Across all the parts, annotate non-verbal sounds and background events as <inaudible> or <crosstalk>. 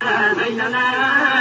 la la la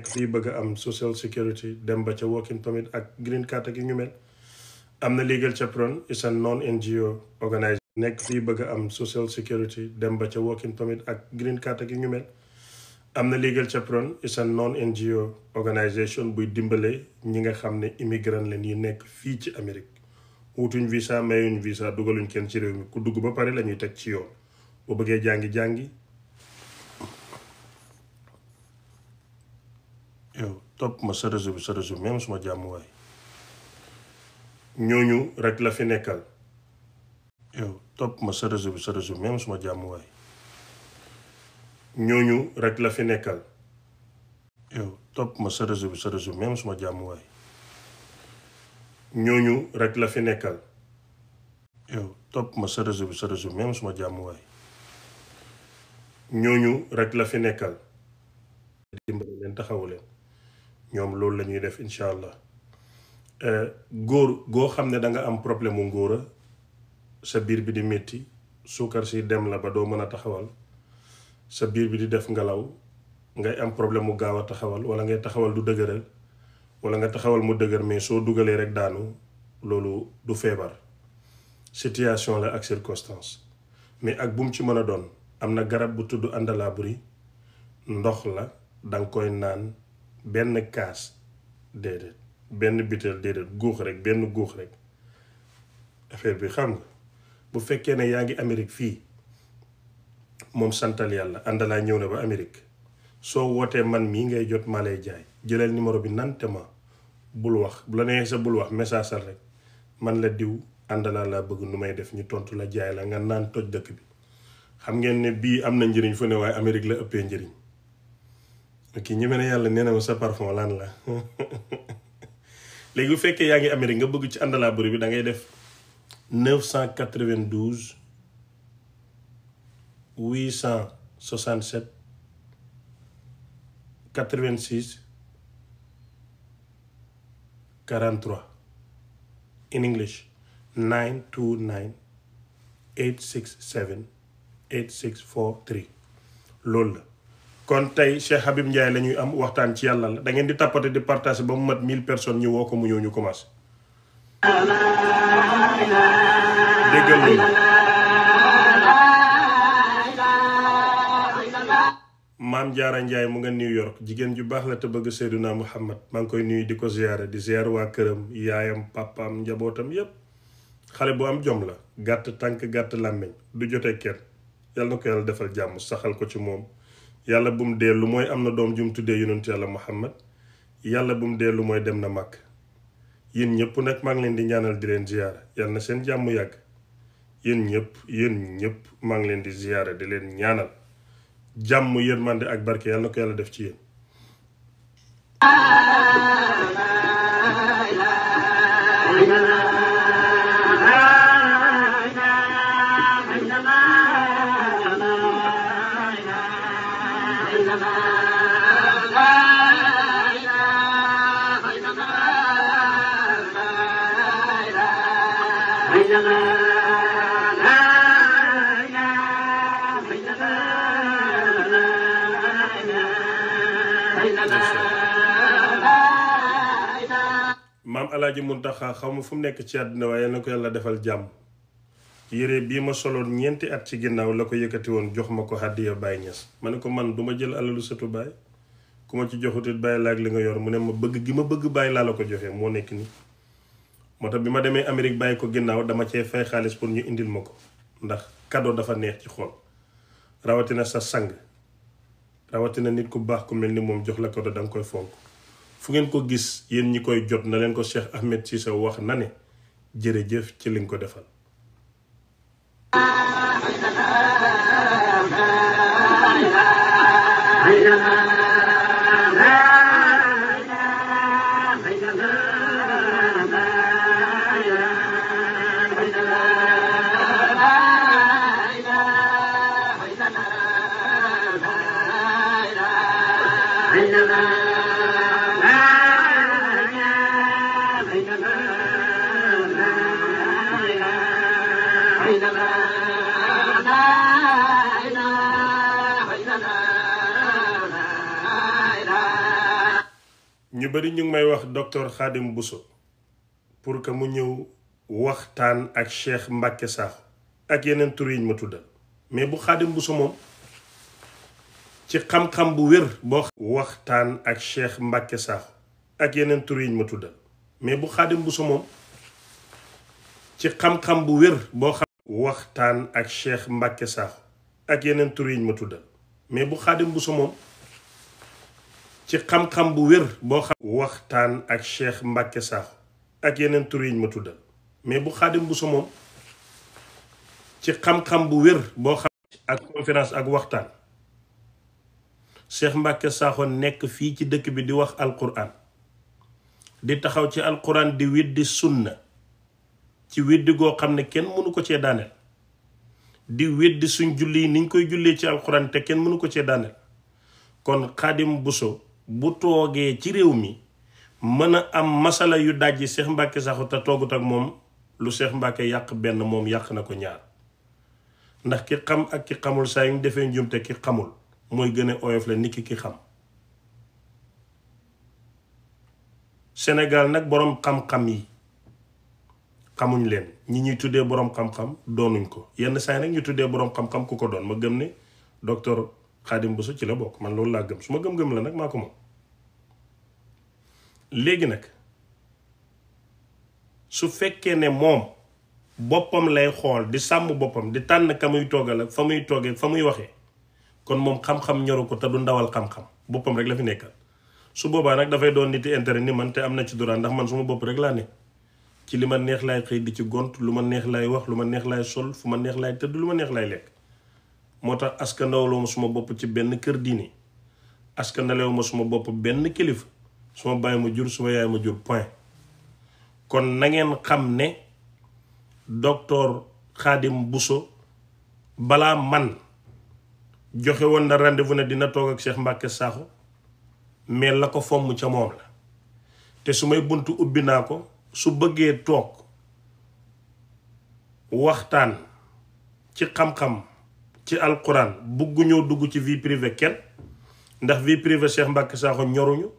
nekk fii bëgg a am social security dem ba ca working permit ak green card ak yu ñu mel am na legal chaperon is a non NGO organisation nekk fii bëgg a am social security dem ba ca working permit ak green card ak ñu mel am na legal chaperon is a non NGO organisation buy dimbale ñi nga xam ne immigrant leen yi nekk fii ci Amérique wutuñ visa mayuñ visa dugaluñ kenn ci réew mi ku dugg ba pare la ñuy teg ci yoon boo bëggee jàngi-jàngi yow topp ma sa réseau bi sa réseau bi même suma jàmmuwaay ñooñu rek la fi nekkal yow topp ma sa réseau bi sa réseau bi même suma jàmmuwaay ñooñu rek la fi nekkal yow topp ma sa réseau bi sa réseau bi même suma jàmmuwaay ñooñu rek la fi nekkal yow topp ma sa réseau bi sa réseau bi même suma jàmmuwaay ñooñu rek la fi nekkal dimbali leen taxawu leen ñoom loolu la ñuy def incha allah euh, góor goo xam ne da nga am problème mu ngóora sa biir bi di metti suukar si dem la ba doo mën a taxawal sa biir bi di def ngelaw ngay am problème mu gaaw a taxawal wala ngay taxawal du dëgëral wala nga taxawal mu dëgër mais soo dugalee rek daanu loolu du feebar situation la ak circonstance mais ak bu ci mën a doon am na garab bu tudd àndalaaburi ndox la danga koy naan benn kaas déedéet benn bitel déedéet guux rek benn guux rek affaire bi xam nga bu fekkee ne yaa ngi Amérique fii moom santal yàlla àndalaa ñëw na ba Amérique soo wootee man mii ngay jot maa lay jaay jëlal numéro bi nante ma bul wax la neexee sa bul wax message rek man la diw àndalaa laa bëgg nu may def ñu tontu la jaay la nga naan toj dëkk bi xam ngeen ne bii am na njëriñ fu ne waaye Amérique la ëppee njëriñ kii ñeme na yàlla nee na ma sa parfum lan la <laughs> léegi bu fekkee yaa ngi Amérique nga bëgg ci àndalaa buri bi da ngay def 992 867 86 43 in English 929 867 8643 loolu la. kon tey Cheikh Habib Ndiaye la ñuy am waxtaan ci yàlla la da ngeen di tappate di partage ba mu mat mille personnes ñu woo ko mu ñëw ñu commencé. maam Jaara njaay mu nga New York jigéen ju baax la te bëgg Seyduna Muhammad maa ngi koy nuyu di ko ziyaare di ziyaar waa këram yaayam papaam njabootam yépp xale bu am jom la gàtt tànk gàtt làmmiñ du jotee kenn yal na ko yàlla defal jàmm saxal ko ci moom. yàlla bu mu dellu mooy am na doom jum tuddee yonentu yàlla Muhammad yàlla bu mu dellu mooy dem na màkk yéen ñëpp nag maa ngi leen di ñaanal di leen ziyaara yàlla na seen jàmm yàgg yéen ñëpp yéen ñëpp maa ngi leen di ziyaara di leen ñaanal jàmm yërmande ak barke yàlla na ko yàlla def ci yéen mun Muntaxa xaw ma fu mu nekk ci àddina waaye na ko yàlla defal jàmm yére bii ma soloon ñeenti at ci ginnaaw la ko yëkkati woon jox ma ko hàddiya Baay Ñas ma ne ko man duma jël alalu sëtu Baay ku ma ci joxutit bàyyi laak li nga yor mu ne ma bëgg gi ma bëgg bàyyi laa la ko joxee moo nekk nii moo tax bi ma demee Amérique bàyyi ko ginnaaw dama cee fay xaalis pour ñu indil ma ko ndax cadeau dafa neex ci xol rawatina sa sang rawatina nit ku baax ku mel ni moom jox la cadeau danga koy fu ngeen ko gis yéen ñi koy jot na leen ko Cheikh Ahmed Cissé wax na ne jërëjëf ci liñ ko defal <laughs> ñu bari ñu ngi may wax docteur Khadim buso pour que mu ñëw waxtaan ak Cheikh Mbacke Sakho ak yeneen tur yiñ ma tuddal mais bu Khadim Bousso moom ci xam-xam bu wér boo ak Cheikh Mbacke Sakho ak yeneen tur yiñ ma tuddal mais bu Khadim Bousso ci xam bu wér boo waxtaan ak Cheikh Mbacke Sakho ak yeneen tur yiñ ma tuddal mais bu Khadim Bousso moom ci xam-xam bu wér boo xam waxtaan ak Cheikh Mbacke Sakho ak yeneen tur yiñ ma tuddal mais bu Khadim Bousso moom ci xam-xam bu wér boo xam ak conférence ak waxtaan Cheikh Mbacke Sakho nekk fii ci dëkk bi di wax alquran di taxaw ci alquran di weddi sunna ci weddi goo xam ne kenn mënu ko cee daaneel di weddi suñ julli yi niñ koy jullee ci alquran te kenn mënu ko cee daaneel kon Khadim Bousso bu toogee ci réew mi mën a am masala yu dajji Cheikh Mbacke Sakho te toogut ak moom lu Cheikh Mbacke yàq benn moom yàq na ko ñaar ndax ki xam ak ki xamul saa yu ñu defee njumte ki xamul mooy gën a oyof la nit ki ki xam senegal nag boroom xam-xam yi xamuñ leen ñi ñuy tuddee boroom xam-xam doonuñ ko yenn saa yi nag ñu tuddee boroom xam-xam ku ko doon ma gëm ne docteur Khadim Bousso ci la bokk man loolu laa gëm su ma gëm-gëm la nag maa ko moom léegi nag su fekkee ne moom boppam lay xool di sàmm boppam di tànn ka muy toogal ak fa muy toogee fa muy waxee kon moom xam-xam ñoru ko te du ndawal xam-xam boppam rek la fi nekkal su boobaa nag dafay doon niti intérêt ni man te am na ci duraan ndax man suma bopp rek laa ne ci li ma neex laay xëy di ci gont lu ma neex laay wax lu ma neex laay sol fu ma neex laay tëdd lu ma neex laay lekk moo tax askanawloo ma suma bopp ci benn kër diine askanalewu ma suma bopp benn kilifa suma baay ma jur suma yaay ma jur point kon nangeen xam ne docteur xaadim buso balaa man joxewoon woon na rendez-vous ne dina toog ak Cheikh Mbacke Sakho mais la ko fomm ca moom la te su may buntu ubbi naa ko su bëggee toog waxtaan ci xam-xam ci alquran bugg ñoo dugg ci vie privée kenn ndax vie privée Cheikh Mbacke Sakho ñoruñu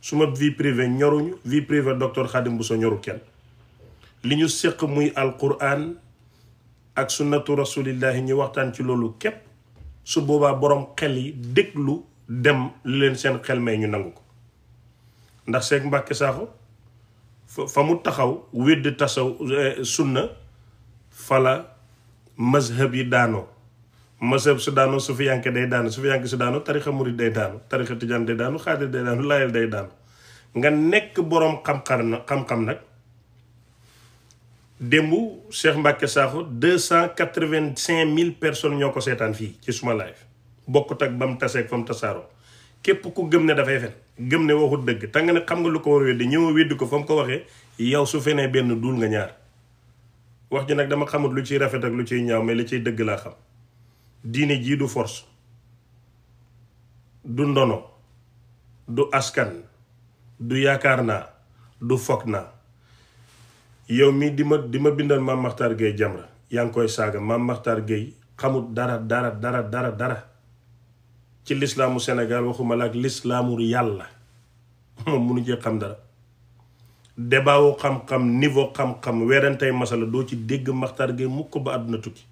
suma ma vie privée ñoruñu vie privée docteur Khadim Bousso ñoru kenn li ñu séq muy alquran ak sunnatu rasulillahi ñuy waxtaan ci loolu képp su boobaa boroom xel yi déglu dem li leen seen xel may ñu nangu ko ndax Cheikh Mbacké Sakho fa mu taxaw wedd tasaw eh, sunna fala mazhab yi daanoo masab su daanu sufiyanke day daanu sufiyanke su daanu tarixa murid day daanu tarixa tijaan day daanu xaadir day daanu laayal day daanu nga nekk boroom xam-xam na nag démb Cheikh Mbacke Sakho deux cent quatre-vingt-cinq mille personnes ñoo ko seetaan fii ci suma live bokkut ak ba mu taseeg fa mu tasaaroo képp ku gëm ne dafay fen gëm ne waxut dëgg te nga ne xam nga lu ko war a weddi ñëw ko fa mu ko waxee yow su fenee benn duul nga ñaar wax ji nag dama xamut lu ciy rafet ak lu ciy ñaaw mais li ciy dëgg laa xam diine jii du force du ndono du askan du yaakaar naa du foog naa yow mii di ma di ma bindal maam Makhtar Gueye Jamra yaa ngi koy saaga maam Makhtar Gueye xamut dara dara dara dara dara ci lislaamu senegal waxuma la ak lislaamu yàlla <laughs> moom munu cee xam dara débat wu xam-xam niveau xam-xam weerantey masala doo ci dégg Makhtar Gueye mukk ba àdduna tukki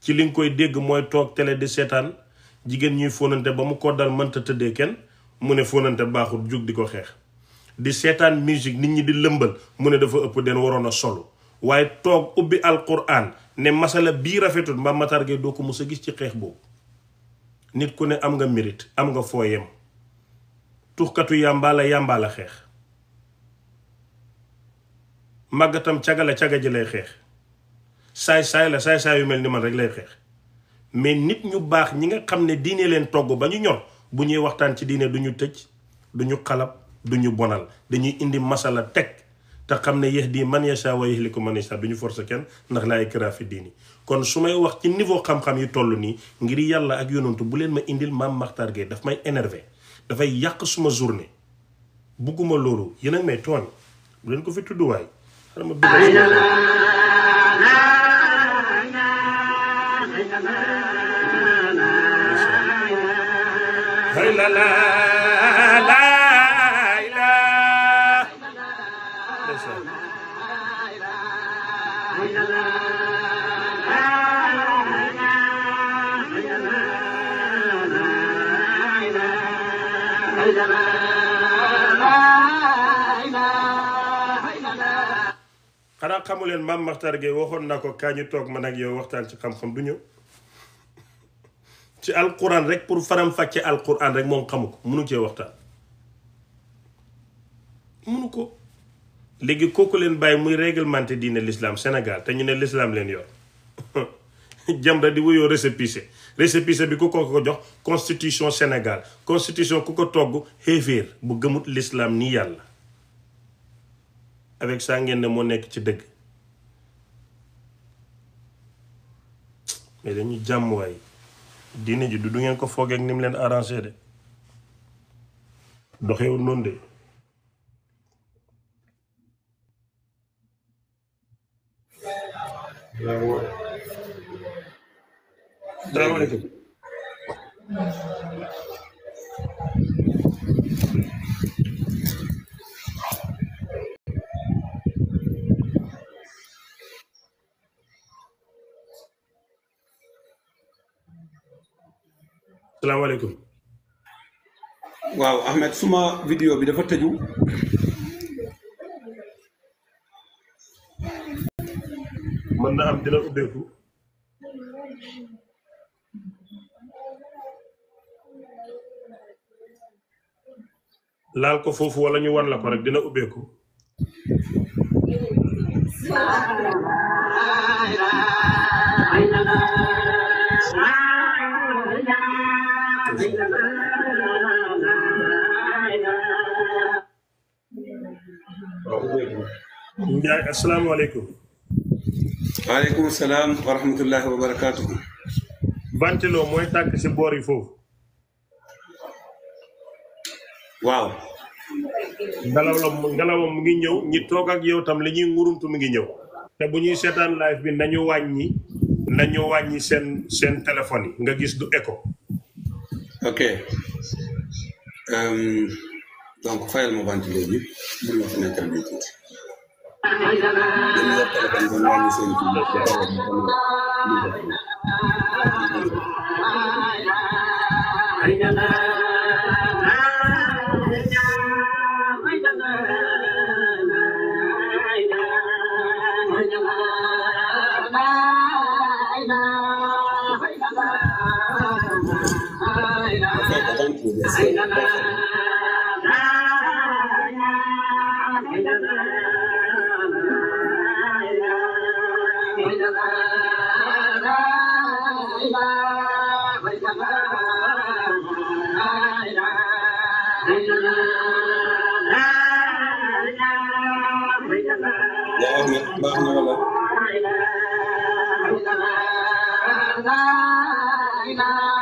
ci li nga koy dégg mooy toog tele di seetaan jigéen ñuy fóonante ba mu ko dal mënta tëddee kenn mu ne fóonante baaxul jug di ko xeex di seetaan musique nit ñi di lëmbal mu ne dafa ëpp den waroon a solu waaye toog ubbi alquran ne masala bii rafetul mba matarge doo ko mës a gis ci xeex boobu nit ku ne am nga mirit am nga foo yem tuxkatu yàmbaa la xeex màggatam caga la caga lay xeex saay-saay la saay-saay yu mel ni man rek lay xeex mais nit ñu baax ñi nga xam ne diine leen togg ba ñu ñor bu ñuy waxtaan ci diine duñu tëj du ñu xalab du ñu bonal dañuy indi masala teg te xam ne yahdi man yasha wa yuhliku man yasha du ñu forcer kenn ndax laa ikraha fi diini kon su may wax ci niveau xam-xam yu toll nii ngir yàlla ak yonantu bu leen ma indil maam Makhtar Gueye dafa may énervé dafay yàq suma journée bugguma loolu yéen may tooñ bu ko fi tudd لنا لا إله إلا الله xanaa xamu leen maam Maxtar Gueye waxoon naa ko kaa ñu toog man ak yow waxtaan ci xam-xam du ñëw ci alquran rek pour faram-fàcce alquran rek moom xamu ko munu cee waxtaan munu ko léegi kooku leen bàyyi muy réglementé diine l'islam Sénégal te ñu ne lislaam leen yor <laughs> Jamra di wuyoo récépissé récépissé bi ku ko ko jox constitution Sénégal constitution ku ko togg xéeféer bu gëmut lislaam ni yàlla avec sa ngeen ne moo nekk ci dëgg mais dañu jàmm waay diine ji du du ngeen ko foogeek ni mu leen arrangé de doxewul salaamaaleykum. waaw Ahmed suma vidéo bi dafa tëju. mën na am dina ubbeeku. laal ko foofu walla ñu wan la ko rek dina ubbeeku. fi Ndiaye asalaamaaleykum waaleykum salaam wa rahmatullahi wa barakaatu mooy tàkk si boor yi foofu waaw ngelaw la ngelawam mu ngi ñëw ñi toog ak yow tam li ñuy ngurumtu mu ngi ñëw te bu ñuy seetaan live bi nañu wàññi nañu wàññi seen seen téléphone nga gis du écho ok euh, donc fayal ma bant léegi bul ma fi nekkal bi tuuti Thank you. baax na wala la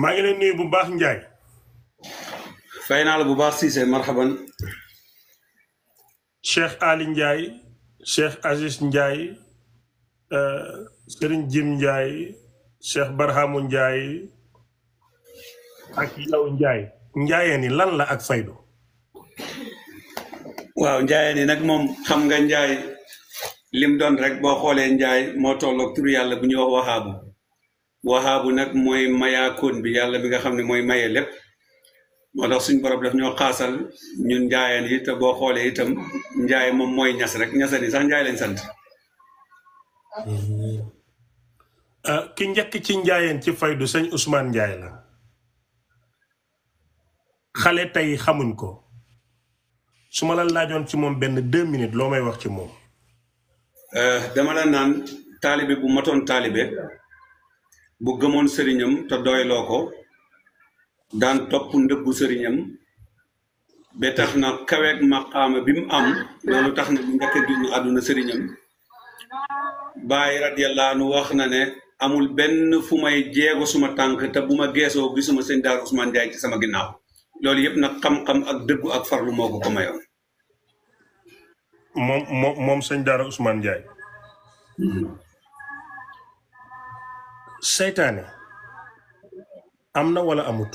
maa ngi leen nuyu bu baax Ndiaye. fay naa la bu baax Cissé marhaban. Cheikh Ali Cheikh Aziz Ndiaye euh, Serigne Jim njaay Cheikh Barhamu Ndiaye ak yow Ndiaye. Ndiaye ni lan la ak faydu waaw Ndiaye ni nag moom xam nga Ndiaye lim doon rek boo xoolee Ndiaye moo tolloog yàlla bu ñuy wax waxaabu. wahaabu nag mooy kon bi yàlla bi nga xam ne mooy maye lépp moo tax suñ borob daf ñoo xaasal ñun njaayeen te boo xoolee itam njaay moom mooy ñas rek ñasan yi sax njaay sant mhm. ah, ki njëkk ci njaayeen ci faydu sëñ Ousmane Njaay la xale tey xamuñ ko su ma la laajoon ci moom benn deux minutes loo may wax ci moom eh, dama la naan taalibe bu matoon taalibe bu gëmoon sëriñam te doyloo ko daan topp ndëbbu sëriñam ba tax na kaweeg maqaama bi mu am loolu tax na bu njëkk a dund àdduna sëriñam Baay radiyallaahu anhu wax na ne amul benn fu may jeego suma tànk te bu ma geesoo gisuma sëñ Daaru Ousmane Ndiaye ci sama ginnaaw loolu yëpp nag xam-xam ak dëggu ak farlu moo ko mayoon. moom moom moom sëñ Daaru Ousmane seytaane am na wala amut.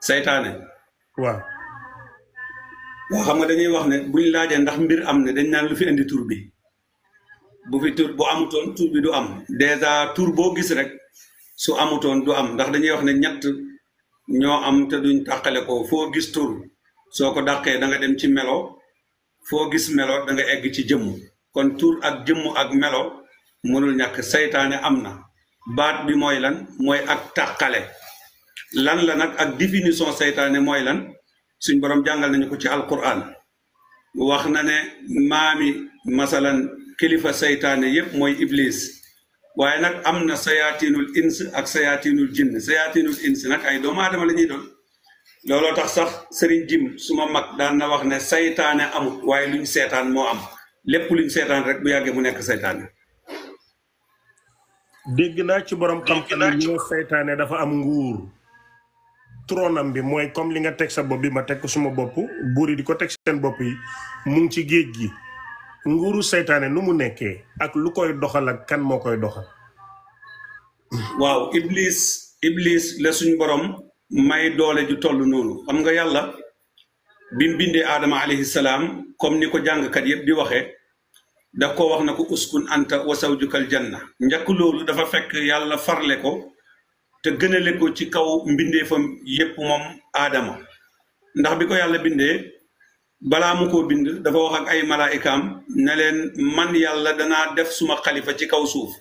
seytaane. waaw. waaw xam nga dañuy wax ne bu laajee ndax mbir am ne dañ naan lu fi indi tur bi bu fi tur bu amutoon tur bi du am dèjà tur boo gis rek su amutoon du am ndax dañuy wax ne ñett ñoo am te duñ taqale ko foo gis tur soo ko dàqee da dem ci melo foo gis melo da nga egg ci jëmm kon tur ak jëmm ak melo mënul ñaq seytaane am na. baat bi mooy lan mooy ak tàqale lan la nag ak définition seytaane mooy lan suñ borom jàngal nañu ko ci alquran wax na ne maami masalan kilifa seytaane yépp mooy iblis waaye nag am na sayaatinul ins ak sayaatinul jinn sayaatinul ins nag ay doomaadama aadama la ñuy doon looloo tax sax sëriñ jim suma mag daan na wax ne seytaane amut waaye luñ seetaan moo am lépp luñ seetaan rek bu yàggee mu nekk seytaane dégg naa ci borom xam-xam ñoo seytaane dafa am nguur tronam bi mooy comme li nga teg sa bopp bi ma teg ko suma bopp buur yi di ko teg seen bopp yi mu ci géej gi nguuru seytaane nu mu nekkee ak lu koy doxal ak kan moo koy doxal waaw iblis iblis la suñu borom may doole ju toll noonu xam nga yàlla bi mu bindee aadama alayhi comme ni ko jàngkat yëpp di waxee da ko wax na ko uskun anta wa sawjukal janna njëkk loolu dafa fekk yàlla farle ko te gënale ko ci kaw mbindeefam yépp moom aadama ndax bi ko yàlla bindee balaa mu koo bind dafa wax ay malaayikaam ne leen man yàlla danaa def suma xalifa ci kaw suuf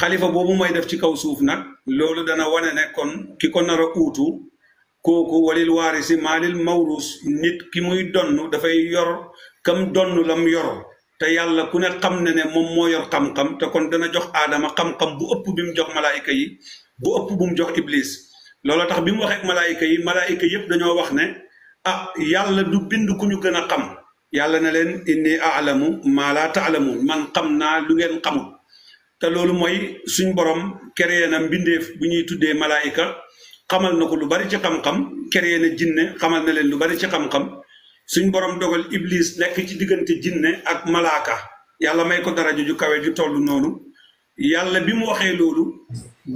xalifa boobu may def ci kaw suuf nag loolu dana wane ne kon ki kon nar a kooku walil waarisi maalil mawrus nit ki muy donn dafay yor kam donn lam yor te yàlla ku ne xam na ne moom moo yor xam-xam te kon dana jox aadama xam-xam bu ëpp bi mu jox malaayika yi bu ëpp bu mu jox iblis looloo tax bi mu waxee ak malaayika yi malaayika yëpp dañoo wax ne ah yàlla du bind ku ñu gën a xam yàlla na leen indi inni alamu maa laa taalamuun man xam naa lu ngeen xamul te loolu mooy suñ borom créé na mbindeef bu ñuy tuddee malaayika xamal na ko lu bari ci xam-xam créé na jinne xamal na leen lu bari ci xam-xam suñ borom dogal iblis nekk ci diggante jinne ak malaaka yàlla may ko daraja ju kawe ji toll noonu yàlla bi mu waxee loolu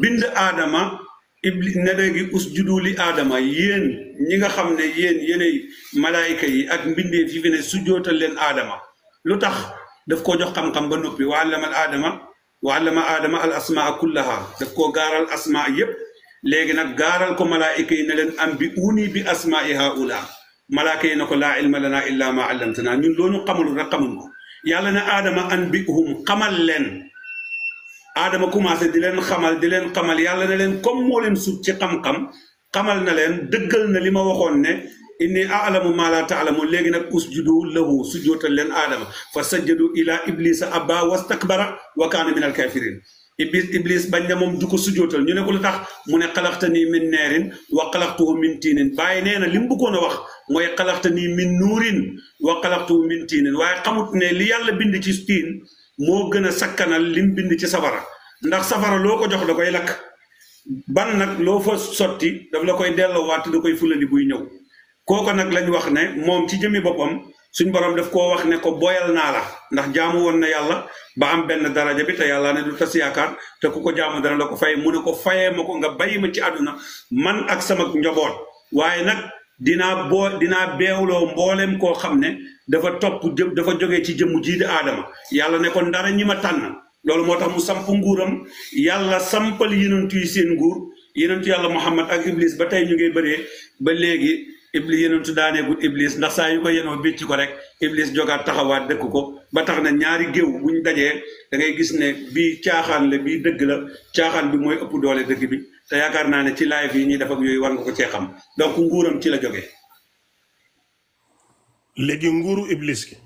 bind aadama iblis ne léegi usjudu li aadama yéen ñi nga xam ne yéen yéenay malaayka yi ak mbindeef yi fi ne leen aadama lu tax daf koo jox xam-xam ba noppi wa allama aadama wa allama aadama al asmaa kullaha daf koo gaaral asmaa yépp léegi nag gaaral ko malaayka yi ne leen am bi uuni bi asmaa i haula malaaka yi na ko laa ilma lana illa ma allamtana ñun loolu xamul rek xamuñ ko yàlla na aadama an bi hum xamal leen aadama commencé di leen xamal di leen xamal yàlla na leen comme moo leen sut ci xam-xam xamal na leen dëggal na li ma waxoon ne inni alamu ma la taalamun léegi nag usjudu lahu sujootal leen aadama fa sajjadu ila iblisa abba wastakbara wa kaana min alkafirin iblis iblis bañ na moom du ko sujootal ñu ne ko tax mu ne xalaxta nii min neerin wa xalaxtuhu min tiinin bàyyi nee na li mu bëggoon a wax mooy xalaxta nii min nuurin wa xalaxtu min tiinin waaye xamut ne li yàlla bind ci tiin moo gën a sakkanal lim bind ci safara ndax safara loo ko jox da koy lakk ban nag loo fa sotti daf la koy delloowaat da koy fulandi buy ñëw kooku nag lañ wax ne moom ci jëmi boppam suñ borom daf koo wax ne ko boyal naa la ndax jaamu woon na yàlla ba am benn daraja bi te yàlla ne du tas yaakaar te ku ko jaamu dana la ko fay mu ne ko fayee ma ko nga bàyyi ma ci àdduna man ak sama njaboot dinaa boo dinaa beewuloo mbooleem koo xam ne dafa topp jëm dafa jóge ci jëmm jii di aadama yàlla ne ko ndara ñi ma tànn loolu moo tax mu samp nguuram yàlla sampal yenentu yi seen nguur yenentu yàlla muhammad ak iblis ba tey ñu ngi bëree ba léegi iblis daanee daaneegul iblis ndax saa yu ko yenoo ci ko rek iblis jogaat taxawaat dëkk ko ba tax na ñaari géew buñ dajee da ngay gis ne bii caaxaan la bii dëgg la caaxaan bi mooy ëpp doole dëgg bi te yaakaar naa ne ci live yi ñuy def ak yooyu war nga ko cee xam donc nguuram ci la jógee. léegi nguuru iblis gi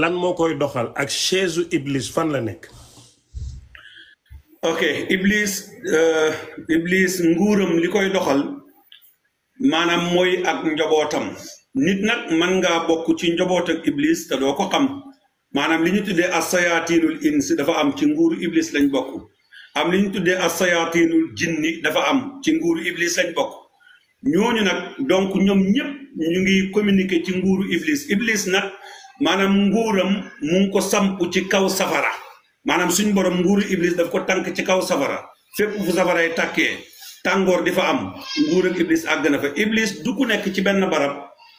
lan moo koy doxal ak chaise iblis fan la nekk. ok iblis euh, iblis nguuram li koy doxal maanaam mooy ak njobootam nit nag mën ngaa bokk ci njoboot ak iblis te doo ko xam maanaam li ñu tuddee asayaatinul ins dafa am ci nguuru iblis lañ bokk am li ñu tuddee as sayaatinul jinni dafa am ci nguuru iblis lañ bokk ñooñu nag donc ñoom ñëpp ñu ngi communiquer ci nguuru iblis iblis nag maanaam nguuram mu ngi ko samp ci kaw safara maanaam suñu borom nguuru iblis daf ko tànk ci kaw safara fépp fu safara yi tàkkee tàngoor di fa am nguur ak iblis àgg na fa iblis du ku nekk ci benn barab.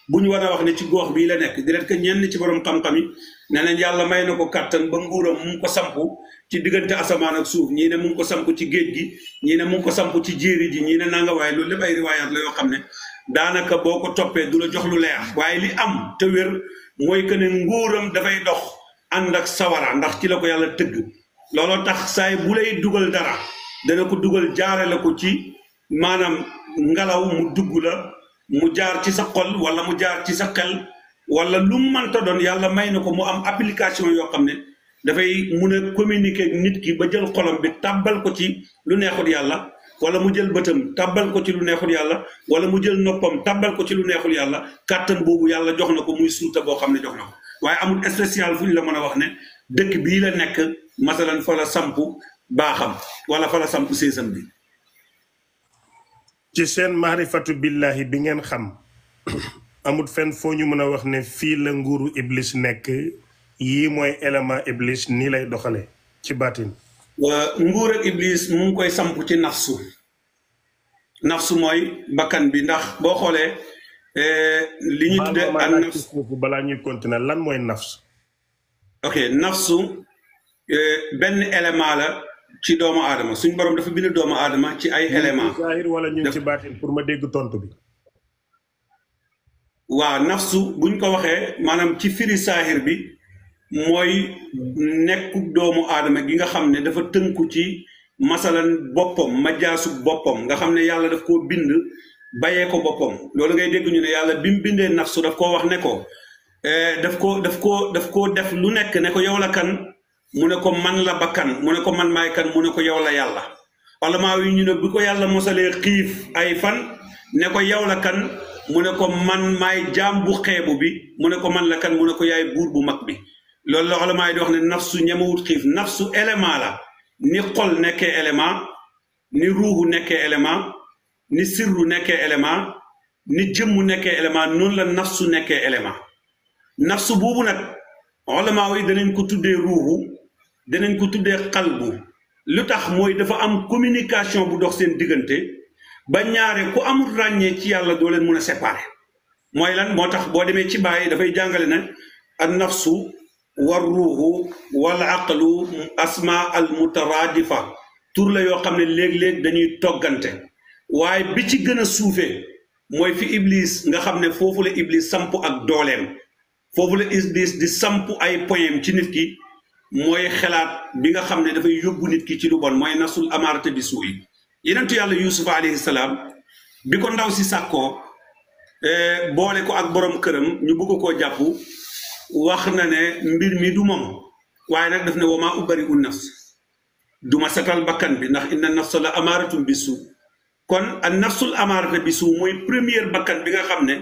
bu ñu war a wax ne ci gox bii la nekk di leen que ñenn ci borom xam-xam yi ne yàlla may na ko kàttan ba nguuram mu ko sampu ci diggante asamaan ak suuf ñii ne mu ngi ko sampu ci géej gi ñii ne mu ko sampu ci jéeri ji ñii ne nanga waaye loolu lépp ay riwaayaat la yoo xam ne daanaka boo ko toppee du la jox lu leer waaye li am te wér mooy que ne nguuram dafay dox ànd ak sawara ndax ci la ko yàlla tëgg looloo tax saay bu lay dugal dara dana ko dugal jaare la ko ci maanaam ngelaw mu dugg la mu jaar ci sa xol wala mu jaar ci sa xel wala lu mu doon yàlla may na ko mu am application yoo xam ne dafay mu a communiquer nit ki ba jël xolam bi tàbbal ko ci lu neexul yàlla wala mu jël bëtam tàbbal ko ci lu neexul yàlla wala mu jël noppam tàbbal ko ci lu neexul yàlla kàttan boobu yàlla jox na ko muy suuta boo xam ne jox na ko waaye amul spécial fu ñu la mën a wax ne dëkk bii la nekk masalan fa la samp baaxam wala fa la samp séesam bi ci seen maarifatu billahi bi ngeen xam amut fenn foo ñu mën a wax ne fii la nguuru iblis nekk yii mooy élément iblis nii lay doxale ci baatin euh, nguur ak iblis mu ngi koy samp ci nafsu nafsu mooy bakkan bi ndax boo xoolee euh, li ñu tudde ak nafsu balaa ñuy continuer lan mooy nafsu ok nafsu euh, benn élément la ci doomu aadama suñu borom dafa bind doomu aadama ci ay éléments. zahir wala ñu ci baatin pour ma dégg tontu bi. waaw nafsu buñ ko waxee maanaam ci firi saahir bi mooy nekku doomu aadama gi nga xam ne dafa tënku ci masalan boppam majaasu boppam nga xam ne yàlla daf koo bind bayee ko boppam loolu ngay dégg ne yàlla bi mu bindee nafsu daf koo wax ne ko eh, daf ko daf koo daf koo def lu nekk ne ko yow la kan mu ne ko man la bakkan mu ne ko man may kan mu ne ko yow la yàlla olamaa yi ñu ne bi ko yàlla mosalee xiif ay fan ne ko yow la kan mu ne ko man maay jaam bu xeebu bi mu ne ko man la kan mu ne ko yaay buur bu mag bi loolu la olamaa yi di wax ne nafsu ñemewut xiif nafsu élément la ni xol nekkee élément ni ruuxu nekkee élément ni sirru nekkee élément ni jëmmu nekkee élément noonu la nafsu nekke élément nafsu boobu nag olamaa yi danañ ko tuddee ruuxu danañ ko tuddee xalbu lu tax mooy dafa am communication bu dox seen diggante ba ñaare ku amul ràññee ci yàlla doo leen mun a séparer mooy lan moo tax boo demee ci bàyyi dafay jàngale na an nafsu war ruuxu wal aqlu asma al mutaradifa tur la yoo xam ne léeg-léeg dañuy toggante waaye bi ci gën a suufee mooy fi iblis nga xam ne foofu la iblis samp ak dooleem foofu la iblis di samp ay poyem ci nit ki mooy xelaat bi nga xam ne dafay yóbbu nit ki ci lu bon mooy nasul amaarate bi suuy yenentu yàlla yusuf alayhi salaam bi ko ndaw si sàkkoo eh, boole ko ak boroom këram ñu bëgg koo jàpp wax na ne mbir mi du moom waaye nag daf ne wamaa ubbari un nafs duma setal bakkan bi ndax inna nafsa la amaaratum bi suu kon a nafsul amaarate bi suu mooy première bakkan bi nga xam ne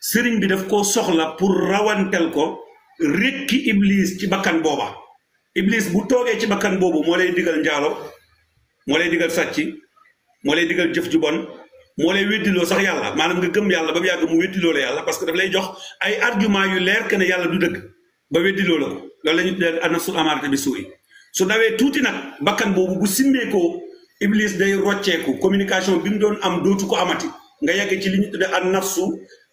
sëriñ bi daf koo soxla pour rawantel ko ki iblis ci bakkan booba iblis bu toogee ci bakkan boobu moo lay digal njaalo moo lay digal sàcc moo lay digal jëf ju bon moo lay weddiloo sax yàlla maanaam nga gëm yàlla ba mu mu weddiloo la yàlla parce que daf lay jox ay argument yu leer que ne yàlla du dëgg ba weddiloo la ko loolu la ñuy tuddee annafsul amaaratu bi suu'i su dawee tuuti nag bakkan boobu bu simmeekoo iblis day rocceeku communication bi mu doon am dootu ko amati nga yegg ci li ñu tuddee a nafsu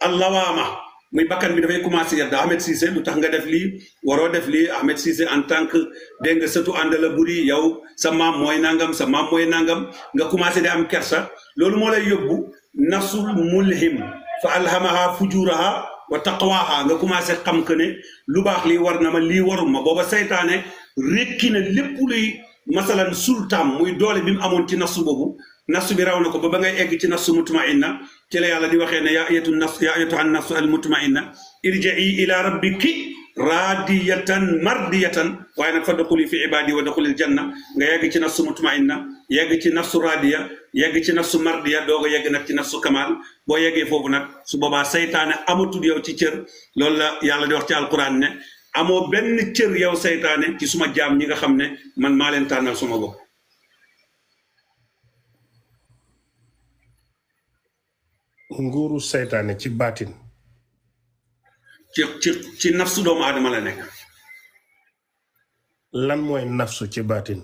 allawaama muy bakkan bi dafay commencé yedd Ahmed Cissé lu tax nga def lii waroo def lii Ahmed Cissé en tant que dégg nga sëtu àndala buri yow sa maam mooy nangam sa maam mooy nangam nga commencé di am kersa loolu moo lay yóbbu nafsul mulhim fa alhamaha fujuraha wa taqwaha nga commencé xam que ne lu baax lii war na ma lii waruma booba seytaane rekki na lépp luy masalan sultaam muy doole bi mu amoon ci nafsu boobu nafsu bi raw na ko ba ba ngay egg ci nafsu mutmainna ci yàlla di waxee ne yaa ayatu nafs yaa ayatu an nafs al mutmainna irjii ila rabbiki raadiyatan mardiyatan waaye nag fa duxuli fi ibadi wa duxulil janna nga yegg ci nafsu mutmainna yegg ci nafsu radia yegg ci nafsu mardiya doog a yegg nag ci nafsu kamal boo yeggee foofu nag su boobaa saytaane amatul yow ci cër loolu la yàlla di wax ci alquran ne amoo benn cër yow saytaane ci suma jaam ñi nga xam ne man maa leen tànnal suma bopp nguuru seytaane ci baatin ci ci ci nafsu doomu aadama la nekk lan mooy nafsu ci baatin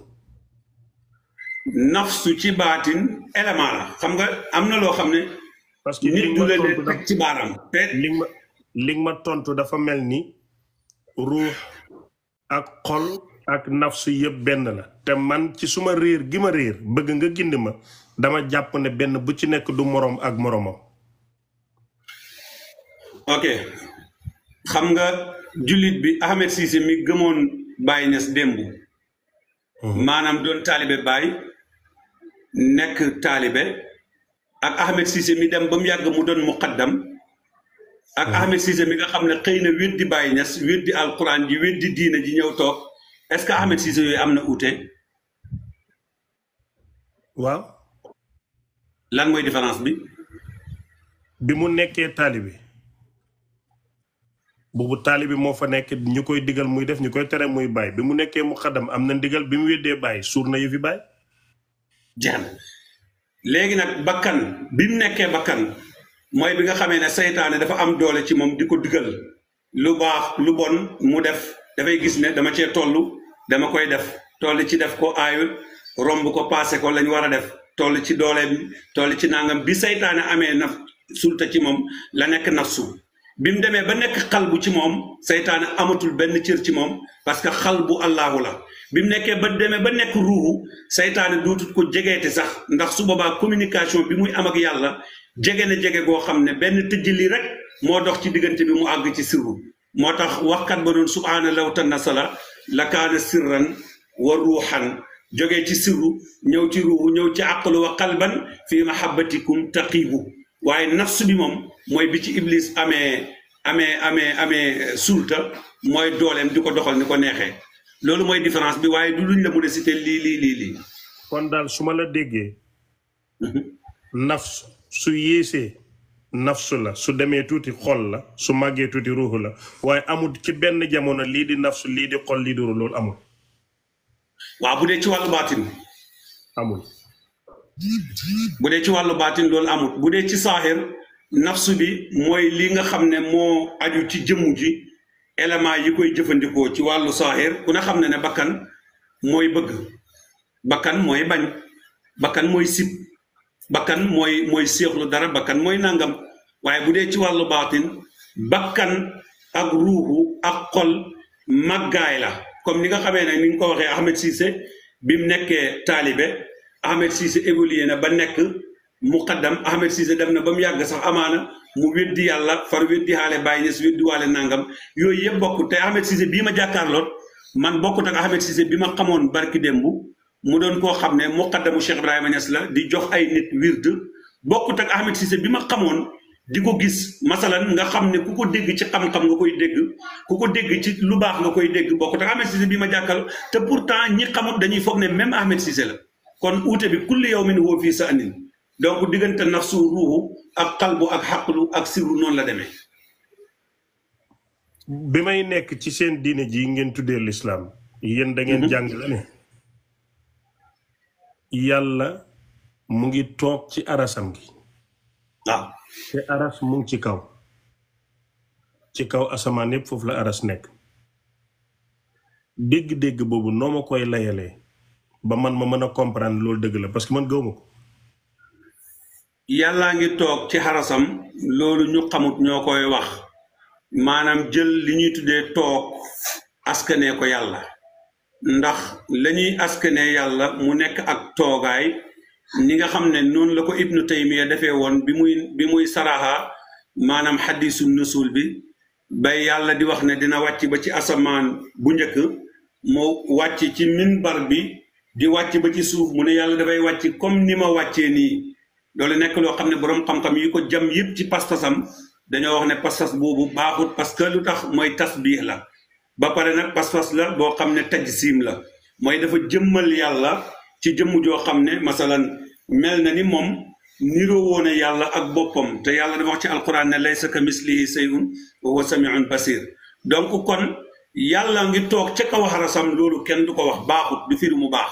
nafsu ci baatin élément la xam nga am na loo xam ne parce que nit du leen teg ci baaram li ma li ma tontu dafa mel ni ruux ak xol ak nafsu yëpp benn la te man ci suma réer gi ma réer bëgg nga gindi ma dama jàpp ne benn bu ci nekk du moroom ak moroomam ok xam nga jullit bi Ahmed Cissé mi gëmoon Baye Niass démb. Mhm. maanaam doon taalibe Baye nekk taalibe ak Ahmed Cissé mi dem ba mu yàgg mu doon muqaddam ak mhm. Ahmed Cissé mi nga xam ne xëy na weddi Baye Niass weddi alquran ji weddi diina ji ñëw toog est-ce que Ahmed Cissé yooyu am na uute. waaw. lan mooy différence bi. bi mu nekkee taalibe. boobu taalibi moo fa nekk ñu koy digal muy def ñu koy tere muy bàyyi bi mu nekkee mu xadam am na ndigal bi mu weddee bàyyi suur na yëfi bàyyi jaan léegi nag bakkan bi mu nekkee bakkan mooy bi nga xamee ne seytaane dafa am doole ci moom di ko digal lu baax lu bon mu def dafay gis ne dama cee tollu dama koy def toll ci def ko aayut romb ko paase ko lañu war a def toll ci dooleem toll ci nangam bi seytaane amee naf sulta ci moom la nekk nafsu bi mu demee ba nekk xal bu ci moom seytaane amatul benn cër ci moom parce que xal bu allaahu la bi mu nekkee ba demee ba nekk ruuxu seytaane duutul ko jegeete sax ndax su boobaa communication bi muy am ak yàlla jege na jege goo xam ne benn tëjli rek moo dox ci diggante bi mu àgg ci sirru moo tax waxkat ba doon subhaana law tannasala la kaana sirran wa ruuxan jóge ci sirru ñëw ci ruuxu ñëw ci àqlu wa qalban fi mahabbatikum taqiibu waaye nafs bi moom mooy bi ci iblis amee amee amee amee sulta mooy dooleem di ko doxal ni ko neexee loolu mooy différence bi waaye du luñ la mën a cité lii lii lii lii. kon daal su ma la déggee. Mhm. nafs su yéesee nafsu la su demee tuuti xol la su màggee tuuti ruuxu la waaye amul ci benn jamono lii di nafsu lii di xol lii di loolu amul. waaw bu dee ci wàllu baatin amul. bu dee ci wàllu baatin loolu amut bu dee ci saaxir nafsu bi mooy li nga xam ne moo aju ci jëmm ji élément yi koy jëfandikoo ci wàllu saaxir ku ne xam ne ne bakkan mooy bëgg bakkan mooy bañ bakkan mooy sib bakkan mooy mooy séexlu dara bakkan mooy nangam waaye bu dee ci wàllu baatin bakkan ak ruuxu ak xol maggaay la comme ni nga xamee ne ni nga ko waxee Ahmed Cissé bi mu nekkee taalibe Ahmed Cissé évolué na ba nekk muqaddam Ahmed Cissé dem na ba mu yàgg sax amaana mu weddi yàlla far weddi xaale Baye Niass weddi waale nangam yooyu yëpp bokk te Ahmed Cissé bii ma jàkkaarloot man bokkut ak Ahmed Cissé bi ma xamoon barki démb mu doon koo xam ne muqaddamu Cheikh Ibrahima Niass la di jox ay nit wird bokkut ak Ahmed Cissé bi ma xamoon di ko gis masalan nga xam ne ku ko dégg ci xam-xam nga koy dégg ku ko dégg ci lu baax nga koy dégg bokkut ak Ahmed Cissé bi ma jàkkal te pourtant ñi xamut dañuy foog ne même Ahmed Cissé la kon uute bi kulli yawmin huwa fii sa'nin donc diggante nafsu ruuxu ak qalbu ak xaqlu ak sirru noonu la demee. bi may nekk ci seen diine ji ngeen tuddee lislaam yéen da ngeen mhm. jàngale ne yàlla mu ngi toog ci arasam gi. waaw ah. te aras mu ngi ci kaw. ci kaw asamaan yëpp foofu la aras nekk. dégg-dégg boobu noo ma koy layalee. ba man ma mën a comprendre loolu dëgg la parce que man gëw ma ko. yàllaa ngi toog ci xarasam loolu ñu xamut ñoo koy wax maanaam jël li ñuy tuddee toog askanee ko yàlla ndax lañuy askanee yàlla mu nekk ak toogaay ni nga xam ne noonu la ko ibnu taymiya defee woon bi muy bi muy saraxa maanaam xadisu nusul bi bay yàlla di wax ne dina wàcc ba ci asamaan bu njëkk moo wàcc ci minbar bi di wàcc ba ci suuf mu ne yàlla dafay wàcc comme ni ma wàccee nii loolu nekk loo xam ne boroom xam-xam yi ko jam yëpp ci pas-pasam dañoo wax ne pas-pas boobu baaxut parce que lu tax mooy tasbiix la ba pare nag pas-pas la boo xam ne tajsiim la mooy dafa jëmmal yàlla ci jëmm joo xam ne masalan mel na ni moom niroo woon yàlla ak boppam te yàlla dafa wax ci alquran ne laysa ka mislihi shay'un wa huwa samiun basir kon yàlla ngi toog ca kaw xarasam loolu kenn du ko wax baaxut du firi mu baax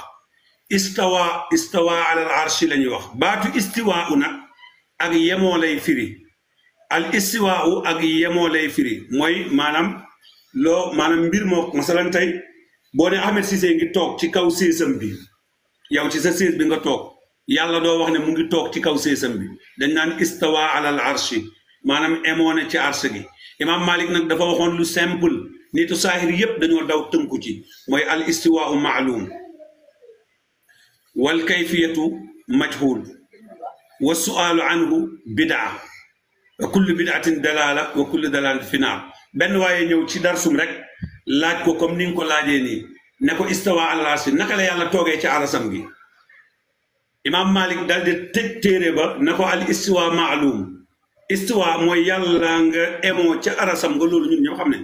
istawa istawa alal arshi la wax baatu istiwaa u nag ak yemoo lay firi al istiwaa u ak yemoo lay firi mooy maanaam loo maanaam mbir moo masalan boo ne Ahmed Cissé ngi toog ci kaw séesam bi yow ci sa sées bi nga toog yàlla doo wax ne mu ngi toog ci kaw séesam bi dañ naan istawa alal arshi maanaam emoo na ci arsh gi imam Malik nag dafa waxoon lu simple nitu saahir yépp dañoo daw tënku ci mooy al istiwaau maalum wal kayfiyatu majhul wa suaalu anhu bidaa wa kullu bidaatin dalaala wa kullu dalaala fi benn waaye ñëw ci darsum rek laaj ko comme ni ko laajee nii ne ko istawa naka la yàlla toogee ci arasam gi imaam Malik daal di tëj téere ba na ko al istiwa maalum istiwa mooy yàlla nga emoo ca arasam nga loolu ñun ñoo xam ne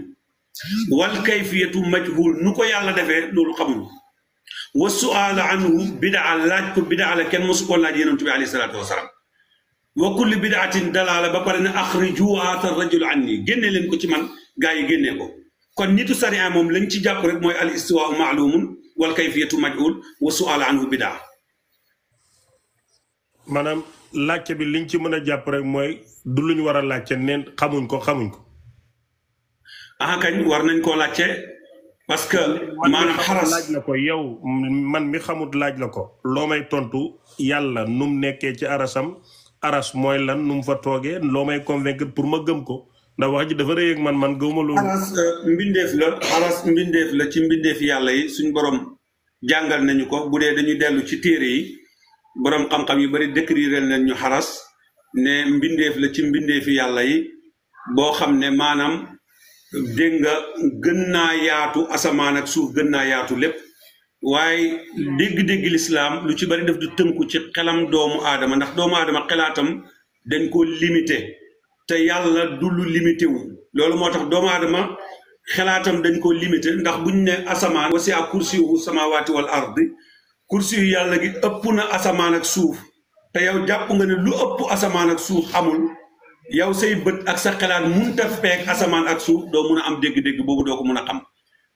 wal kayfiyatu majhul nu ko yàlla defee loolu xamuñu wa su'aala anhu bidaa laaj ko bidaa la kenn mosu koo laaj yonent bi alayhi salaatu wasalaam wa kulli bidaatin dalaala ba pare ne axriju haata rajul anni génne leen ko ci man gaa yi génnee ko kon nitu sariya moom lañ ci jàpp rek mooy al istiwaau maalumun wal kayfiyatu majhul wa su'aala anhu bidaa maanaam laajte bi liñ ci mën a jàpp rek mooy du luñ war a laajte neen xamuñ ko xamuñ ko ah war nañ koo laajte parce que. maanaam xaras laaj ko yow man mi xamut laaj la ko. loo may tontu yàlla nu mu nekkee ci arasam aras mooy lan nu mu fa toogee loo may convaincre pour ma gëm ko ndax wax ji dafa rëy ak man man gëwuma loolu. Euh, mbindeef la aras mbindeef la ci mbindeef yàlla yi suñ borom jàngal nañu ko bu dee dañuy dellu ci téere yi borom xam-xam yu bari décrire nañ ñu xaras ne mbindeef la ci mbindeefi yàlla yi boo xam ne maanaam. dégg nga gën naa yaatu asamaan ak suuf gën naa yaatu lépp waaye dégg-dégg lislaam lu ci bari def du tënku ci xelam doomu aadama ndax doomu aadama xelaatam dañ ko limité te yàlla du lu limité wu loolu moo tax doomu aadama xelaatam dañ ko limité ndax buñ ne asamaan wasi'a kursiyyuhu samaawaati wal ardi kursi yu yàlla gi ëpp na asamaan ak suuf te yow jàpp nga ne lu ëpp asamaan ak suuf amul yow say bët ak sa xalaat mun ta feek asamaan ak suuf doo mun a am dégg-dégg boobu doo ko mun a xam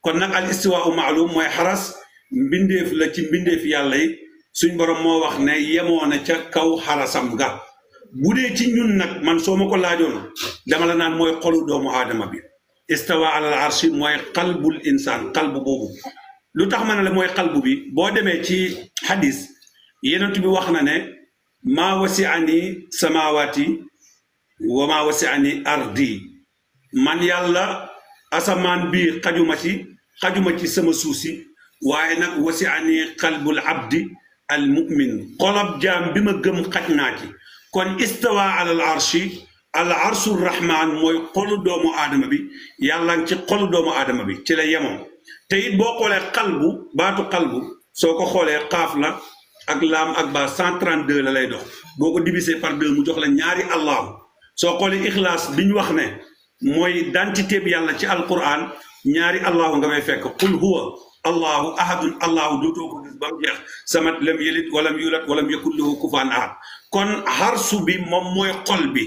kon nag al istiwa u maalum mooy xaras mbindeef la ci mbindeef yàlla yi suñ borom moo wax ne yemoo na ca kaw xarasam nga bu dee ci ñun nag man soo ma ko laajoon dama la naan mooy xolu doomu aadama bi istawa alal arshi mooy xalbul insaan xalbu boobu lu tax ma ne la mooy xalbu bi boo demee ci xadis yenentu bi wax na ne maa wasi ani samawaati wama wasi ani ardi man yàlla asamaan bi xajuma ci xajuma ci sama suusi waaye nag wasi ani xalbul abdi al mumin xolob jaam bi ma gëm xaj naa ci kon istawa alal arshi al arsu rahman mooy kolu doomu aadama bi yàlla ngi ci xolu doomu aadama bi ci la yemoon te it boo xoolee xalbu baatu xalbu soo ko xoolee xaaf na ak laam ak ba 132 la lay dox boo ko divisé par deux mu jox la ñaari allahu soo xoolee ixlaas bi ñu wax ne mooy dantité bi yàlla ci alquran ñaari allahu nga may fekk qul huwa allahu ahadun allahu dootoo ko gis ba mu jeex samat lam yalid walam yulat walam yakun lahu kufaan ahad kon xarsu bi moom mooy xol bi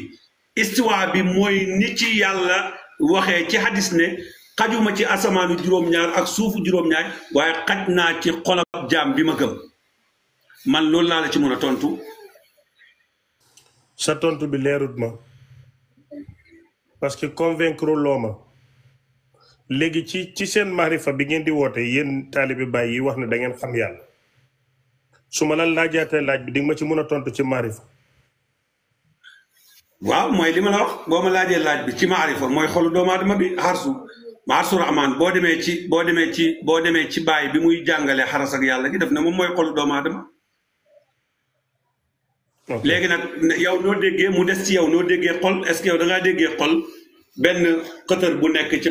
istiwa bi mooy ni ci yàlla waxe ci hadis ne xajuma ci asamaanu juróom-ñaar ak suufu juróom-ñaar waaye xaj naa ci xolab jaam bi ma gëm man loolu laa la ci mën a tontu. sa tontu bi leerut ma. parce que convaincre loo léegi ci ci seen marifa bi ngeen di woote yéen taalibi Baay yi wax ne da ngeen xam yàlla su ma la laajaatee laaj bi di ma ci mën a tontu ci marifa waaw mooy li ma la wax boo ma laajee laaj bi ci marifa mooy xolu doomu aadama bi xarsu xarsu rahmaan boo demee ci boo demee ci boo demee ci Baay bi muy jàngalee xaras ak yàlla gi def na moom mooy xolu doomu aadama léegi nag yow noo déggee mu des ci yow noo déggee xol est-ce que yow da ngaa déggee xol benn xëtër bu nekk ci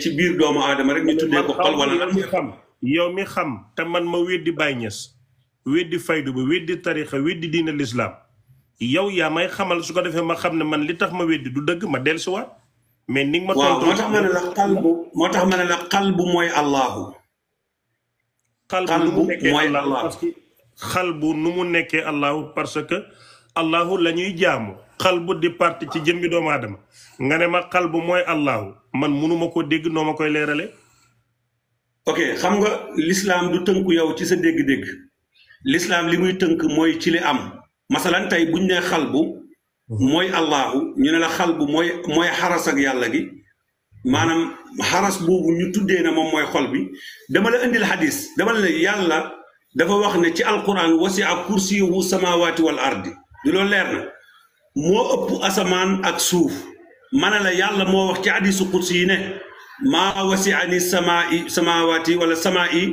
ci biir doomu aadama rek ñu tuddee ko xol wala lan yow mi xam te man ma weddi Baay Ñas weddi faydu ba weddi tarixa weddi diina lislaam yow yaa may xamal su ko defee ma xam ne man li tax ma weddi du dëgg ma dellusiwaat mais ni nga ma tontu moo tax ma ne la xalbu mooy allahu xalbu mooy allah xalbu nu mu nekkee allahu parce que allahu la jaamoo jaamu xalbu di parti ci jëmmi doomu aadama nga ne ma xalbu mooy allahu man munuma koo dégg noo ma koy leerale ok xam nga lislaam du tënku yow ci sa dégg-dégg lislaam li muy tënk mooy ci li am masalan tey buñ ne xalbu mooy allahu ñu ne la xalbu mooy mooy xaras yàlla gi maanaam xaras boobu ñu tuddee na moom mooy xol bi dama la indil xadis dama la yàlla dafa wax ne ci alquran wasi ak kursiyuhu samawaati wal ardi du loolu leer na moo ëpp asamaan ak suuf ma ne la yàlla moo wax ci hadiisu kursi yi ne maa wasi ani samaai samawaati wala samaai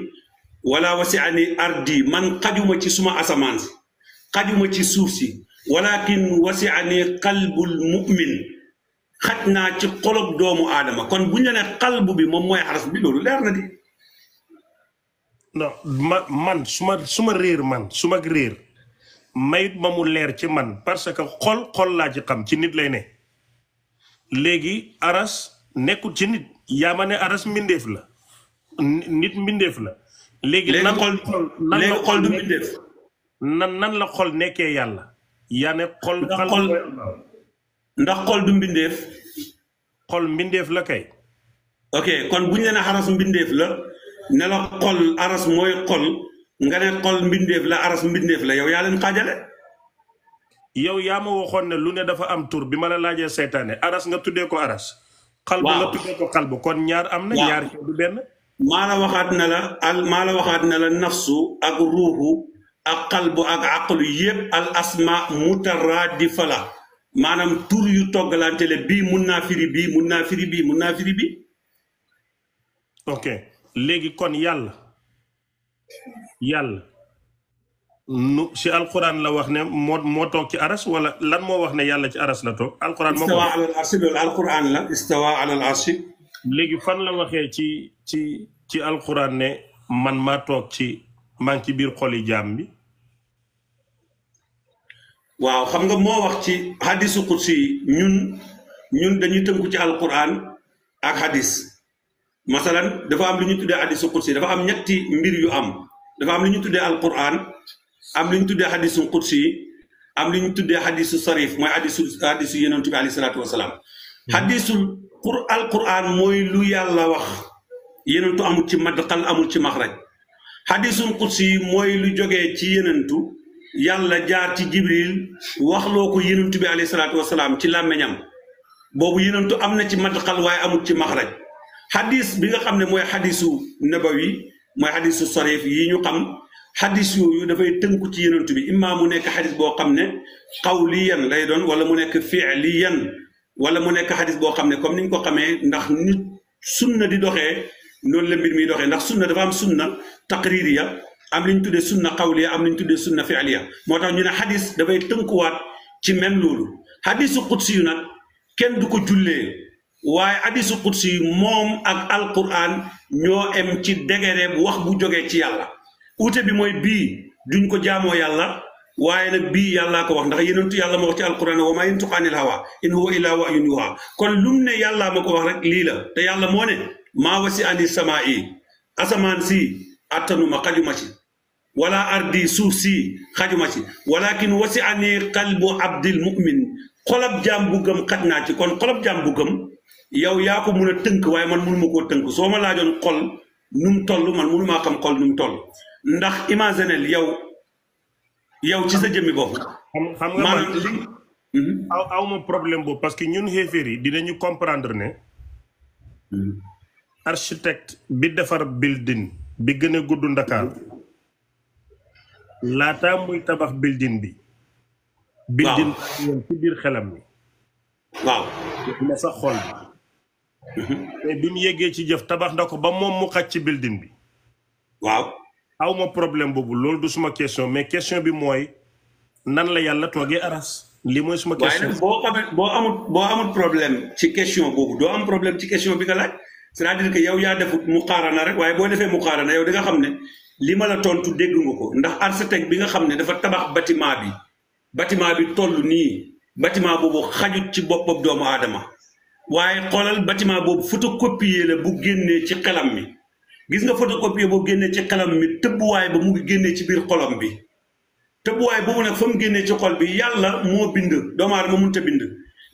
wala wasi ani ardi man xajuma ci suma asamaan si xajuma ci suuf si walakin wasi ani qalbul mu'min xaj naa ci kolog doomu aadama kon bu ñu ne xalbu bi moom moy xaraf bi loolu leer na di non man suma ma réer man suma réer mayut ma mu leer ci man parce que xol xol laa ci xam ci nit lay ne léegi aras nekkul ci nit yaa ma ne aras mbindeef la nit mbindeef la léegi nan la xol nan la xol nekkee yàlla yaa ne xol ndax xol du mbindeef xol mbindeef la kay ok kon bu ñu nee ne aras mbindeef la ne la xol aras mooy xol nga ne xol mbindeef la aras mbindeef la yow yaa leen xaajale yow yaa ma waxoon ne lu ne dafa am tur bi ma la laajee seytaane aras nga tuddee ko aras xalbu nga tuddee ko kon ñaar am na ñaar xew du benn maa waxaat na la al la waxaat na la nafsu ak ruuxu ak xalbu ak aqlu yépp al asma mutaraadifa la maanaam tur yu toggalante la mun naa firi bii mun naa firi bii mun naa firi ok léegi kon yàlla yàlla nu si alquran la wax ne moo moo toog ci aras wala lan moo wax ne yàlla ci aras la toog. alquran moo istawa alal la istawa alal léegi fan la waxee ci ci ci alquran ne man maa toog ci maa ngi ci biir xoli jaam bi. waaw xam nga moo wax ci hadisu qudsi ñun ñun dañuy tënku ci alquran ak hadis. masalan dafa am lu ñu tuddee hadisu qudsi dafa am ñetti mbir yu am dafa am lu ñu tuddee alquran am lu ñu tuddee hadisu qudsi am lu ñu tuddee hadisu sarif mooy hadisu hadisu yonent bi alayhi salaatu wasalaam hadisul hmm. pour alquran mooy lu yàlla wax yenentu amul ci madxal amul ci maxraj hadisul qudsi mooy lu jógee ci yenentu yàlla jaar ci jibril waxloo ko yenentu bi alayhi salaatu wasalaam ci làmmeñam boobu yenentu am na ci madxal waaye amul ci maxraj xadis bi nga xam ne mooy xadisu yi mooy xadisu sarif yi ñu xam xadis yooyu dafay tënku ci yenentu bi imma mu nekk xadis boo xam ne lii xawliyan lay doon wala mu nekk fiiliyan wala mu nekk xadis boo xam ne comme ni ñu ko xamee ndax nit sunna di doxee noonu la mbir mi doxee ndax sunna dafa am sunna taqririya am li ñu tuddee sunna xawliya am li ñu tuddee sunna fiiliya moo tax ñu ne xadis dafay tënkuwaat ci mel loolu xadisu qudsi yu nag kenn du ko jullee waaye hadisu qudsi moom ak alquran ñoo em ci degere wax bu jógee ci yàlla uute bi mooy bii duñ ko jaamoo yàlla waaye nag bii yàllaa ko wax ndax yenentu yàlla ma wax ci alquran wa maa yantiqu anil hawa in huwa illaa wahyun yuuhaa kon lum ne yàllaa ma ko wax rek lii la te yàlla moo ne maa wasi ani samaa yi asamaan si attanuma xajuma ci wala ardi suuf si xajuma ci walakin wasi ani qalbu abdil mu'min xolab jaam bu gëm xaj naa ci kon xolab jaam bu gëm yow yaa ko mun a tënk waaye man mënuma koo tënk soo ma laajoon xol nu mu toll man mënumaa xam xol nu toll ndax imaginel yow yow ci sa jëmmi bopp. xam nga man li mhm. problème boobu parce que ñun xeefeer yi dinañu comprendre ne. Mhm. architecte bi defar building bi gën a gudd Ndakaar laataa muy tabax building bi. building ci biir xelam mi. waaw. na xol Mhm. mais bi mu yeggee ci jëf tabax na ko ba moom mu xaj ci building bi. waaw aw ma problème boobu loolu du suma question mais question bi mooy nan la yàlla toogee aras. li mooy suma question boo xamee boo amut boo amut problème ci question boobu doo am problème ci question bi nga laaj c'est-à-dire que yow yaa defut mu xaarana rek waaye boo defee mu xaarana yow di nga xam ne li ma la tontu dégg nga ko ndax architecte bi nga xam ne dafa tabax bâtiment bi bâtiment bi toll nii bâtiment boobu xajut ci boppam doomu aadama. waaye xoolal bâtiment boobu photocopier la bu génnee ci xelam mi gis nga photocopier boo génnee ci xelam mi tëbbuwaay ba mu ngi génnee ci biir xolam bi tëbbuwaay boobu nag fa mu génnee ci xol bi yàlla moo bind doomu aadama mun a bind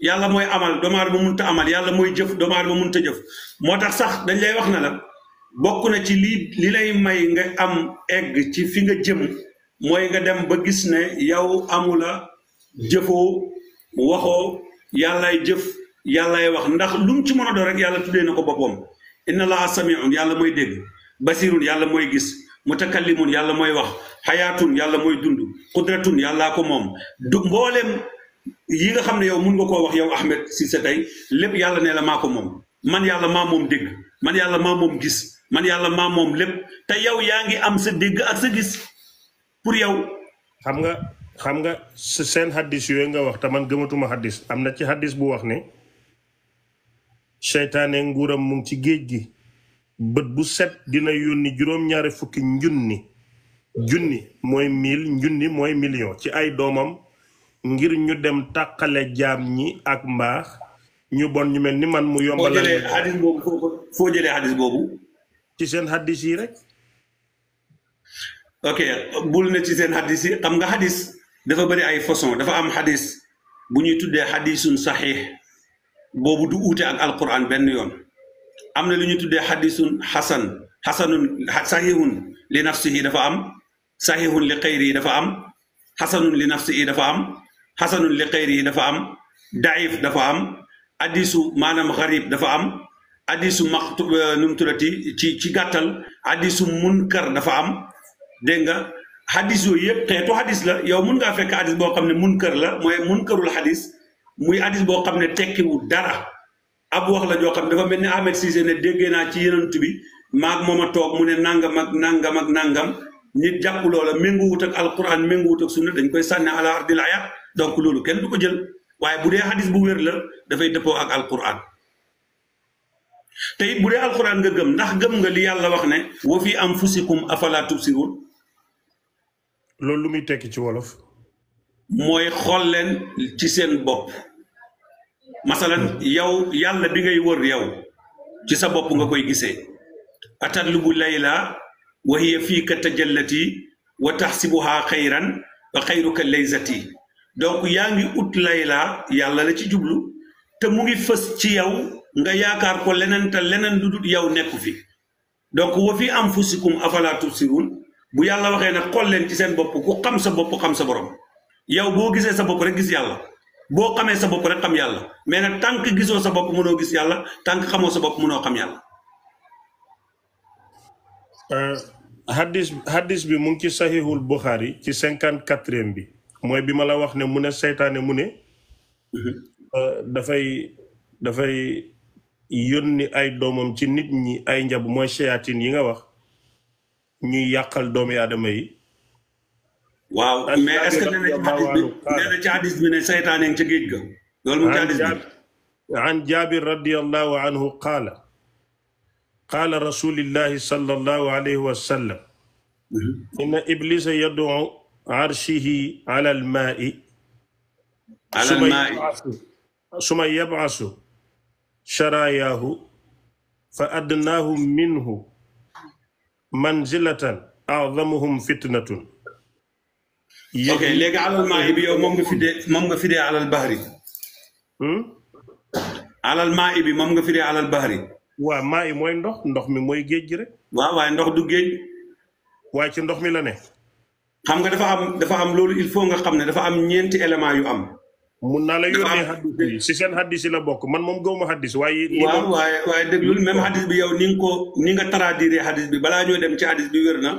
yàlla mooy amal doomu aadama mun a amal yàlla mooy jëf doomu aadama mun a jëf moo tax sax dañ lay wax na la bokk na ci lii li lay may nga am egg ci fi nga jëm mooy nga dem ba gis ne yow amula jëfoo waxoo yàllaay jëf yàllaay wax ndax lu mu ci mën a doon rek yàlla tuddee na ko boppam inna laa samiun yàlla mooy dégg basirun yàlla mooy gis mu mutakallimun yàlla mooy wax xayaatun yàlla mooy dund qudratun yàllaa ko moom du mbooleem yi nga xam ne yow mun nga koo wax yow si sa tey lépp yàlla ne la maa ko moom man yàlla maa moom dégg man yàlla maa moom gis man yàlla maa moom lépp te yow yaa ngi am sa dégg ak sa gis pour yow xam nga xam nga seen xaddis yooyu nga wax te man gëmatuma xaddis am na ci xaddis bu wax ne seytaane nguuram mu ci géej gi bët bu set dina yónni juróom-ñaari fukki njunni junni mooy mil njunni mooy million ci ay doomam ngir ñu dem tàqale jaam ñi ak mbaax ñu bon ñu mel ni man mu yombalal xadis foo jëlee xadis boobu ci seen xadis yi rek ok bul na ci seen xadis yi xam nga xadis dafa bëri ay façon dafa am xadis bu ñuy tuddee xadisun saxiix boobu du uute ak alquran benn yoon am na lu ñu tuddee xadisun xasan xasanun saxiixun li nafsihi dafa am saxiixun li xayri dafa am xasanun li nafsihi dafa am xasanun li xayri dafa am daif dafa am addisu maanaam xarib dafa am addisu maxtu euh, nu mu tuddati ci ci gàttal addisu munkar dafa am dégg nga xadis yooyu yëpp xeetu xadis la yow mun ngaa fekk xadis boo xam ne munkar la mooy munkarul xadis muy hadis boo xam ne tekkiwul dara ab wax la joo xam ne dafa mel ni Ahmed Cissé ne déggee naa ci yenant bi moom a toog mu ne nangam ak nangam ak nangam nit jàpp loola ménguwut ak alquran ménguwut dañ koy sànni ala ardil ayat donc loolu kenn du ko jël waaye bu dee hadis bu wér la dafay dëppoo ak alquran te bu dee alquran nga ndax gëm nga li yàlla wax ne wa fi anfusikum afala tubsirun loolu lu muy tekki ci wolof mooy xool leen ci seen bopp masalan hmm. yow yàlla bi ngay wër yow ci sa bopp nga koy gisee atatlubu layla wa hiya fiika tajallati wa taxsibuha xayran wa xayruka laysati donc yaa ngi ut layla yàlla la ci jublu te mu ngi fës ci yow nga yaakaar ko leneenta leneen lu dul yow nekku fi donc wa fi anfusikum si tubsirun bu yàlla waxee nag xool leen ci seen bopp ku xam sa bopp xam sa borom yow boo gisee sa bopp rek gis yàlla boo xamee sa bopp rek xam yàlla mais nag tant que gisoo sa bopp mënoo gis yàlla tànk que xamoo sa bopp mënoo xam yàlla. Euh, hadis hadis bi mu ngi ci saxiixul yi ci cinquante quatrième bi mooy bi ma la wax ne mu ne seytaane mu ne. Mhm. Euh, dafay dafay yónni ay doomam ci nit ñi ay njab mooy seyaatin yi nga wax ñuy yàqal doomi yaadama yi. waaw mais est-ce que nee na ci hadis bi ne seytaane ngi ci géej ga loolu mu ci hadis bi an jaabir radiyallahu anhu qaala qaala rasulillahi sallallahu alayhi wa sallam mhm. inna iblisa yad'u arshihi ala almaai suma yab'asu sharayaahu fa adnaahu minhu manzilatan a'zamuhum fitnatun ok léegi alal ma yi bi yow moom nga fi dee moom nga fi dee alal bahri. Hmm? alal maa yi bi moom nga fi dee alal bahri. waa maa yi mooy ndox ndox mi mooy géej gi rek. waaw waaye ndox du géej. waaye ci ndox mi la ne. nga dafa am dafa am loolu il faut nga xam ne dafa am ñeenti élément yu am. mun naa la yónnee xaddis si seen xaddis la bokk man moom gaw ma xaddis waaye. waaw waaye waaye déglul même xaddis bi yow ni nga ko ni nga traduire xaddis bi balaa ñoo dem ci xaddis bi wér na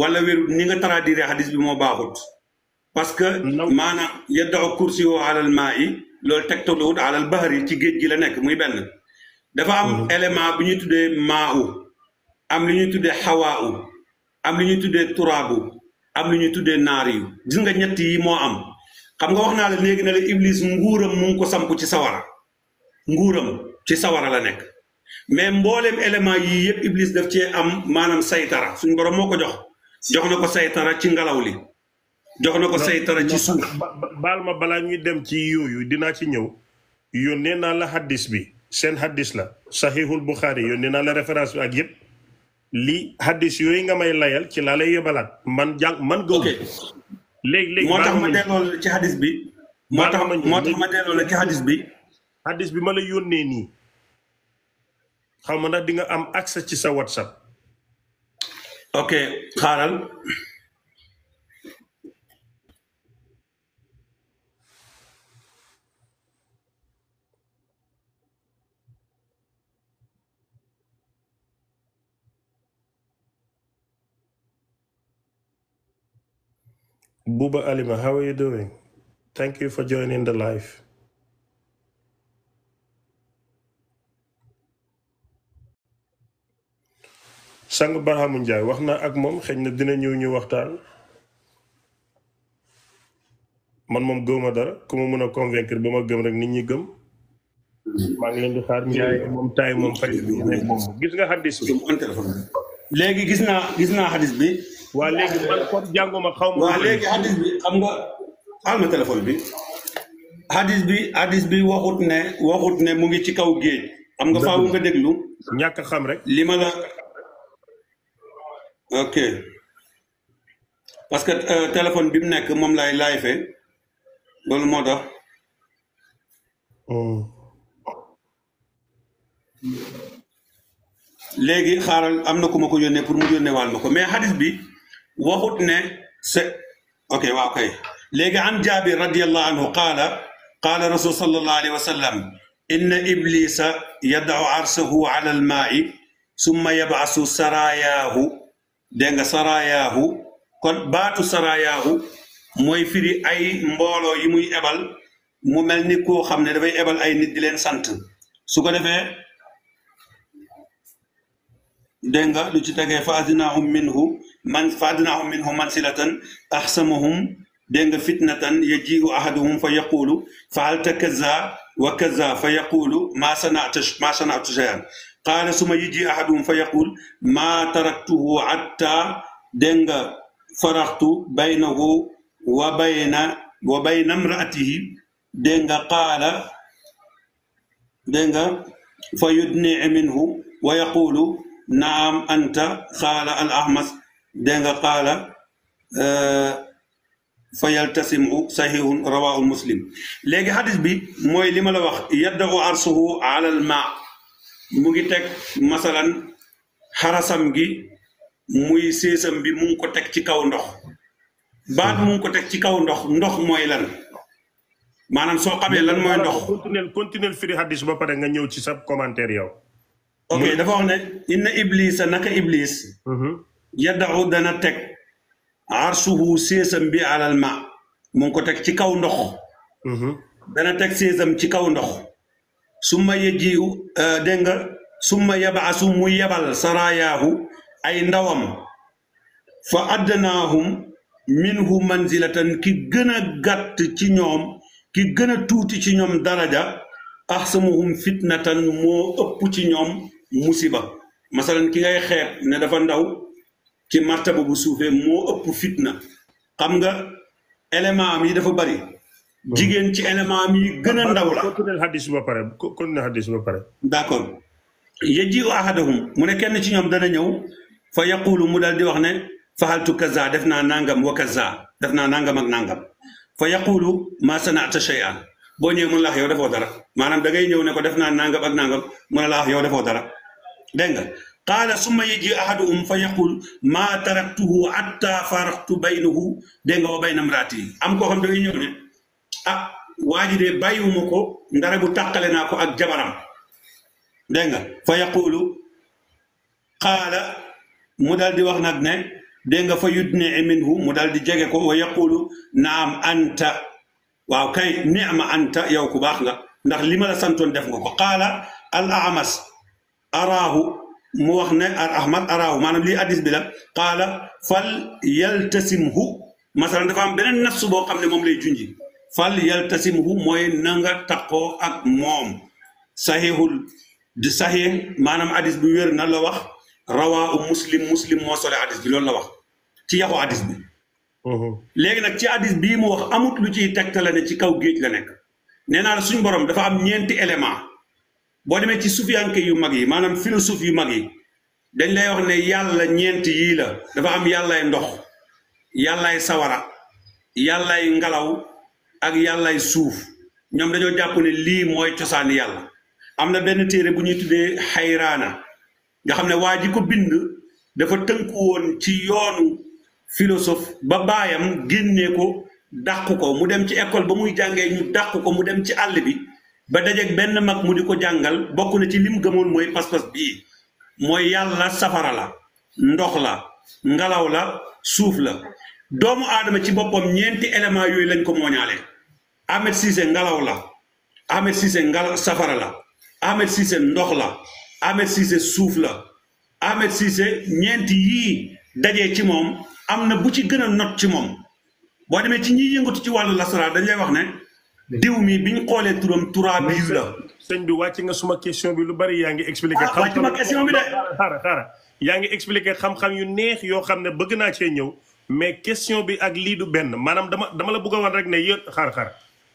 wala wéru ni nga traduire xaddis bi moo baaxut. parce que maanaam yaddaxu kursi woo alal maa yi loolu tegtaluwut alal bahar yi ci géej gi la nekk muy benn dafa am mm-hmm. élément bu ñuy tuddee maa u am li ñuy tuddee xawaa u am li ñuy tuddee am li ñuy tuddee naari yu gis nga ñett yi moo am xam nga wax naa la léegi ne la iblis nguuram mu ngi ko samp ci sawara nguuram ci sawara la nekk mais mbooleem élément yii yëpp iblis daf cee am maanaam saytara suñ borom moo ko jox jox na ko saytara ci ngelaw li jox na ko saytara ci suuf. baal ma balaa ñuy dem ci yooyu dinaa ci ñëw yónnee naa la hadis bi seen hadis la saxiixul Buxaari yónnee naa la référence bi ak yëpp li hadis yooyu nga may layal ci laa lay yebalaat man jàng man. gëw léegi léegi moo bi. moo tax ma moo tax bi. hadis bi ma la yónnee nii xaw ma nag dinga nga am accès ci sa WhatsApp. ok xaaral. Buba Alima, how are you doing? Thank you for joining the live. Sang Barhamu Ndiaye wax naa ak moom xëy na dina ñëw ñu waxtaan man moom ma dara ku ma mën a convaincre ba ma gëm rek nit ñi gëm maa ngi leen di xaar Ndiaye moom tay moom fay moom gis nga xaddis bi léegi gis naa gis naa xaddis bi waa léegi man kon jànguma xaw ma. waaw nga xaal ma téléphone bi. hadis bi bi waxut ne waxut ne mu ngi ci kaw géej. xam nga faaw nga déglu. ñàkk xam rek. li ma ok parce que euh, téléphone bi mu nekk moom lay laay fe loolu moo tax. Hmm. léegi xaaral am na ku ma ko yónnee pour mu yónnee waal ma ko mais hadis bi. waxut ne se ok waaw kay léegi an jaabir radiallahu anhu qaala qaala rasul sallallahu alayhi wa sallam inna iblisa yadau arsahu ala almaai summa yabasu sarayaahu dégg nga kon baatu sarayaahu mooy firi ay mbooloo yi muy ebal mu mel ni koo xam ne dafay ebal ay nit di leen sant su ko defee dégg nga lu ci tegee fa azinahum minhu man faadnaahum minhum mansilatan ahsamahum dégg nga fitnatan yajiu ahaduhum fa yaqulu faalta kaza wa kaza fa yaqulu maa sanata maa sanatu cheyan qaala suma yiji ahaduhum fa yaqul maa taraktuhu hatta dégg nga faraxtu baynahu wa bayna wa bayna mraatihi dégg nga qaala dégg nga fa yudni minhu wa yaqulu naam anta qaala al ahmas dégg nga qaala euh, fa yaltasimu sahihun rawahu muslim léegi xadis bi mooy li ma la wax yaddaxu arsuhu alal ma mu ngi teg masalan xarasam gi muy séesam bi mu ko teg ci kaw ndox baat mu ko teg ci kaw ndox ndox mooy lan maanaam soo xamee lan mooy ndox continuel continuel firi xadis ba pare nga ñëw ci sa commentaire yow ok dafa wax ne naka iblis mm-hmm. yaddaxu dana teg arsuhu séesam bi alal ma mu ko teg ci kaw ndox mm-hmm. dana teg séesam ci kaw ndox summa yëji euh, dégg nga summa yabaasu mu yebal sarayaahu ay ndawam fa addanahum minhu manzilatan ki gën a gàtt ci ñoom ki gën a tuuti ci ñoom daraja ahsamuhum fitnatan moo ëpp ci ñoom musiba masalan ki ngay xeet ne dafa ndaw ci martaba bu suufee moo ëpp fitna xam nga élément am yi dafa bari jigéen ci élément am yi gën a ndaw la kon ba pare kon xadis ba pare d'accord yajiu ahadahum mu ne kenn ci ñoom dana ñëw fa yaqulu mu dal di wax ne faxaltu kaza def naa nangam wa kaza def naa nangam ak nangam fa yaqulu ma sanaata shay'an boo ñëwee mun laax ah, yow defoo dara maanaam da ngay ñëw ne ko def naa nangam ak nangam mun a laax ah, yow defoo dara dégg nga qaala summa yaji ahaduhum fa yaqul maa taraktuhu hatta faraktu baynahu dégg nga wa bayna mraati am koo xam da ngay ñëw ah waa ji de bàyyiwuma ko ndara bu tàqale naa ko ak jabaram dégg nga fa yaqulu qaala mu daal di wax nag ne dégg nga fa yudne minhu mu dal di jege ko wa yaqulu naam anta waaw kay ni'ma anta yow ku baax nga ndax li ma la santoon def nga ko qaala al araahu mu wax ne al ahmad araahu maanaam lii addis bi la qaala fal yaltasimhu masalan dafa am beneen nafsu boo xam ne moom lay junji fal yaltasimhu mooy na nga ak moom saxiixul di saxiix maanaam addis bi wér na la wax rawaahu muslim muslim moo sole addis bi loolu la wax ci yaxu addis bi uh-huh. léegi nag ci addis bii mu wax amut lu ciy tegtale ne ci kaw géej la nekk nee naa la suñ borom dafa am ñeenti élément boo demee ci sufiyanke yu mag yi maanaam philosophe yu mag yi dañ lay wax ne yàlla ñeent yii la dafa am yàllaay ndox yàllaay sawara yàllaay ngelaw ak yàllaay suuf ñoom dañoo jàpp ne lii mooy cosaan yàlla am na benn téere bu ñu tuddee xayraana nga xam ne waa ji ko bind dafa tënku woon ci yoonu philosophe ba baayam génnee ko dàq ko mu dem ci école ba muy jàngee ñu dàq ko mu dem ci àll bi ba dajeeg benn mag mu di ko jàngal bokk na ci lim gëmoon mooy pas-pas bii mooy yàlla safara la ndox la ngelaw la suuf la doomu aadama ci boppam ñeenti élément yooyu lañ ko mooñaale Ahmed Cissé ngelaw la Ahmed Cissé ngelaw safara la Ahmed Cissé ndox la Ahmed Cissé suuf la Ahmed Cissé ñeenti yii dajee ci moom am na bu ci gën a not ci moom boo demee ci ñiy yëngatu ci wàllu lasara dañ lay wax ne diw mi bi ñu xoolee turam tura biir la. sëñ bi wàcc nga suma question bi lu bari yaa ngi expliqué. Ah, xam-xam wàcc yaa ngi expliqué xam yu neex yoo xam ne bëgg naa cee ñëw mais question bi ak lii du benn maanaam dama dama la bëgg wan rek ne yéen xaar xaar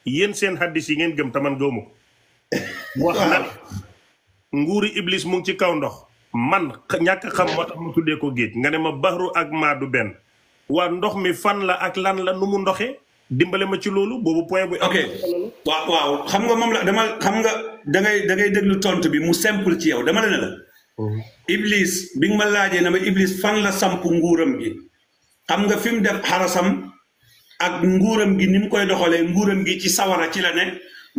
yéen seen hadis yi ngeen gëm taman gëmu ko. nguuri iblis mu ngi ci kaw ndox. man ñàkk xam moo mu tuddee ko géej nga ne ma baxru ak maa du benn. waa ndox mi fan la ak lan la nu mu ndoxee. dimbale ma ci loolu boobu point bu. ok waaw xam nga moom la dama xam nga da ngay da ngay tontu bi mu simple ci yow dama la ne la. Mhm. Iblis bi nga ma laajee na ma Iblis fan la samp nguuram gi xam nga fi mu def xarasam ak nguuram gi ni mu koy doxalee nguuram gi ci sawara ci la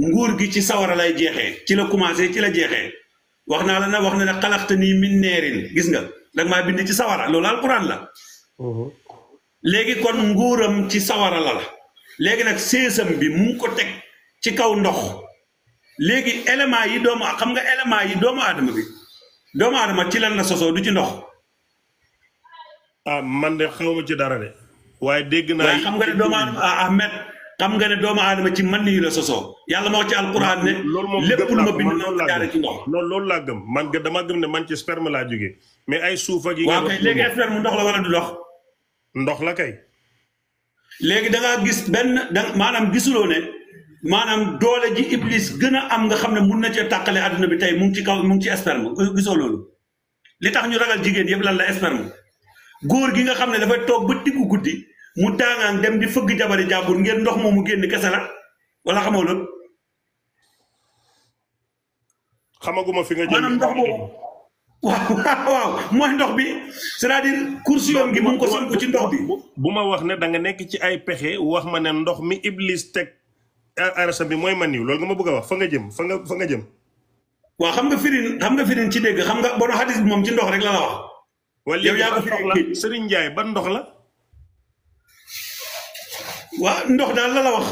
nguur gi ci sawara lay jeexee ci la commencé ci la jeexee wax naa la na wax na ne xalaxta nii min neerin gis nga danga maa bind ci sawara loolu alquran la. Mhm. léegi kon nguuram ci sawara la la. léegi nag séesam bi mu ko teg ci kaw ndox léegi élément yi doomu xam nga élément yi doomu aadama bi doomu aadama ci lan la sosoo du ci ndox. ah man de xaw xawma ci dara de. waaye dégg naa waaye xam nga ne doomu aadama ah Ahmed xam nga ne doomu aadama ci man yi la sosoo yàlla moo ci alquran ne. loolu moom lépp lu ma bind ma jaare ci ndox. non loolu laa gëm man nga dama gëm ne man ci sperme laa jógee mais ay suufa ak yi. nga waaw kay ndox la wala du ndox. ndox la kay. léegi da gis benn da maanaam gisuloo ne maanaam doole ji iblis gën a am nga xam ne mun na cee tàqale àdduna bi tey mu ci kaw mu ngi ci sperme gisoo loolu li tax ñu ragal jigéen yëpp lan la sperme góor gi nga xam ne dafay toog ba diggu guddi mu daangaan dem di fëgg jabari jàmbur ngeen ndox mu génn kese la wala xamoo loolu xamaguma fi nga jëm maanaam waaw waaw mooy ndox bi c'est-à-dire yoon gi bu ko samp ci ndox bi bu ma wax ne da nga nekk ci ay pexe wax ma ne ndox mi iblis teg arasa bi mooy man yu loolu nga ma bëgg a wax fa nga jëm fa fa nga jëm waaw xam nga firin xam nga firin ci dégg xam nga bono xadis bi moom ci ndox rek la la wax wala yow yaa Sëriñ Njaay ban ndox la waa ndox daal la la wax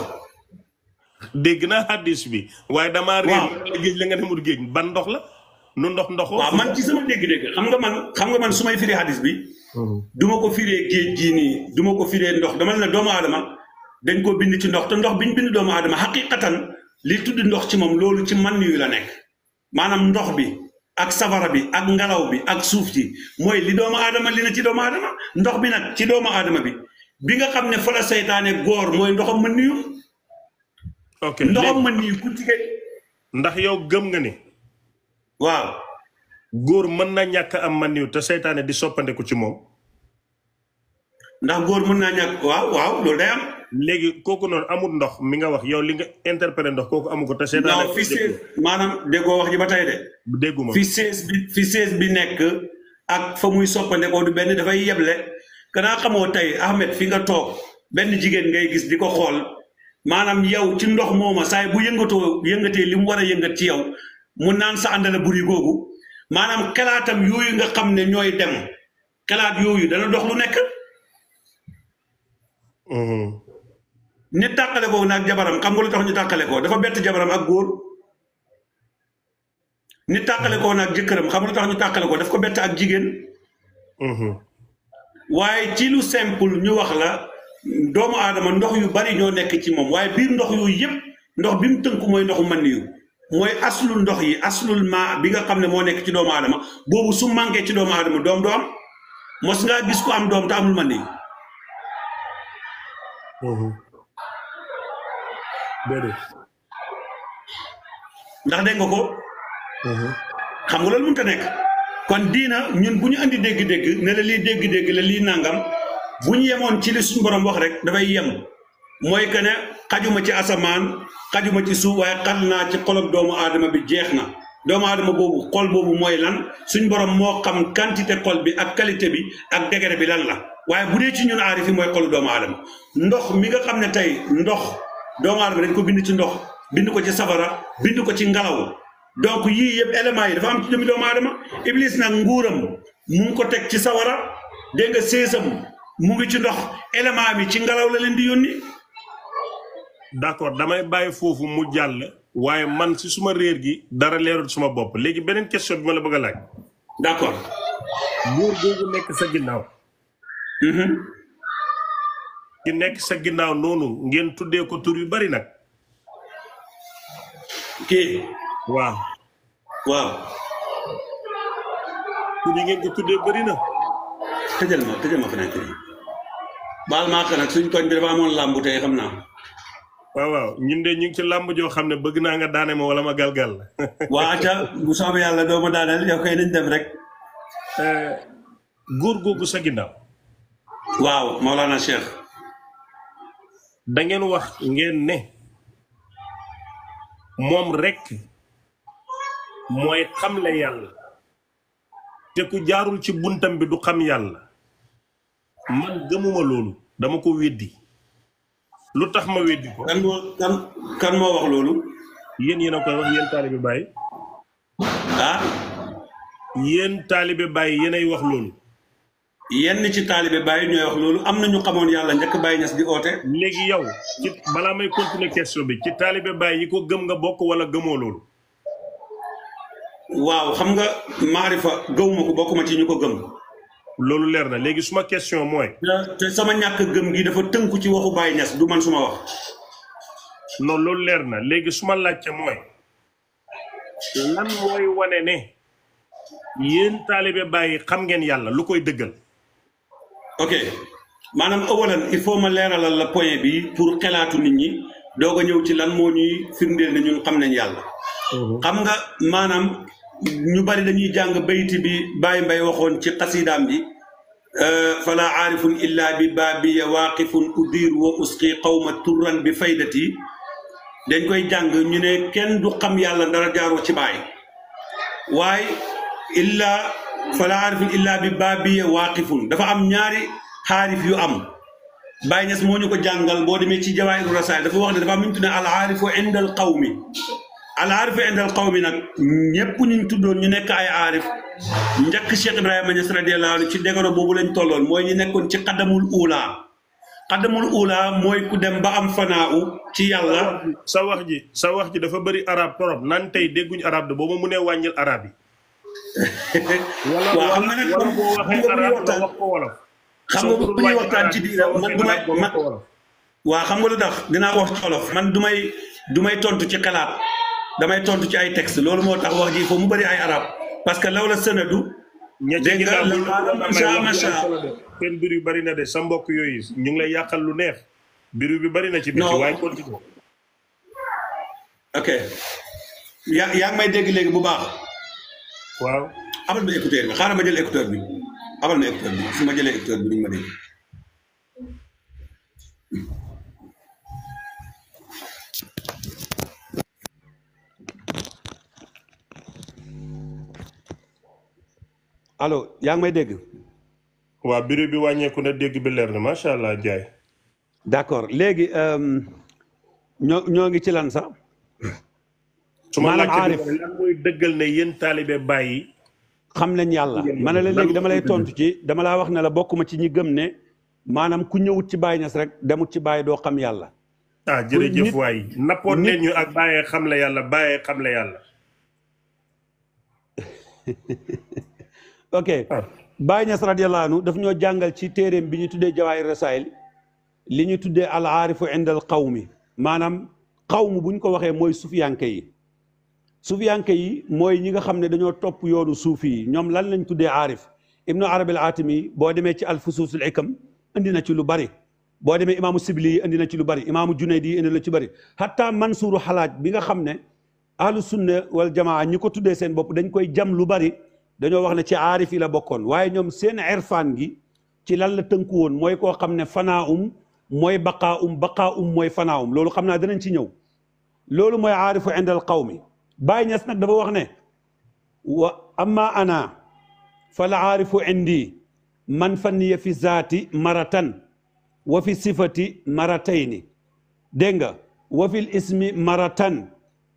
dégg naa xadis bi waaye dama réer géej la nga demul géej ban ndox la nu ndox ndoxu. waaw man ci sama dégg-dégg xam nga man xam nga man su may firi hadis bi. Mhm. duma ko firee géej gii nii du ma ko firee ndox dama na doomu aadama dañ koo bind ci ndox te ndox bi ñu bind doomu aadama xaqiqatan li tudd ndox ci moom loolu ci man yu la nekk maanaam ndox bi ak safara bi ak ngelaw bi ak suuf ji mooy li doomu aadama li na ci doomu ndox bi nag ci doomu aadama bi bi nga xam ne fa la seytaane góor mooy ndoxam ma niyu ok ndoxam mën ku tige ndax yow gëm nga ni. waaw góor mën na ñàkk am man niw te seytaane di soppandeku ci moom ndax góor mun naa ñàkk waaw waaw loolu day am léegi kooku noonu amul ndox mi nga wax yow li nga interpellé ndox kooku amu ko te seytaane maanaam déggoo wax ba tey dégguma fi sées bi fi sées bi nekk ak fa muy soppandekoo du benn dafay yeble ganaa xamoo tey Ahmed fi nga toog benn jigéen ngay di ko xool maanaam yow ci ndox mooma saay bu yëngatoo yëngatee li mu war a yëngat ci yow mu naan sa àndala buri googu maanaam kelaatam yooyu nga xam ne ñooy dem xalaat yooyu dana dox lu nekk mm-hmm. ni tàqale ko nag jabaram xam nga lu tax ñu tàqale ko dafa bett jabaram ak góor nit tàqale ko nag jëkkëram xam nga tax ñu tàqale ko daf ko bett ak jigéen mm-hmm. waaye ci lu simple ñu wax la doomu aadama ndox yu bari ñoo nekk ci moom waaye biir ndox yooyu yëpp ndox bi mu tënk mooy ndoxu man mooy aslul ndox yi aslul ma bi nga xam ne moo nekk ci doomu aadama boobu su manqué ci doomu aadama doom du am mos ngaa gis ko am doom te amul mandi. Mhm. déedéet. ndax dégg nga ko. Mhm. xam nga loolu mënut a nekk. kon diina ñun bu ñu indi dégg-dégg ne la lii dégg-dégg la lii nangam bu ñu yemoon ci li suñu borom wax rek dafay yem mooy que xajuma ci asamaan. xajuma ci suuf waaye xat naa ci xolog doomu aadama bi jeex na doomu aadama boobu xol boobu mooy lan suñ borom moo xam quantité xol bi ak qualité bi ak degré bi lan la waaye bu dee ci ñun aarifi mooy xolu doomu aadama ndox mi nga xam ne tey ndox doomu aadama dañ ko bind ci ndox bind ko ci safara bind ko ci ngelaw donc yii yëpp éléments yi dafa am ci jëmmi doomu aadama iblis nag nguuram mu ngi ko teg ci sawara dégg nga séesam mu ngi ci ndox élément ci ngelaw d'accord damay bàyyi foofu mu jàll waaye man si suma réer gi dara leerul suma bopp léegi beneen question bi ma la bëgg a laaj d'accord buur googu nekk sa ginnaaw gi mm-hmm. nekk sa ginnaaw noonu ngeen tuddee ko tur yu bari nag kii waaw waaw tur yi ngeen di tuddee bari na tëjal ma tëjal ma fenêtre yi baal maa nag suñ koñ bi dafa amoon làmbu xam naa waaw waaw ñun de ñu ngi ci làmb joo xam ne bëgg naa nga daane ma wala ma galgal la. <laughs> waa aca bu soobee yàlla doo ma daaneel yow kay dañ eh, góor googu sa waaw Maolana Cheikh. da wax ngeen ne moom rekk mooy xamle yàlla te ku jaarul ci buntam bi du xam yàlla man gëmuma loolu dama ko weddi. lu tax ma weddi ko. kan moo kan kan moo wax loolu. yéen yéen a koy wax yéen taalibe Baye. ah. yéen taalibe Baye yéenay wax loolu. yenn ci taalibe Baye ñooy wax loolu am na ñu xamoon yàlla njëkk Baye Niass di oote. léegi yow ci balaa may continuer question bi ci taalibe bàyyi yi ko gëm nga bokk wala gëmoo loolu. waaw xam nga maarifa gëwuma ko bokkuma ci ñu ko gëm. loolu leer na léegi suma question mooy. te sama ñàkk gëm gi dafa tënku ci waxu Baye Niass du man suma wax. non loolu leer na léegi suma laajte mooy lan mooy wane ne yéen taalibe bàyyi xam ngeen yàlla lu koy dëggal. ok maanaam awalan il faut ma leeralal la point bi pour xelaatu nit ñi doog a ñëw ci lan moo ñuy firndeel ne xam nañ yàlla. Mhm. xam nga maanaam ñu bari dañuy jàng bayti bi Baye Mbaye waxoon ci xasidaam bi euh, fala aarifun illa bi baabiya waaqifun udir wa usqi qawma turran bi faydati dañ koy jàng ñu ne kenn du xam yàlla dara jaaroo ci baay waaye illa fala aarifun illa bi baabiya waaqifun dafa am ñaari xaarif yu am Baye Niass moo ñu ko jàngal boo demee ci jawaahiru rasaayil dafa wax ne dafa am lu ñu tuddee al aarifu inda al qawmi al aarifu indal qawmi nag ñëpp ñu tuddoon ñu nekk ay aarif njëkk Cheikh Ibrahima Niass radiyallahu anhu ci dégaro boobu lañ tolloon mooy ñu nekkoon ci xadamul uulaa xadamul uulaa mooy ku dem ba am fanaaw ci yàlla. sa wax ji sa wax ji dafa bari arab trop nan tey dégguñu arab de boobu mu ne wàññil arab yi. waaw xam nga nga ko wolof. xam waxtaan ci diina man du may man dinaa wax ci du may du tontu ci xalaat. damay tontu ci ay texte loolu moo tax wax ji foofu mu bëri ay arab parce que law la sanadu dégg nga la macha seen biir yu bari na de sa mbokk yooyu ñu ngi lay yàqal lu neex biir bi bari na ci biir waaye continue ok yaa yaa ngi may dégg léegi bu baax waaw abal ma écouteur bi xaaral ma jël écouteur bi abal ma écouteur bi su ma jëlee écouteur bi duñu ma dégg alo yaa ngi may dégg. waa bureau bi wàññeeku na dégg bi leer na macha allah Ndiaye. d'accord léegi euh, ñoo ñoo ngi ci lan sax. su ma laajte lan mooy dëggal ne yéen taalibe bàyyi. xam nañ yàlla ma ne la léegi dama lay tontu ci dama laa wax na la bokkuma ci ñi gëm ne maanaam ku ñëwut ci Baay Ñas rek demut ci bàyyi doo xam yàlla. ah jërëjëf waay nappoon leen ñu ak Baay xam la yàlla bàyyee xam la yàlla. <laughs> ok ah. Baye Niass radiyallahu anhu daf ñoo jàngal ci téeréem bi ñu tuddee Jawaahir Rasaa'il li ñu tuddee al aarifu indal qawmi maanaam qawmu bu ñu ko waxee mooy sufiyanke yi sufiyanke yi mooy ñi nga xam ne dañoo topp yoonu suufi yi ñoom lan lañ tuddee aarif ibnu arabi al atimi boo demee ci al fusuusul ikam indi na ci lu bari boo demee imaamu sibli yi indi na ci lu bari imaamu junaydi yi indi na ci bari hatta mansuuru xalaaj bi nga xam ne ahlu sunna wal jamaa ñi ko tuddee seen bopp dañ koy jam lu bari dañoo wax ne ci aarif yi la bokkoon waaye ñoom seen irfaan gi ci lan la tënku mooy koo xam ne fanaa mooy baqaa um mooy fanaa loolu xam naa danañ ci ñëw loolu mooy aarifu indal qawmi Baay Ñas nag dafa wax ne wa amma ana fal aarifu indi man fanniya fi zaati maratan wa fi sifati maratayni dégg nga wa fi l ismi maratan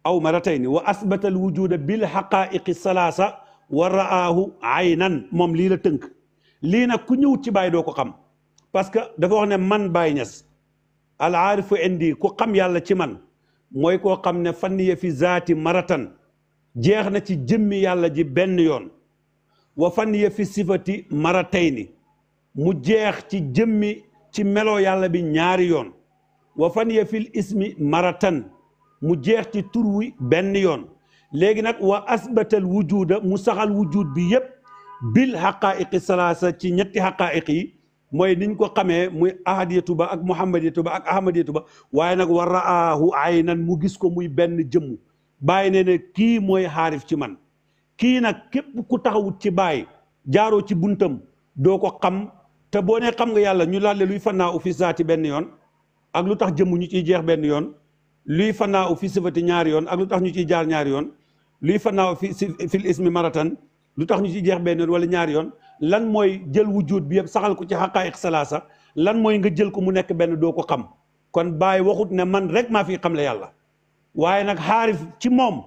aw maratayni wa asbata al wujuda bil xaqaiqi salaasa wa raahu aynan moom lii la tënk lii nag ku ñëw ci Baay doo ko xam parce que dafa ne man Baay Ñas al aarifu indi ku xam yàlla ci man mooy koo xam ne fanniya fi zaati maratan jeex na ci jëmmi yàlla ji benn yoon wa fanniya fi sifati maratayni mu jeex ci jëmmi ci meloo yàlla bi ñaari yoon wa fan ya ismi maratan mu jeex ci turwi benn yoon léegi nag wa asbatal wujuda mu saxal wujud bi yépp bil xaqaayiqi salaasa ci ñetti xaqaayiq yi mooy niñ ko xamee muy ahadiyatu ba ak muhammadiyatu ba ak ahmadiyatu ba waaye nag war wa raahu aynan mu gis ko muy benn jëmmu bàyyi ne ne kii mooy xaarif ci man kii nag képp ku taxawut ci bàyyi jaaroo ci buntam doo ko xam te boo nee xam nga yàlla ñu laal luy fannaa u fi zaati benn yoon ak lu tax jëmm ñu ciy jeex benn yoon luy fanaaw fi sifati ñaari yoon ak lu tax ñu ciy jaar ñaari yoon luy fanaaw fi fil ismi maratan lu tax ñu ciy jeex benn yoon wala ñaari yoon lan mooy jël wujjuut bi yëpp saxal ko ci xaqaayiq salaasa lan mooy nga jël ko mu nekk benn doo ko xam kon Baye waxut ne man rek maa fi xam le yàlla waaye nag xaarif ci moom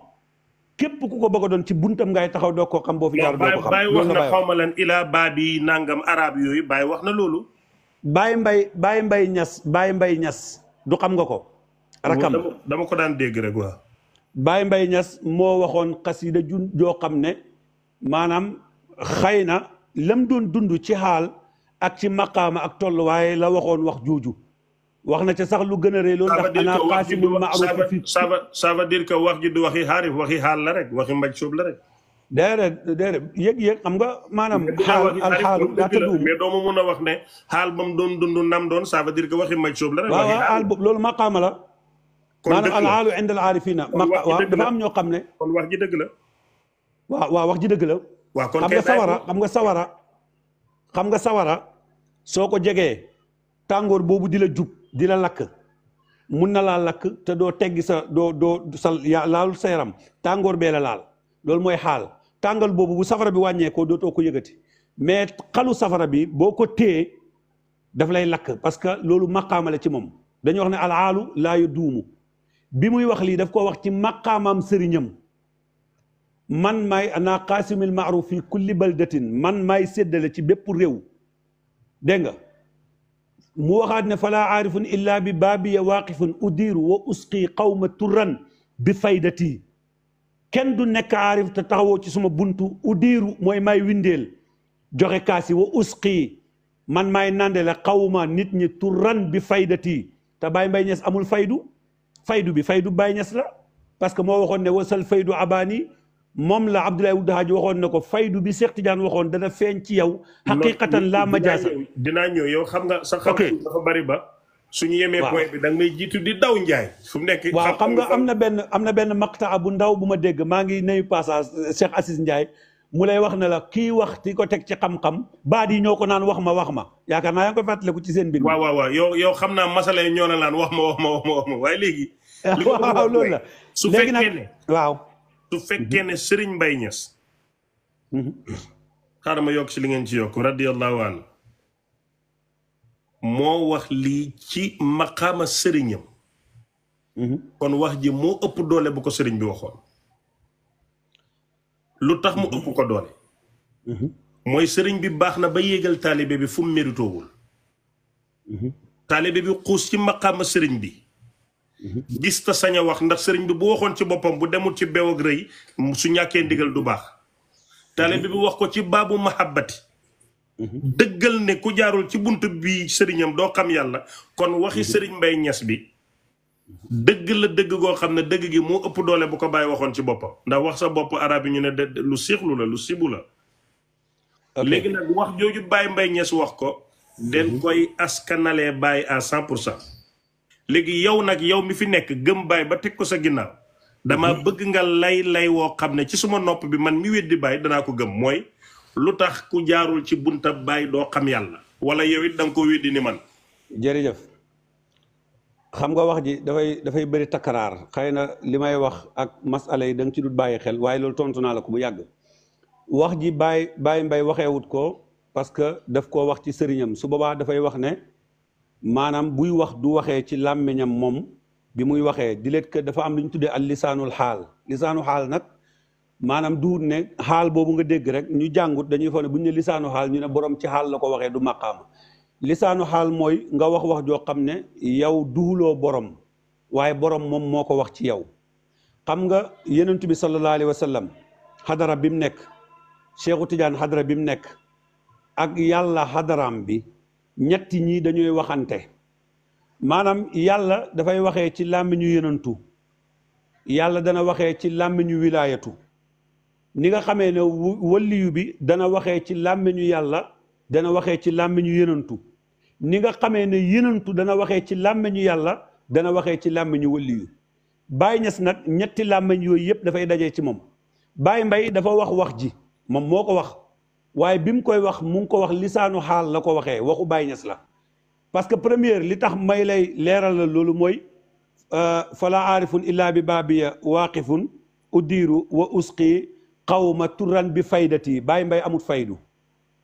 képp ku ko bëgg doon ci buntam ngay taxaw doo ko xam boo fi jaar doo ko xam Baye wax na xaw ma lan ilaa baabi nangam arab yooyu Baye wax na loolu Baye mbay baay mbay Ñas Baye Mbaye Ñas du xam nga ko rakam dama ko daan dégg rek baay Baye Mbaye moo waxoon xasida ju joo xam ne maanaam xëy na lam doon dund ci xaal ak ci maqaama ak tolluwaaye la waxoon wax jooju wax na ci sax lu gën a rëy loolu ndax ana xaasimul maaruf fi ça veut dire que wax ji du waxi xaarif waxi xaal la rek waxi mbaj suub la rek déedéet déedéet yëg-yëg xam nga maanaam xaal al xaalu daata duum mais doomu mun a wax ne xaal ba doon dund nam doon ça veut dire que waxi mbaj la la kon dëgg la maanaam alaalu indal aarifina. waaw dafa am ñoo xam ne. kon wax ji dëgg la. waaw waaw wax ji dëgg la. waaw kon xam nga sawara xam nga sawara. xam nga sawara soo ko jegee tàngoor boobu di la jub di la lakk mun na laa lakk te doo teggi sa doo doo sa laalul sa yaram tàngoor bee la laal loolu mooy xaal tàngal boobu bu safara bi wàññeekoo dootoo ko yëgati mais xalu safara bi boo ko téye daf lay lakk parce que loolu maqaamale ci moom dañuy wax ne alaalu laa yu duumu. bi muy wax lii daf ko wax ci maqaamam sëriñam man maay ana qaasimil maaruf fi kulli baldatin man may séddale ci bépp réew dégg nga mu waxaat ne falaa aarifun illa bi baabiya waaqifun udiiru wa usqi qawma turran bi faydati kenn du nekk aarif te taxawoo ci suma buntu udiiru mooy maay windeel joxe kaasi wa usqi man may nandele xawma nit ñi turran bi faydati te Baay Mbay Ñas amul faydu faydu bi faydu Baye ñas la parce que moo waxoon ne wasal faydu abaani moom la Abdoulaye Wade Hadj waxoon na ko faydu bi Cheikh Tidiane waxoon dana feeñ ci yow. xaqiqatan laa majaasa dinaa ñëw yow xam nga. sa xam dafa bari ba. suñu yemee point bi da may jiitu di daw njaay. fu mu nekk waaw xam nga am na benn am na benn maqtaa bu ndaw bu ma dégg maa ngi nuyu passage Cheikh Assis Ndiaye. mu lay wax ne la kii wax ti ko teg ci xam-xam baat yi ñoo ko naan wax ma wax ma yaakaar naa yaa ngi ko fàttaliku ci seen biir. waaw waaw yoo yow xam naa masala ñoo na naan wax ma wax ma wax ma wax ma waaye léegi. <laughs> li ko waaw la su fekkee ne waaw. su fekkee ne Serigne Mbaye Niass. Mm-hmm. xaaral ma yokk si li ngeen ci yokk radiyallahu anhu moo wax lii ci maqaama sëriñam. Mm-hmm. kon wax ji moo ëpp doole bu ko sëriñ bi waxoon. lu tax mu mhm. ëpp ko doole mhm. mooy sëriñ bi baax na ba yéegal taalibe bi fu mu méritoowul mhm. taalibe bi xuus ci maqaama sëriñ bi gis ta sañ wax ndax sëriñ bi bu waxoon ci boppam bu demul ci bew ak rëy su ñàkkee ndigal du baax taalibe bi wax ko ci baabu mahabbati dëggal ne ku jaarul ci bunt bi sëriñam doo xam yàlla kon waxi sëriñ Mbay Ñas bi dëgg la dëgg goo xam ne dëgg gi moo ëpp doole bu ko bàyyi waxoon ci boppam ndax wax sa bopp arab yi ñu ne de lu siixlu la lu sibu la léegi nag wax jooju Baye Mbaye Niass wax ko den mhm. koy askanalee Baye à cent pour cent léegi yow nag yow mi fi nekk gëm Baye ba teg ko sa ginnaaw dama mhm. bëgg nga lay lay woo xam ne ci suma nopp bi man mi weddi Baye danaa ko gëm mooy lu tax ku jaarul ci bunta bàyyi doo xam yàlla wala yow it da nga ko weddi ni man jërëjëf xam nga wax ji dafay dafay bëri takkaraar xëy na li may wax ak masala yi da ci dut bàyyi xel waaye loolu tontu naa la ko bu yàgg wax ji bàyyi bàyyi mbay waxeewut ko parce que daf ko wax ci sëriñam su boobaa dafay wax ne maanaam buy wax du waxee ci làmmiñam moom bi muy waxee di leet dafa am lu ñu tuddee al lisaanul xaal lisaanu xaal nag maanaam duut ne xaal boobu nga dégg rek ñu jàngut dañuy foog ne bu ñu ne lisaanu xaal ñu ne borom ci xaal la ko waxee du màqaama lisaanu xaal mooy nga wax wax joo xam ne yow duuloo boroom waaye borom moom moo ko wax ci yow xam nga yenentu bi sallallahu alayhi xadara bi mu nekk Cheikhu Tidiane xadara bi mu nekk ak yàlla xadaraam bi ñetti ñii dañuy waxante maanaam yàlla dafay waxee ci làmmiñu yenentu yàlla dana waxee ci làmmiñu wilaayatu ni nga xamee ne waliyu bi dana waxee ci làmmiñu yàlla dana waxee ci làmmiñu yenentu ni nga xamee ne yenantu dana waxee ci làmmiñu yàlla dana waxee ci làmmiñu waliyu Baay Ñas nag ñetti làmmiñ yooyu yëpp dafay dajee ci moom Baay Mbay dafa wax wax ji moom moo ko wax waaye bi mu koy wax mu ngi ko wax lisaanu xaal la ko waxee waxu Baay Ñas la parce que première li tax may lay leeral la loolu mooy euh, fala aarifun illaa bi baabiya waaqifun uddiiru wa usqi xawma turan bi faydati Baay Mbay amut faydu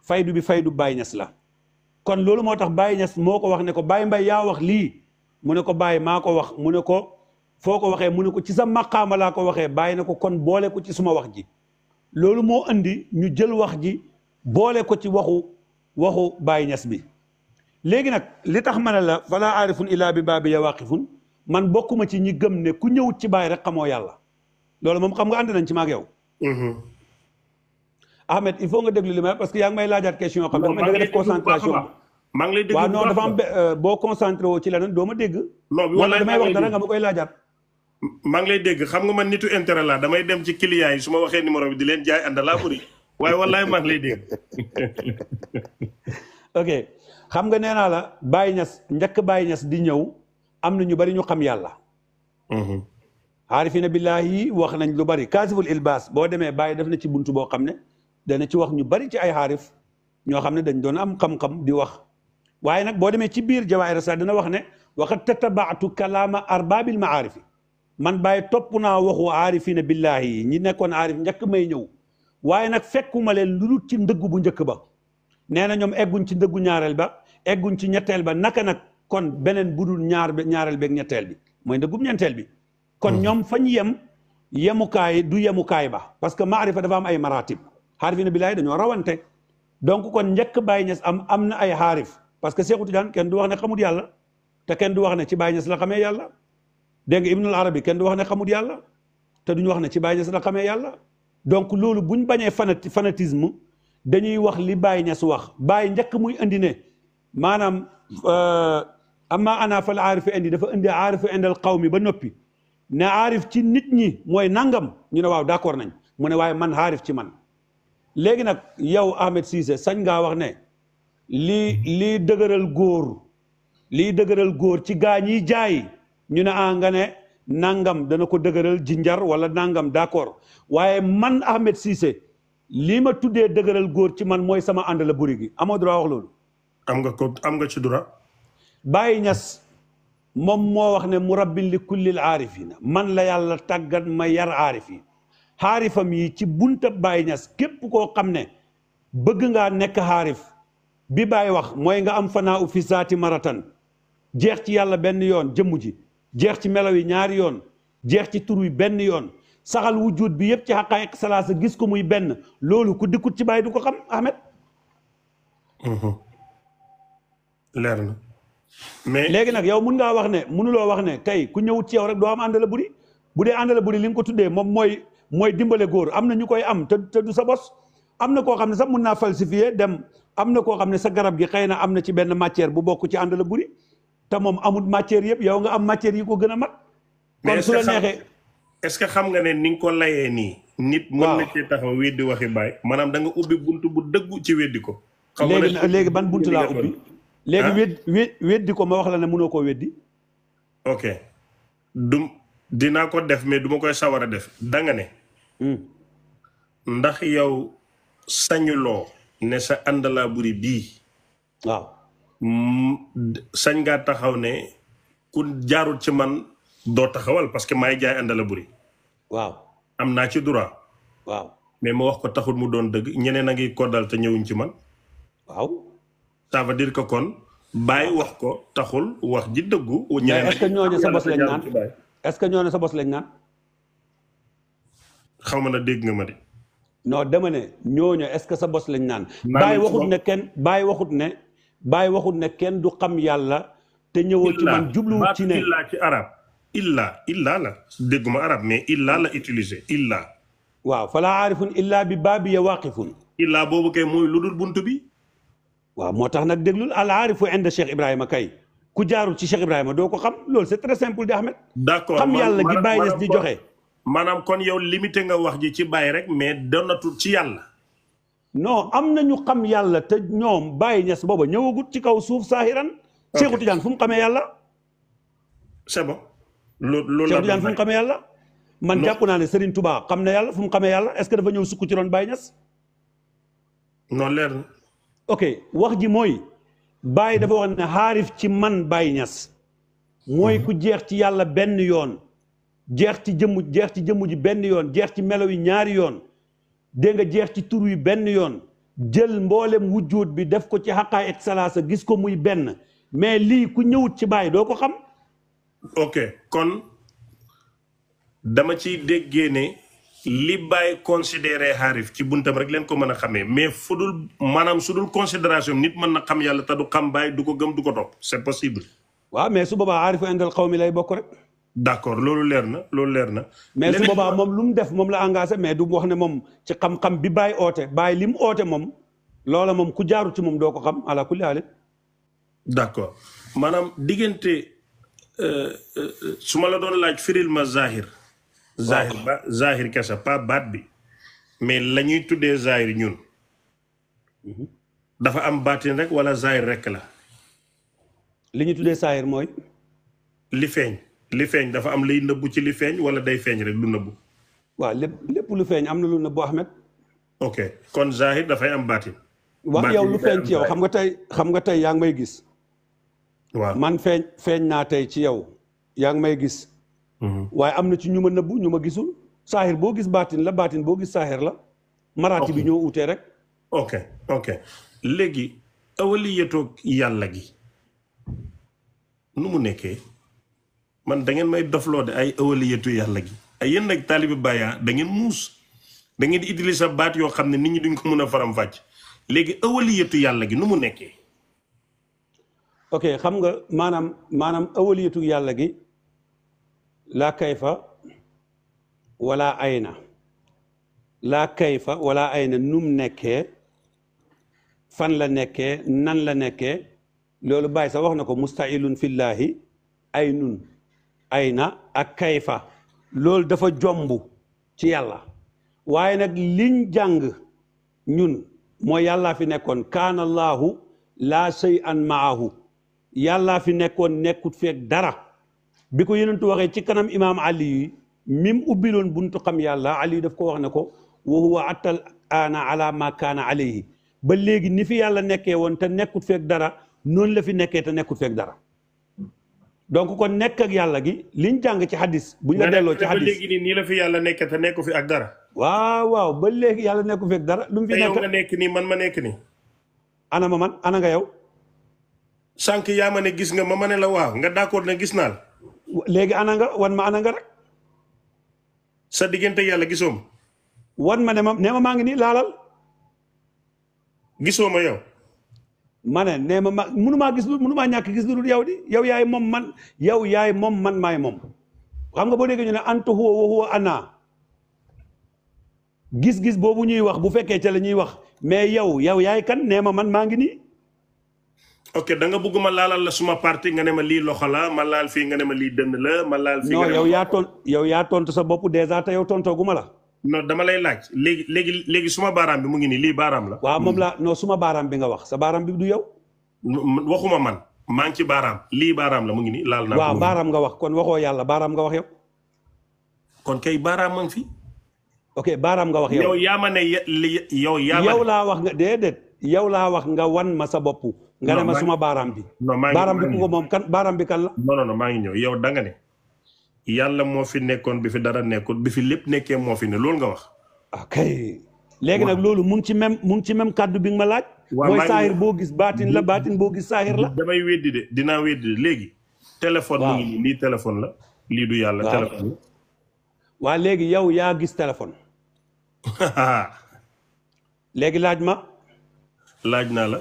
faydu bi faydu Baay Ñas la kon loolu moo tax Baye ñas moo ko wax ne ko Baye Mbaye yaa wax lii mu ne ko Baye maa ko wax mu ne ko foo ko waxee mu ne ko ci sa maqaama laa ko waxee bàyyi na ko kon boole ko ci suma wax ji loolu moo indi ñu jël wax ji boole ko ci waxu waxu Baye Niass bi léegi nag li tax ma ne la falaa aarifun illaa bi baabi ya waaqifun man bokkuma ci ñi gëm ne ku ñëwut ci Baye rek xamoo yàlla loolu moom xam nga ànd nañ ci maag yow mm-hmm. Ahmed il faut nga déglu li may parce que yaa ngi may laajaat question yoo xam ne lay dégg waaw non dafa am euh, boo concentré woo ci leneen doo ma dégg non bi damay wax dara nga koy laajaat maa ngi lay dégg xam nga man nitu intérêt laa damay dem ci client yi su ma waxee numéro bi di leen jaay ànd laa bëri waaye wallaay maa ngi lay dégg <laughs> ok xam nga nee naa la Baye Niass njëkk Baye ñas di ñëw am na ñu bari ñu xam yàlla mm-hmm. aarifina billaahi wax nañ lu bari kaasiful ilbaas boo demee Baye def na ci buntu boo xam ne dana ci wax ñu bari ci ay xaarif ñoo xam ne dañ doon am xam-xam di wax waaye nag boo demee ci biir jawaahir sa dana wax ne waxat tatabaatu kalaama arbaabil maarifi man bàyyi topp naa waxu aarifina billaahi yi ñi nekkoon aarif njakk may ñëw waaye nag fekkuma leen lu dul ci ndëgg bu njëkk ba nee na ñoom egguñ ci ndëggu ñaareel ba egguñ ci ñetteel ba naka nag kon beneen budul ñaar ñaareel beeg ñetteel bi mooy ndëggub ñeenteel bi kon hmm. ñoom fañ yem yemukaay du yemukaay ba parce que maarifa dafa ay maratib xaarifina billaay dañoo rawante donc kon njëkk Baye Niass am am na ay xaarif parce que Seexu Tijaan kenn du wax ne xamut yàlla te kenn du wax ne ci Baye Niass la xamee yàlla dégg nga Ibnul Arabi kenn du wax ne xamut yàlla te duñu wax ne ci Baye Niass la xamee yàlla donc loolu buñ bañee fanati fanatisme dañuy wax li Baye Niass wax Baye njëkk muy indi ne maanaam euh, amma ana fal aarifu indi dafa indi aarifu indal qawmi ba noppi ne aarif ci nit ñi mooy nangam ñu ne waaw d'accord nañ mu ne waaye man aarif ci man léegi nag yow Ahmed Cissé sañ ngaa wax ne lii lii dëgëral góor lii dëgëral góor ci gaa ñi jaay ñu ne ah nga ne nangam dana ko dëgëral jinjar wala nangam d'accord waaye man Ahmed Cissé lii ma tuddee dëgëral góor ci man mooy sama ànd la buri gi amoo droit wax loolu. am nga ko am nga ci dura bàyyi Niass moom moo wax ne mu rabbin li la kullil aarifina man la yàlla tàggat ma yar aarif yi xaarifam yi ci bunta Baay Ñas képp koo xam ne bëgg ngaa nekk xaarif bi Baay wax mooy nga am fanaa u fi saati maratan jeex ci yàlla benn yoon jëmm ji jeex ci melaw yi ñaari yoon jeex ci tur wi benn yoon saxal wujjuut bi yépp ci xaqaayiq salaasa gis ko muy benn loolu ku dikkut ci Baay du ko xam Ahmed leer na mais léegi nag yow mun ngaa wax ne mënuloo wax ne tey ku ñëwut ci yow rek doo am àndala buri bu dee àndala buri li nga ko tuddee moom mooy mooy dimbale góor am na ñu koy am te te sa bos am na koo xam ne sax mun naa falsifier dem am na koo xam ne sa garab gi xëy na am na ci benn matière bu bokk ci ànd la te moom amul matière yëpp yow nga am matière yi ko gën a mat kon su la neexee est-ce que xam nga ne ni nga ko layee nii nit na cee taxaw weddi waxi baay maanaam da nga ubbi bunt bu dëggu ci weddi ko léegi léegi ban bunt laa ubbi léegi ah? weddi weddi ko ma wax la ne mënoo koo weddi ok dinaa ko def mais duma koy sawar a def danga ne hmm. ndax yow sañuloo ne sa ànd buri bii waaw sañ ngaa taxaw ne ku jaarul ci man doo taxawal parce que maay jaay ànd la buri waaw am naa ci droit waaw mais ma wax ko taxul mu doon dëgg ñeneen a ngi koddal te ñëwuñ ci man waaw ça veut dire kon bàyyi wax ko taxul wax ji dëggu ñeneen est-ce sa bos lañ naan est que ñoo sa bos lañ naan. xaw ma na dégg nga ma de. noo demane ne ñooñu ce que sa bos lañ naan. bàyyi waxut ne kenn bàyyi waxut ne bàyyi waxut ne kenn du xam yàlla. te ñëwoo ci man jubluwul ci ne illa ci arab illa illa la dégguma arab mais illa la utiliser illa. waaw falaa aarifun illa bi baabi ya waaqifun. illa boobu kay mooy lu dul bunt bi. waaw moo tax nag déglul al aarifu inda Cheikh Ibrahima kay. ku jaarul ci Cheikh Ibrahima doo ko xam loolu c'est très simple di Ahmed. d'accord xam yàlla gi Baye Niass di joxe. maanaam kon yow limité nga wax ji ci Baye rek mais donatul ci yàlla. non am na ñu xam yàlla te ñoom Baye Niass booba ñëwagut ci kaw suuf saahiran. ok Cheikhou Tidiane fu mu xamee yàlla. c'est bon. loolu la Cheikhou fu mu xamee yàlla. man jàpp naa ne Serigne Touba xam na yàlla fu mu xamee yàlla est-ce que dafa ñëw sukk ci doon Baye Niass. non leer na. ok wax ji mooy. bàyyi dafa wax ne xaarif ci man bàyyi ñas mooy ku jeex ci yàlla benn yoon jeex ci jëmm jeex ci jëmm ji benn yoon jeex ci melo yi ñaari yoon dégg nga jeex ci tur wi benn yoon jël mboolem wujjuut bi def ko ci xaqaay et salaasa gis ko muy benn mais lii ku ñëwut ci bàyyi doo ko xam ok kon dama ci déggee ne li bàyyi considéré xaarif ci buntam rek leen ko mën a xamee mais fudul maanaam su dul considération nit mën na xam yàlla te du xam bàyyi du ko gëm du ko topp c'est possible. waaw mais su boobaa xaarifu indal xaw mi lay bokk rek. d'accord loolu leer na loolu leer na. mais su boobaa moom lu mu def moom la engagé mais du wax ne moom ci xam-xam bi bàyyi oote bàyyi li mu oote moom loola moom ku jaaru ci moom doo ko xam ala kulli haal. d'accord maanaam diggante euh, euh, euh, su ma la doon laaj firil ma zahir. zahir ba zahir kese pas baat bi mais la ñuy tuddee zahir ñun mhm. dafa am baatin rek wala zahir rek la li ñuy tuddee zahir mooy li feeñ li feeñ dafa am liy nëbbu ci li feeñ wala day feeñ rek lu nëbbu waaw lépp lépp lu feeñ am na lu nëbbu Ahmed ok kon zahir dafay am baatin wax yow lu feeñ ci yow xam nga tey xam nga tey yaa ngi may gis waaw man feeñ feeñ naa tey ci yow yaa ngi may gis Mm-hmm. waaye am na ci ñu ma nëbbu ñu ma gisul saaxir boo gis baatin la baatin boo gis saaxir la maraati bi ñoo utee rek ok ok léegi awaliyatoog yàlla gi nu mu nekkee man da ngeen may dofloo de ay yàlla gi ay yéen nag taalibi bàyyaa da ngeen muus da di utiliser baat yoo xam ne nit ñi duñ ko mun a faram-fàcc léegi awaliyatu yàlla gi nu mu nekkee ok xam nga maanaam maanaam awaliyatu yàlla gi laa kayfa wala ayna laa kayfa wala ayna num nekkee fan la nekkee nan la nekkee loolu bàyyi sa wax na ko mustailun fillaahi ay nun ayna ak kayfa loolu dafa jomb ci yàlla waaye nag liñ jàng ñun mooy yàllaa fi nekkoon kaanallaahu laa shay an maahu yàllaa fi nekkoon nekkut feek dara bi ko ti waxee ci kanam imaam ali yi mim ubbiloon buntu xam yàlla ali daf ko wax ne ko wa huwa attal aana ala ma kaana ba léegi ni fi yàlla nekkee woon te nekkut feeg dara noonu la fi nekkee te nekkut feeg dara donc kon nekk ak yàlla gi liñ jàng ci hadis buñ la delloo ci hadis fi yàlla nekkee te nekku fi ak dara waaw waaw ba léegi yàlla nekku fi dara lu fi nekk yow nii man ma nekk nii ana ma man ana nga yow sànq yaa ma ne gis nga ma ma ne la waaw nga d'accord ne gis naa léegi ana nga wan ma ana nga rek. sa diggante yàlla gisoo wan ma ne ma nee maa ngi nii laalal. gisoo ma yow. ma ne nee ma ma mënumaa gis lu maa ñàkk gis lu dul yow di yow yaay moom man yow yaay moom man maay moom xam nga boo déggee ñu ne antu huwa wa huwa ana gis-gis boobu ñuy wax bu fekkee ca la ñuy wax mais yow yow yaay kan nee ma man maa ngi nii. ok da nga bëgg ma laalal la suma parti nga ne ma lii loxo la ma laal fii nga ne ma lii dënd la ma laal. fii nga ne ma non yow sa bopp dèjà te yow tontoo ma la. non dama lay laaj léegi léegi léegi suma baaraam bi mu ngi nii lii baaraam la. waaw moom la non suma bi nga wax sa baaraam bi du yow. waxuma man maa ngi ci baaraam lii baaraam la mu ngi nii laal naa. waaw nga wax kon waxoo yàlla baram nga wax yow. kon kay baaraam ma fi. ok baaraam nga wax yow yow yaa ma yow. yaa ma laa wax nga déedéet yow laa wax nga wan ma sa bopp nga ne ma suma baaraam bi. non maa ngi baaraam bi moom kan baaraam bi kan la. non non maa ngi ñëw yow da nga ne. yàlla moo fi nekkoon bi fi dara nekkoon bi fi lépp nekkee moo fi ne loolu nga wax. ok léegi nag loolu mu ngi ci même mu ci même kàddu bi nga ma laaj. mooy saahir boo gis baatin la baatin boo gis saahir la. damay weddi de dinaa weddi léegi. téléphone lii téléphone la. lii du yàlla téléphone la. léegi yow yaa gis téléphone. <laughs> léegi laaj ma. laaj naa la.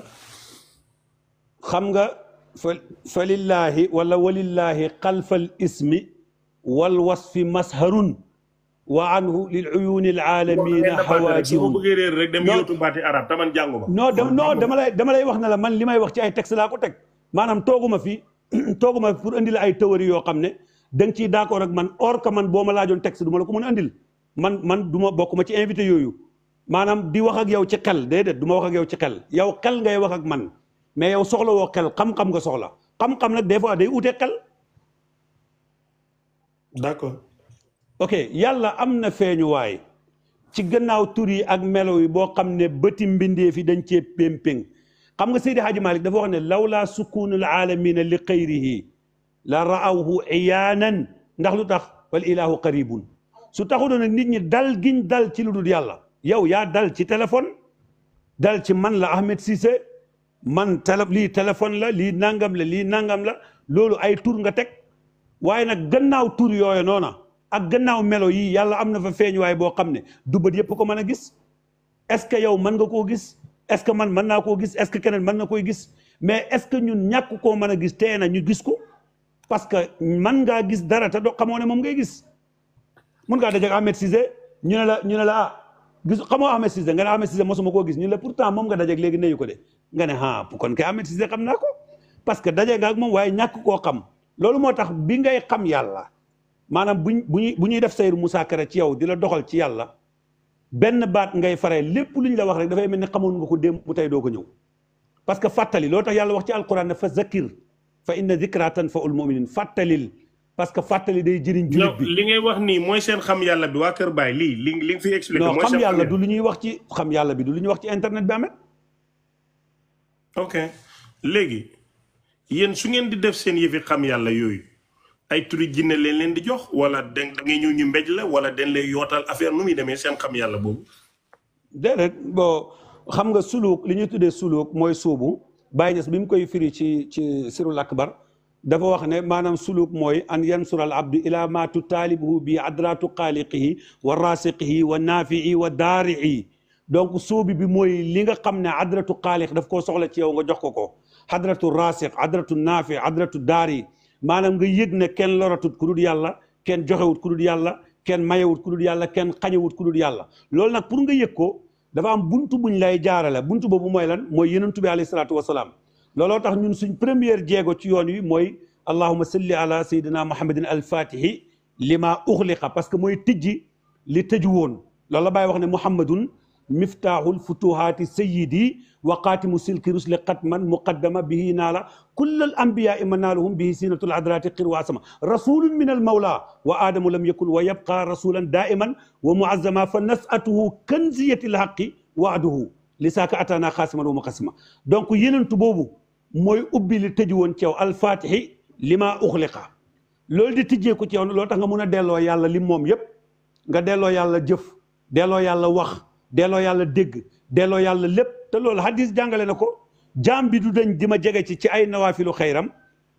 xam nga fa fa lillaahi wala walillaahi xalfal ismi wal wasfi masharun wa anhu lil uyuni al aalamina hawaajirun su ma bëggee réer rek dem yóotu baati arab taman jàngu ba non non dama lay dama lay wax ne la man li may wax ci ay texte laa ko teg maanaam tooguma fi <clears throat> tooguma fi pour indi ay théorie yoo xam ne da nga ciy d'accord ak man or que man boo ma laajoon texte du ma la ko mën a andil man man du ma bokk ci invité yooyu maanam di wax ak yow ci xel déedéet du ma wax ak yow ci xel yow xel ngay wax ak man mais yow soxla woo xel xam-xam nga soxla xam-xam nag des fois day ute xel. d'accord. ok yàlla am na feeñuwaay ci gannaaw tur yi ak melo yi boo xam ne bëti mbindeef yi dañ cee pémpéng xam nga Seydi Hadji Malick dafa wax ne lawlaa sukuunul aalamina li xayrihi la raawhu iyaanan ndax lu tax wal ilaahu qaribun su taxutoon nag nit ñi dal giñ dal ci lu dul yàlla yow yaa dal ci téléphone dal ci man la Ahmed Cissé man télé lii téléphone la lii nangam la lii nangam la loolu ay tur nga teg waaye nag gannaaw tur yooyu noona ak gannaaw melo yii yàlla am na fa feeñuwaay boo xam ne du bët yëpp ko mën a gis est-ce que yow mën nga koo gis est-ce que man mën naa koo gis est-ce que keneen mën na koy gis mais est que ñun ñàkk koo mën a gis tee na ñu gis ko parce que man ngaa gis dara doo xamoo ne moom ngay gis mun ngaa dajeeg Ahmed Cissé ñu ne la ñu ne la ah gis xamoo Ahmed Cissé nga ne Ahmed Cissé mosuma koo gis ñu la pourtant moom nga dajeeg léegi neyu ko de nga ne ah kon kay Ahmed Cissé xam naa ko parce que daje nga ak moom waaye ñàkk koo xam loolu moo tax bi ngay xam yàlla maanaam bu ñuy bu ñuy def sayru musaakara ci yow di la doxal ci yàlla benn baat ngay faree lépp lu ñu la wax rek dafay mel ni xamoon nga ko démb bu tey doo ko ñëw parce que fàttali loolu tax yàlla wax ci alquran ne fa zakir fa inna zikra tanfaul muminin fàttalil parce que fàttali day jëriñ jullit bi li ngay wax nii mooy seen xam yàlla bi waa Kër Baay lii li nga fi expliqué. yàlla du lu ñuy wax ci xam yàlla bi du lu ñuy wax ci internet bi amet ok léegi yéen su ngeen di def seen yëfi xam yàlla yooyu ay turi jinne leen leen di jox wala da ngay ñëw ñu mbej la wala dañ lay yootal affaire nu muy demee seen xam yàlla boobu. déedéet bon xam nga suluk li ñuy tuddee suluk mooy suubu bàyyi ñes bi mu koy firi ci ci sirul akbar dafa wax ne maanaam suluk mooy an yansural abdu ila ma tutaalibuhu bi adratu xaaliqihi wa rasiqihi wa naafi'i wa daari'i donc soobi bi mooy li nga xam ne adratu xaalix daf koo soxla ci yow nga jox ko ko adratu raasix adratu naafi adratu daari maanaam nga yëg ne kenn loratut ku dul yàlla kenn joxewut ku dul yàlla kenn mayewut ku dul yàlla kenn xañewut ku dul yàlla loolu nag pour nga yëg ko dafa am buntu buñ lay jaarale buntu boobu mooy lan mooy yenentu bi alayhi salaatu wasalaam looloo tax ñun suñ première jéego ci yoon wi mooy allahuma salli ala sayidina muhammadin alfatihi lima uxliqa parce que mooy tijji li tëju woon loolu la bàyyi wax ne muhammadun miftaaxul futuhaati sayyidi wa qaatimu silki rusli qatman muqaddama bihi naala kullal anbiyaai manaaluhum bihi sinatul adrati qirwaasama rasulun min al mawla wa aadamu lam yakun wa yabqa rasulan daiman wa muazzama fa nasatuhu kanziyati lhaqi waaduhu lisaaka ataana xaasiman wa muqasima donc yenentu boobu mooy ubbi li tëju woon ceew alfatixi lima uxliqa loolu di tijjee ko ceew loolu tax nga mun a delloo yàlla li moom yépp nga delloo yàlla jëf delloo yàlla wax delloo yàlla dégg delloo yàlla lépp te lool hadis jàngale na ko jaam bi du de di ma jege ci ci ay nawaafilu xayram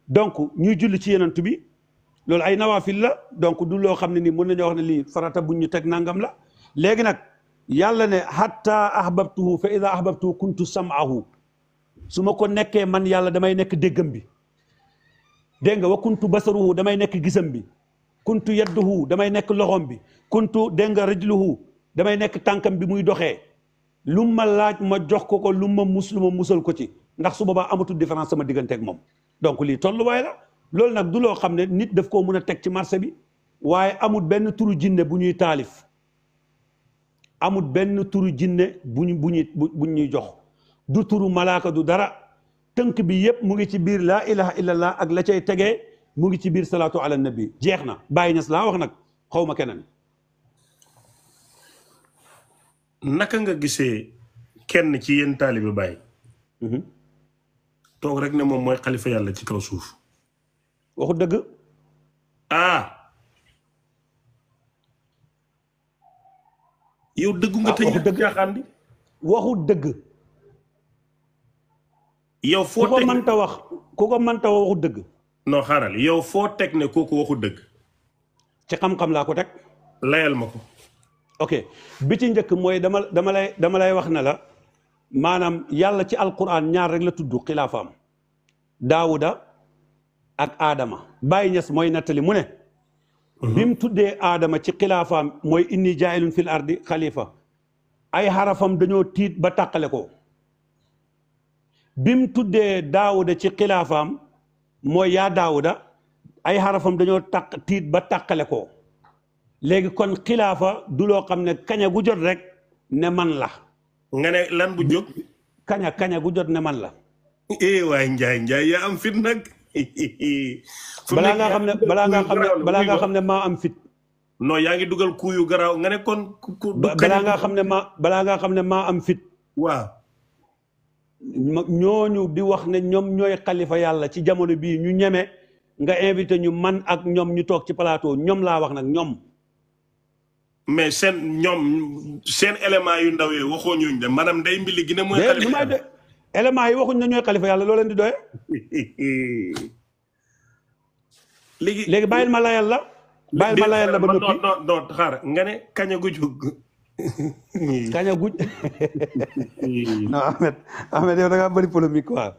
donc ñuy julli ci yenant bi loolu ay nawaafil la donc du loo xam ne nii mën nañoo wax ne lii farata buñ ñu teg nangam la léegi nag yàlla ne hatta ahbabtuhu fa ida ahbabtuhu kuntu sam'ahu su ma ko nekkee man yàlla damay nekk déggam bi dégg nga wa kuntu basaruhu damay nekk gisam bi kuntu yadduhu damay nekk loxom bi kuntu dégg nga rajluhu damay nekk tànkam bi muy doxee lu ma laaj ma jox ko ko lu ma mus ma musal ko ci ndax su boobaa amatul différence sama diggante moom donc lii waaye la loolu nag du loo xam ne nit daf koo mun a teg ci marché bi waaye amut benn turu jinne bu ñuy taalif amul benn turu jinne bu ñu bu ñuy jox du turu malaaka du dara tënk bi yépp mu ngi ci biir laa ilaha laa ak la cay tegee mu ngi ci biir salaatu ala nabi jeex na bàyyi ñas laa wax nag xaw ma keneen naka nga gisee kenn ci yéen taalibe Baay mhm. toog rek ne moom mooy xalifa yàlla ci kaw suuf waxu dëgg ah yow dëggu nga ah, tëj dëgg caaxaan di waxu dëgg yow foo teg dëgg non xaaral yow foo teg ne kooku waxu dëgg ci xam-xam laa ko teg layal ma ko ok bi ci njëkk mooy dama dama lay dama lay wax ne la maanaam yàlla ci alquran ñaar rek la tudd xilaafaam daawuda ak aadama bàyyi ñes mooy nettali mu ne mhm. bi mu tuddee aadama ci xilaafaam mooy inni jaayilun fil ardi xalifa ay xarafam dañoo tiit ba takkale ko bi mu tuddee daawuda ci xilaafaam mooy yaa daawuda ay xarafam dañoo taq tiit ba tàqale ko léegi kon xilaafa du loo xam ne kaña gu jot rek ne man la. nga ne lan bu jóg. kaña kaña gu jot ne man la. eh waay Njaay Njaay yaa am fit nag. <laughs> balaa ngaa xam ne balaa ngaa xam ne xam ne maa am fit. no yaa ngi dugal kuu yu garaaw nga ne kon. ku balaa ngaa xam ne maa balaa ngaa xam ne maa am fit. waaw. ñooñu di wax ne ñoom ñooy xalifa yàlla ci jamono bii ñu ñeme nga invité ñu man ak ñoom ñu toog ci palaato ñoom laa wax nag ñoom. mais seen ñoom seen élément yu ndaw yooyu waxoo ñooñu de maanaam ndey mbili gi ne xalifa yàlla élément yi waxuñ na ñooy xalifa loo leen di doye <laughs> léegi léegi bàyyil ma layal la bàyyil ma layal la ba noppi non nga ne kaña gu jóg kaña guj non Ahmed Ahmed yow da ngaa polémique quoi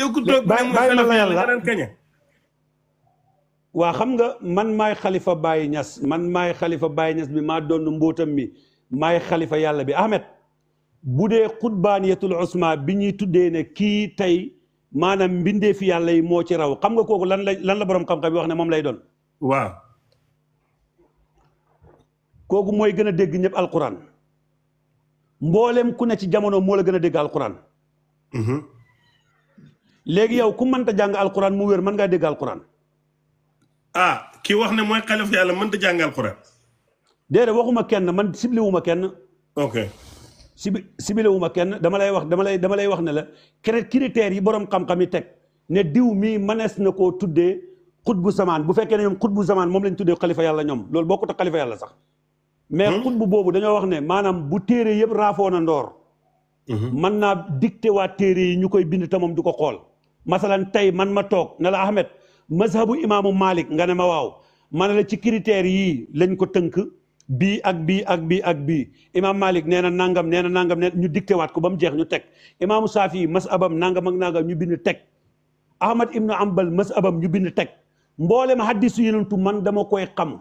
yow ku ma la kaña waa xam nga man may xalifa Baye ñas man maay xalifa Baye Niass bi ma doon mbóotam mi maay xalifa yàlla bi Ahmed bu dee xutbaaniyatul usma bi ñuy tuddee ne kii tey maanaam mbindee fi yàlla yi moo ci raw xam nga kooku lan la lan la borom xam-xam yi wax ne moom lay doon. waaw. kooku mooy gën a dégg ñëpp alquran mboolem ku ne ci jamono moo la gën a dégg alquran. Mhm. léegi yow ku ta jàng alquran mu wér mën ngaa dégg alquran. ah kii wax ne mooy xalif yàlla mënta jàng alxuraan. déedéet waxuma kenn man ciblé wu ma kenn. ok ciblé ciblé wu kenn dama lay wax dama lay dama lay wax ne la critères yi borom xam-xam yi teg ne diw mii manees na koo tuddee bu zamaan bu fekkee ne ñoom bu zamaan moom lañ tuddee xalifa yàlla ñoom loolu bokkut ak xalifa yàlla sax. mais hmm? bu boobu dañoo wax ne maanaam bu téere yëpp raafoo na ndoor. man hmm. naa dicté waa téere yi ñu koy bind te moom du ko xool. masalan tey man mazhabu imaamu Malik nga ne ma waaw ma ne la ci critères yii lañ ko tënk bii ak bii ak bii ak bii imaam Malik nee na nangam nee na nangam nee ñu dicté waat ko ba mu jeex ñu teg imaamu Saafi masabam nangam ak nangam ñu bind teg Ahmad ibnu Ambal masabam ñu bind teg mboolem hadisu yenentu man dama koy xam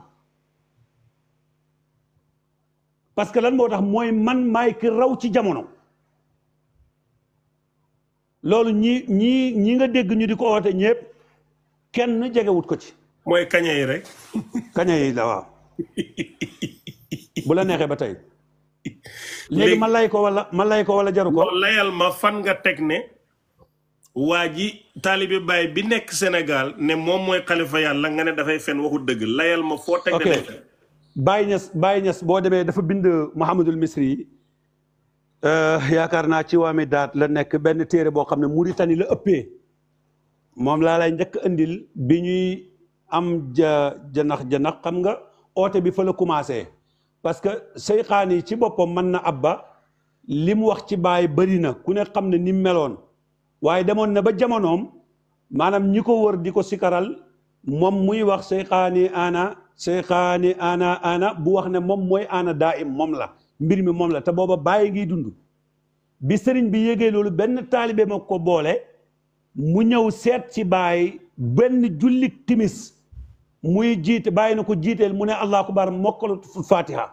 parce que lan moo tax mooy man maay ki raw ci jamono loolu ñi ñii ñi nga dégg ñu di ko oote ñépp kenn jegewut ko ci. mooy kaña yi rek. kaña yi la waaw bu la neexee ba tey. léegi ma lay ko walla ma lay ko wala jaru ko. layal ma fan nga teg ne. waa ji taalibe Baay bi nekk Sénégal ne moom mooy xalifa yàlla nga ne dafay fen waxu dëgg layal ma foo teg. ok Baay Ñas Baay Ñas boo demee dafa bind Mouhamadul Misri yi. Euh, yaakaar naa ci waami daat la nekk benn téere boo xam ne Mauritanie la ëppee. moom laa lay njëkk indil bi ñuy am ja janax janax xam nga oote bi fa la commencé parce que seyxaan yi ci boppam mën na abba li mu wax ci baay bëri na ku ne xam ne ni meloon waaye demoon na ba jamonoom maanaam ñi ko wër di ko sikaral moom muy wax seyxaani ana seyxaani ana aana bu wax ne moom mooy ana daa im moom la mbir mi moom la te booba bàyyi ngiy dund bi sëriñ bi yégee loolu benn taalibe ma ko boole mu ñëw seet ci baay benn jullit timis muy jiite bàyyi na ko jiiteel mu ne allah akbar mokkal fatiha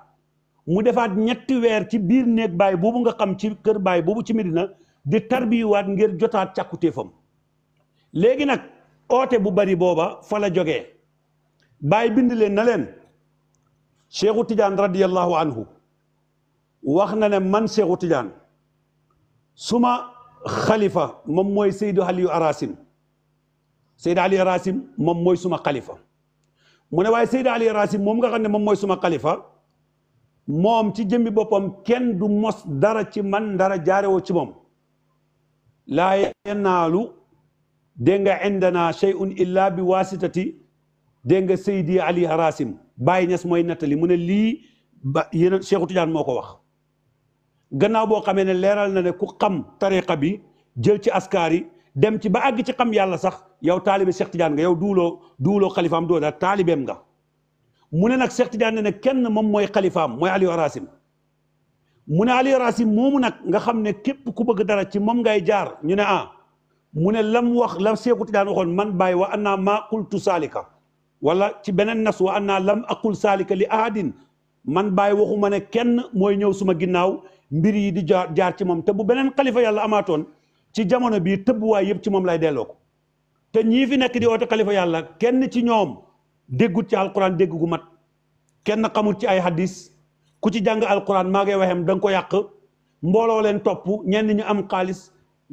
mu defaat ñetti weer ci biir néeg baay boobu nga xam ci kër baay boobu ci Medina di tarbiyuwaat ngir jotaat càkkutéefam léegi nag oote bu bari booba fa la jógee baay bind leen na leen Cheikhu Tidiane radiyallahu anhu wax na ne man Cheikhu Tidiane suma xalifa moom mooy Seydou Aliou Aracim Seydou Aliou Aracim moom mooy suma xalifa mu ne waaye Seydou Aliou Aracim moom nga xam ne moom mooy suma xalifa moom ci jëmmi boppam kenn du mos dara ci man dara jaarewoo ci moom laa yanaalu dégg nga indana illa bi wasitati dégg nga Seydi Ali Aracim Baye Niass mooy nettali mu ne lii ba yeneen Cheikhu Tidiane moo ko wax gannaaw boo xamee ne leeral na ne ku xam tariqa bi jël ci askaar dem ci ba àgg ci xam yàlla sax yow taalibe Cheikh Tidiane nga yow duuloo duuloo xalifaam doo daal taalibeem nga mu ne nag Cheikh Tidiane ne kenn moom mooy xalifaam mooy Aliou Rasim mu ne Aliou Rasim moomu nag nga xam ne képp ku bëgg dara ci moom ngay jaar ñu ne ah mu ne lam wax la Cheikh Tidiane waxoon man bàyyi wa annaa maa qultu saalika wala ci beneen nas wa annaa lam aqul saalika li ahadin man bàyyi waxuma ne kenn mooy ñëw suma ginnaaw mbir yi di jaar jaar ci moom te bu beneen xalifa yàlla amaatoon ci jamono bii tëbbuwaay yëpp ci moom lay delloo ko te ñii fi nekk di oote xalifa yàlla kenn ci ñoom déggut ci alquran dégg gu mat kenn xamut ci ay xaddis ku ci jàng alquran maa ngay waxeem da nga ko yàq mbooloo leen topp ñenn ñu am xaalis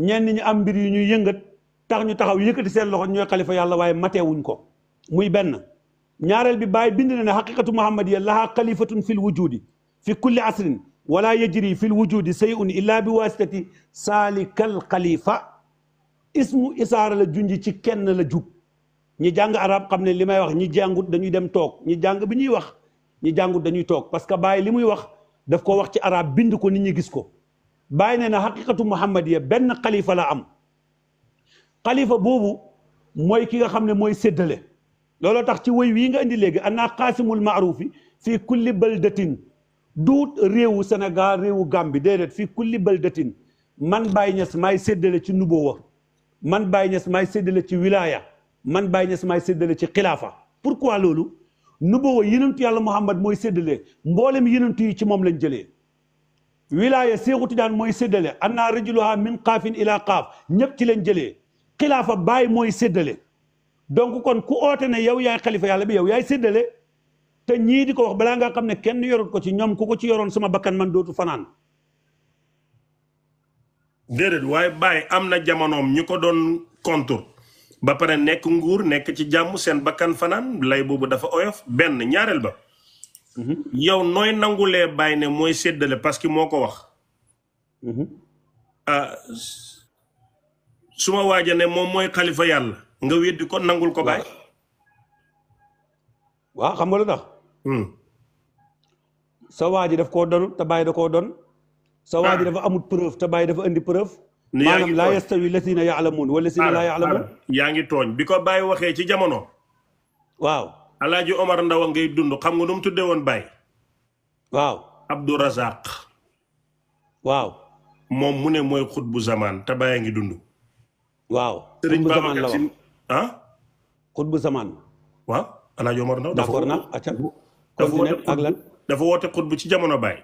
ñenn ñu am mbir yu ñuy yëngat tax ñu taxaw yëkkati seen loxo ñooy xalifa yàlla waaye mateewuñ ko muy benn ñaareel bi bàyyi bind na ne xaqiqatu muhammadiya laha xalifatun fil wujudi wala yajri fi lwujudi shay'un illa bi wasitati salikal xalifa ismu isaara la junj ci kenn la jub ñi jàng arab xam ne li may wax ñi jàngut dañuy dem toog ñi jàng bi ñuy wax ñi jàngut dañuy toog parce que Baye li muy wax def ko wax ci araab bind ko ni ñi gis ko Baye ne na xaqiqatu muhammadiya benn xalifa la am xalifa boobu mooy ki nga xam ne mooy séddale looloo tax ci woy wii nga indi léegi annaa qaasimul maarufi fii kulli baldatin duut réewu Sénégal réewu Gambie déedéet fi kulli baldatin man Baye Niass maay séddale ci wa man Baye Niass maay séddale ci wilaya man Baye Niass maay séddale ci xilaafa pourquoi loolu nubuwa yenentu yàlla Muhammad mooy séddale mboolem yenentu yi ci moom lañ jëlee wilaya Seexu Tijaan mooy séddale anna rajuluha min qaafin ila qaaf ñëpp ci lañ jëlee xilaafa Baye mooy séddale donc kon ku oote ne yow yaay xalifa yàlla bi yow yaay séddale te ñii di ko wax balaa nga xam ne kenn yorut ko ci ñoom ku ko ci yoroon sama bakkan man dootu fanaan déedéet waaye Baye am na jamonoom ñu ko doon contour ba pare nekk nguur nekk ci jàmm seen bakkan fanaan lay boobu dafa oyof benn ñaareel ba mhm. yow nooy nangulee Baye ne mooy séddale parce que moo ko wax mhm. ah, suma ma waaja ne moom mooy xalifa yàlla nga weddi ko nangul ko Baye waaw xam nga lu tax Hmm. sa waa ji daf koo donu te bàyyi da koo don soo waa ji ah. dafa amut preuve te bàyyi dafa indi preuve maanaam laa yastawi lazina yaalamuun wala lazina laa ah, yaalamuun ah, yaa ngi tooñ bi ko bàyyi waxee ci jamono waaw alaaji omar ndaw a ngay dund xam nga nu mu tuddee woon bàyyi waaw abdou waaw moom mu ne mooy xutbu zamaan te bàyyi ngi dund waaw sëriñ Babacar Si ah xutbu zamaan waaw alaaji omar ndaw d'accord na acca dafa woote ak lan dafa woote xutbu ci jamono Baye.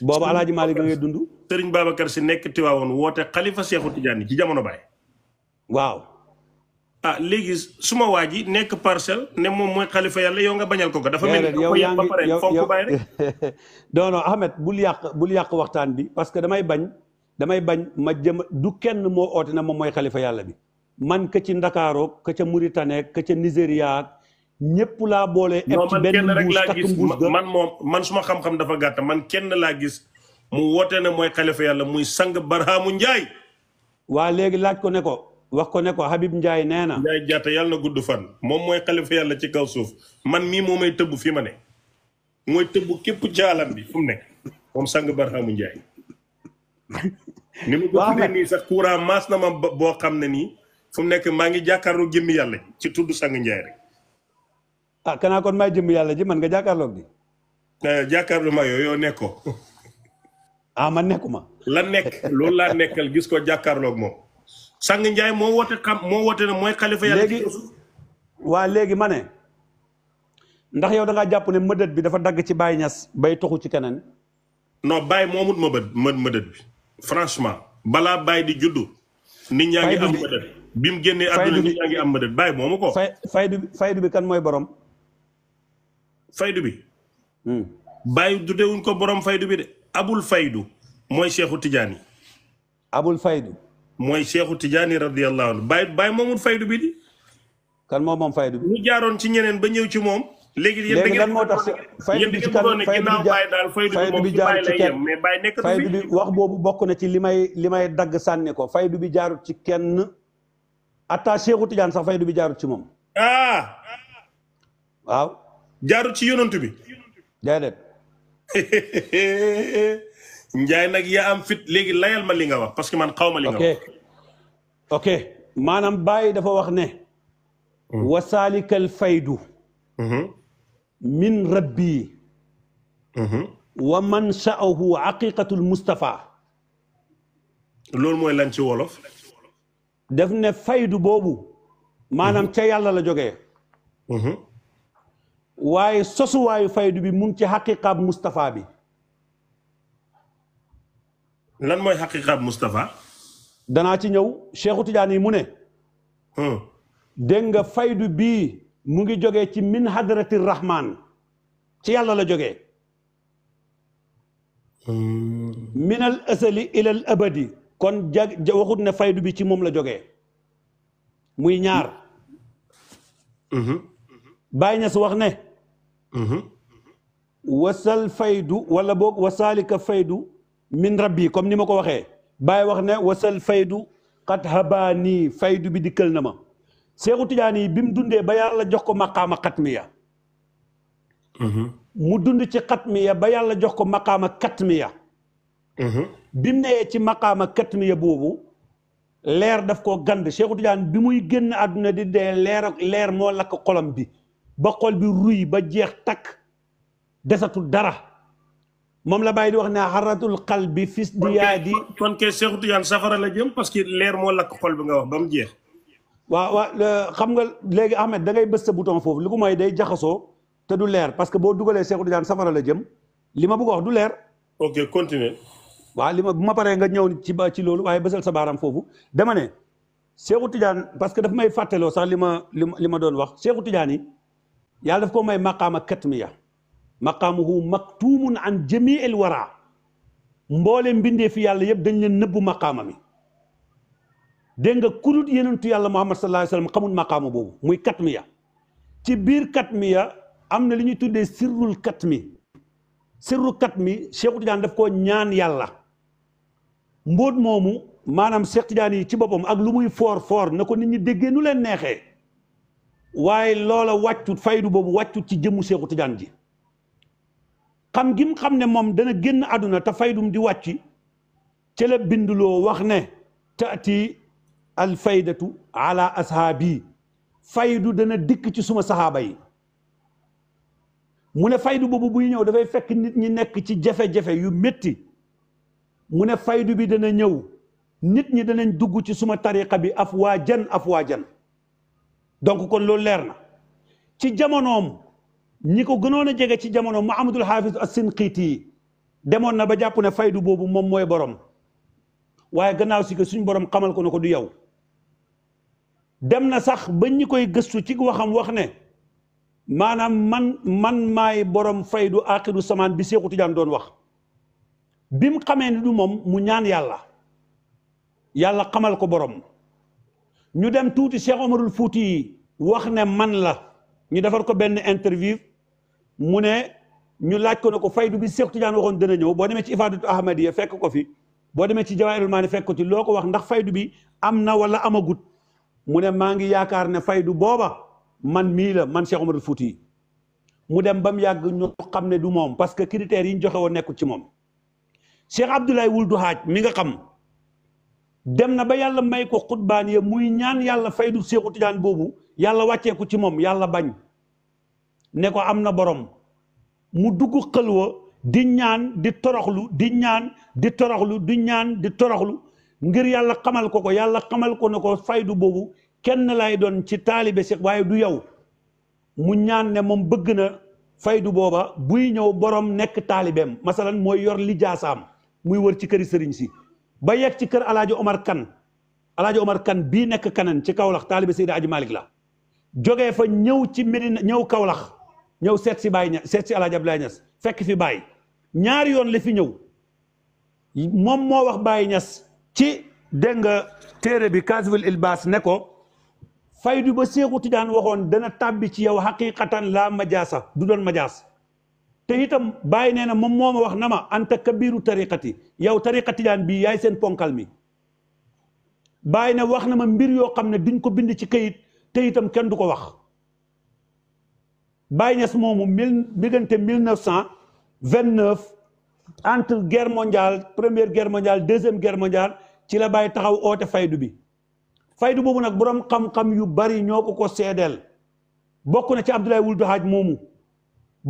booba El Hadj Malick ngay dund. Serigne Babacar si nekk Tiwaawoon woote xalifa Seexu Tidiane ci jamono Baye. waaw. ah léegi suma waa ji nekk parcelle ne moom mooy xalifa yàlla yow nga bañal ko ko dafa mel ni yow yaa ngi yow <laughs> non bul yàq bul yàq waxtaan bi parce que damay bañ damay bañ ma jëm du kenn moo oote na moom mooy xalifa yàlla bi man ka ci Ndakaaroog ka ca Mauritanie ka ñëpp laa boole. non man kenn rek laa gis man moom man suma xam dafa gàtt man kenn laa gis mu wootee ne mooy xalifa yàlla muy sang Barhaamu Njaay. waa léegi laaj ko ne ko wax ko ne ko Habib Njaay nee na. Njaay yàlla gudd fan moom mooy xalifa yàlla ci kaw suuf man mii moo may tëbb fii ma ne mooy tëbb képp jaalam bi fu mu nekk moom sang Barhaamu Njaay. <laughs> ni mu ko tuddee nii sax courant maas na ma boo xam ne nii fu nekk maa ngi jàkkaarloo jëmmi yàlla ci tudd sang Njaay rek. ah kon may jëm yàlla ji man nga jàkkaarloog di eh, jàkkaarlu ma yooyu yoo nekkoo <laughs> ah man nekkuma la nekk loolu laa nekkal gis ko jàkkaarloog moom sang njaay moo woote xam moo woote ne mooy xalifa yàlla léegi waa léegi ma ne ndax yow da ngaa jàpp ne mëdët bi dafa dagg ci Baye ñas bay toxu ci keneen non Baye moomut ma bët mën mëdët bi franchement balaa Baye di juddu nit ñaa ngi am mëdët bi génnee àdduna nit ñaa ngi am mëdët Baye moomu ko faydu bi faydu bi kan mooy borom faydu bi. Hmm. bàyyi dudewuñ ko borom faydu bi de abul faydu mooy Cheikhu Tidiane. abul faydu. mooy Cheikhu Tidiane radiyallahu anhu bàyyi bàyyi moomul faydu bi di. kan moom moom faydu bi. ñu jaaroon ci ñeneen ba ñëw ci moom. léegi léegi lan moo tax faydu bi ci kan faydu bi jaarut ci kenn faydu bi wax boobu bokk na ci li may li may dagg sànni ko faydu bi jaarut ci kenn atta Cheikhu Tidiane sax faydu bi jaarut ci moom. ah. waaw. jaaro ci yonantu bi. déedéet. <laughs> Njaay nag yaa am fit léegi layal ma li nga wax parce que man xaw ma li ok maanaam Baye dafa wax ne. Hmm. wasaalikal faydu. Mhm. min rabbi. Mhm. wa man sha'ahu aqiqatul Mustapha. loolu mooy lan ci wolof. def ne faydu boobu. maanaam mhm. ca yàlla la jógee. waaye sosuwaayu faydu bi mu ngi ci xaqiqaab Moustapha bi. lan mooy xaqiqaab Moustapha. danaa ci ñëw Cheikhu mu ne. Hmm. dégg nga faydu bii mu ngi jógee ci min hadrati rahman ci yàlla la joge hmm. minal asali ilal abadi kon ja waxut ne faydu bi ci moom la joge muy ñaar. Hmm. Baye Niass wax ne. Mhm. wasal faydu wala boog wasaalika faydu min rabbi comme ni ma ko waxee bàyyi wax ne wasal faydu xat habaanii faydu bi di kël na ma seexu tijaan yi bi mu dundee ba yàlla jox ko maqaama xatmiya mhm. mu dund ci ba yàlla jox ko maqaama katmiya mhm. bi mu nee ci maqaama katmiya boobu leer daf ko gand seexu tijaan bi muy génn àdduna di dee leer leer moo lakk xolam bi ba xol bi ruy ba jeex takk desatul dara moom la bàyyi di wax ne xaratul xal bi fis di yaa di kon kay Seexu Tijaan la jëm parce que leer moo lakk xol bi nga wax ba mu jeex waaw waaw xam nga léegi Ahmed dangay ngay bës sa bouton foofu li ko mooy day jaxasoo te du leer parce que boo dugalee Seexu Tijaan safara la jëm li ma bëgg wax du leer ok continuer waaw li ma bu ma paree nga ñëw ci ba ci loolu waaye bësal sa baaraam foofu dama ne Seexu Tijaan parce que dafa may fàtteloo sax li ma li ma li ma doon wax Seexu Tijaan yi yàlla daf ko may maqaama katmiya maqaamuhu maktuumun an jamii al wara mboole mbindee fi yàlla yëpp dañ leen nëbbu maqaama mi dégg nga kudut yenentu yàlla muhammad sallallahu alayhi wa sallam xamul boobu muy katmiya ci biir katmiya am na lu ñuy tuddee sirrul mi sirru katmi Cheikh Tidiane daf ko ñaan yàlla mbóot moomu maanaam Cheikh yi ci boppam ak lu muy foor foor na ko nit ñi déggee nu leen neexee waaye loola wàccut faydu boobu wàccut ci jëmmu Seexu Tijaan ji xam gim xam ne moom dana génn àdduna te faydum di wàcc cëla binduloo wax ne taati al faydatu ala ashaabi faydu dana dikk ci suma saxaaba yi mu ne faydu boobu buy ñëw dafay fekk nit ñi nekk ci jafe-jafe yu metti mu ne faydu bi dana ñëw nit ñi danañ dugg ci suma tariqa bi af jën waa jën donc kon loolu leer na ci jamonoom ñi ko gënoon a jege ci jamonoom Muhammadul Hafiz as yi demoon na ba jàpp ne faydu boobu moom mooy borom waaye gannaaw si que suñ borom xamal ko ne ko du yow dem na sax ba ñi koy gëstu ci waxam wax ne maanaam man man maay borom faydu axiru samaan bi Seexu Tijaan doon wax bi mu xamee ni moom mu ñaan yàlla yàlla xamal ko borom. ñu dem tuuti Cheikh Omarul Fouti wax ne man la ñu defar ko benn interview mu ne ñu laaj ko ne ko faydu bi Cheikh Tidiane waxoon dana ñëw boo demee ci Ifadatu Ahmadiya fekk ko fi boo demee ci Jawaahirul Maani fekk ko ci loo ko wax ndax faydu bi am na wala amagut mu ne maa ngi yaakaar ne faydu booba man mii la man Cheikh Omarul Fouti mu dem ba mu yàgg ñu xam ne du moom parce que critères yi ñu joxe woon ci moom Cheikh Abdoulaye Wul Duhaaj mi nga xam. dem na ba yàlla may ko xutbaan ya muy ñaan yàlla faydu seexu tijaan boobu yàlla wàcceeku ci moom yàlla bañ ne ko am na borom mu dugg xëlwa di ñaan di toroxlu di ñaan di toroxlu di ñaan di toroxlu ngir yàlla xamal ko ko yàlla xamal ko ne ko faydu boobu kenn lay doon ci taalibe si waaye du yow mu ñaan ne moom bëgg na faydu booba buy ñëw borom nekk taalibeem masalan mooy yor lijaasaam muy wër ci këri sëriñ si ba yegg ci kër alaaji Omar Kan alaaji Omar Kan bii nekk kanan ci Kaolack taalibe Seydi Aji Malick la joge fa ñëw ci Medina ñëw kawlax ñëw seet si Baye Niass seet si alaaji Abdoulaye Niass fekk fi Baye ñaari yoon la fi ñëw moom moo wax Baye Niass ci dégg nga téere bi Kaasiful Ilbaas ne ko fay du ba Seexu Tijaan waxoon dana tàbbi ci yow xaqiqatan laa majaasa du doon majaas te itam bàyyi nee na moom moo ma wax na ma anta kabiru tariqati yow tariqa tijaan bii yaay seen ponkal mi bàyyi ne wax na ma mbir yoo xam ne duñ ko bind ci kayit te itam kenn du ko wax bàyyi ñes moomu mille diggante mille neuf cent vingt neuf entre guerre mondiale première guerre mondiale deuxième guerre mondiale ci la bàyyi taxaw oote faydu bi faydu boobu nag boroom xam-xam yu bari ñoo ko ko seedeel bokk na ci Abdoulaye Wuld Hajj moomu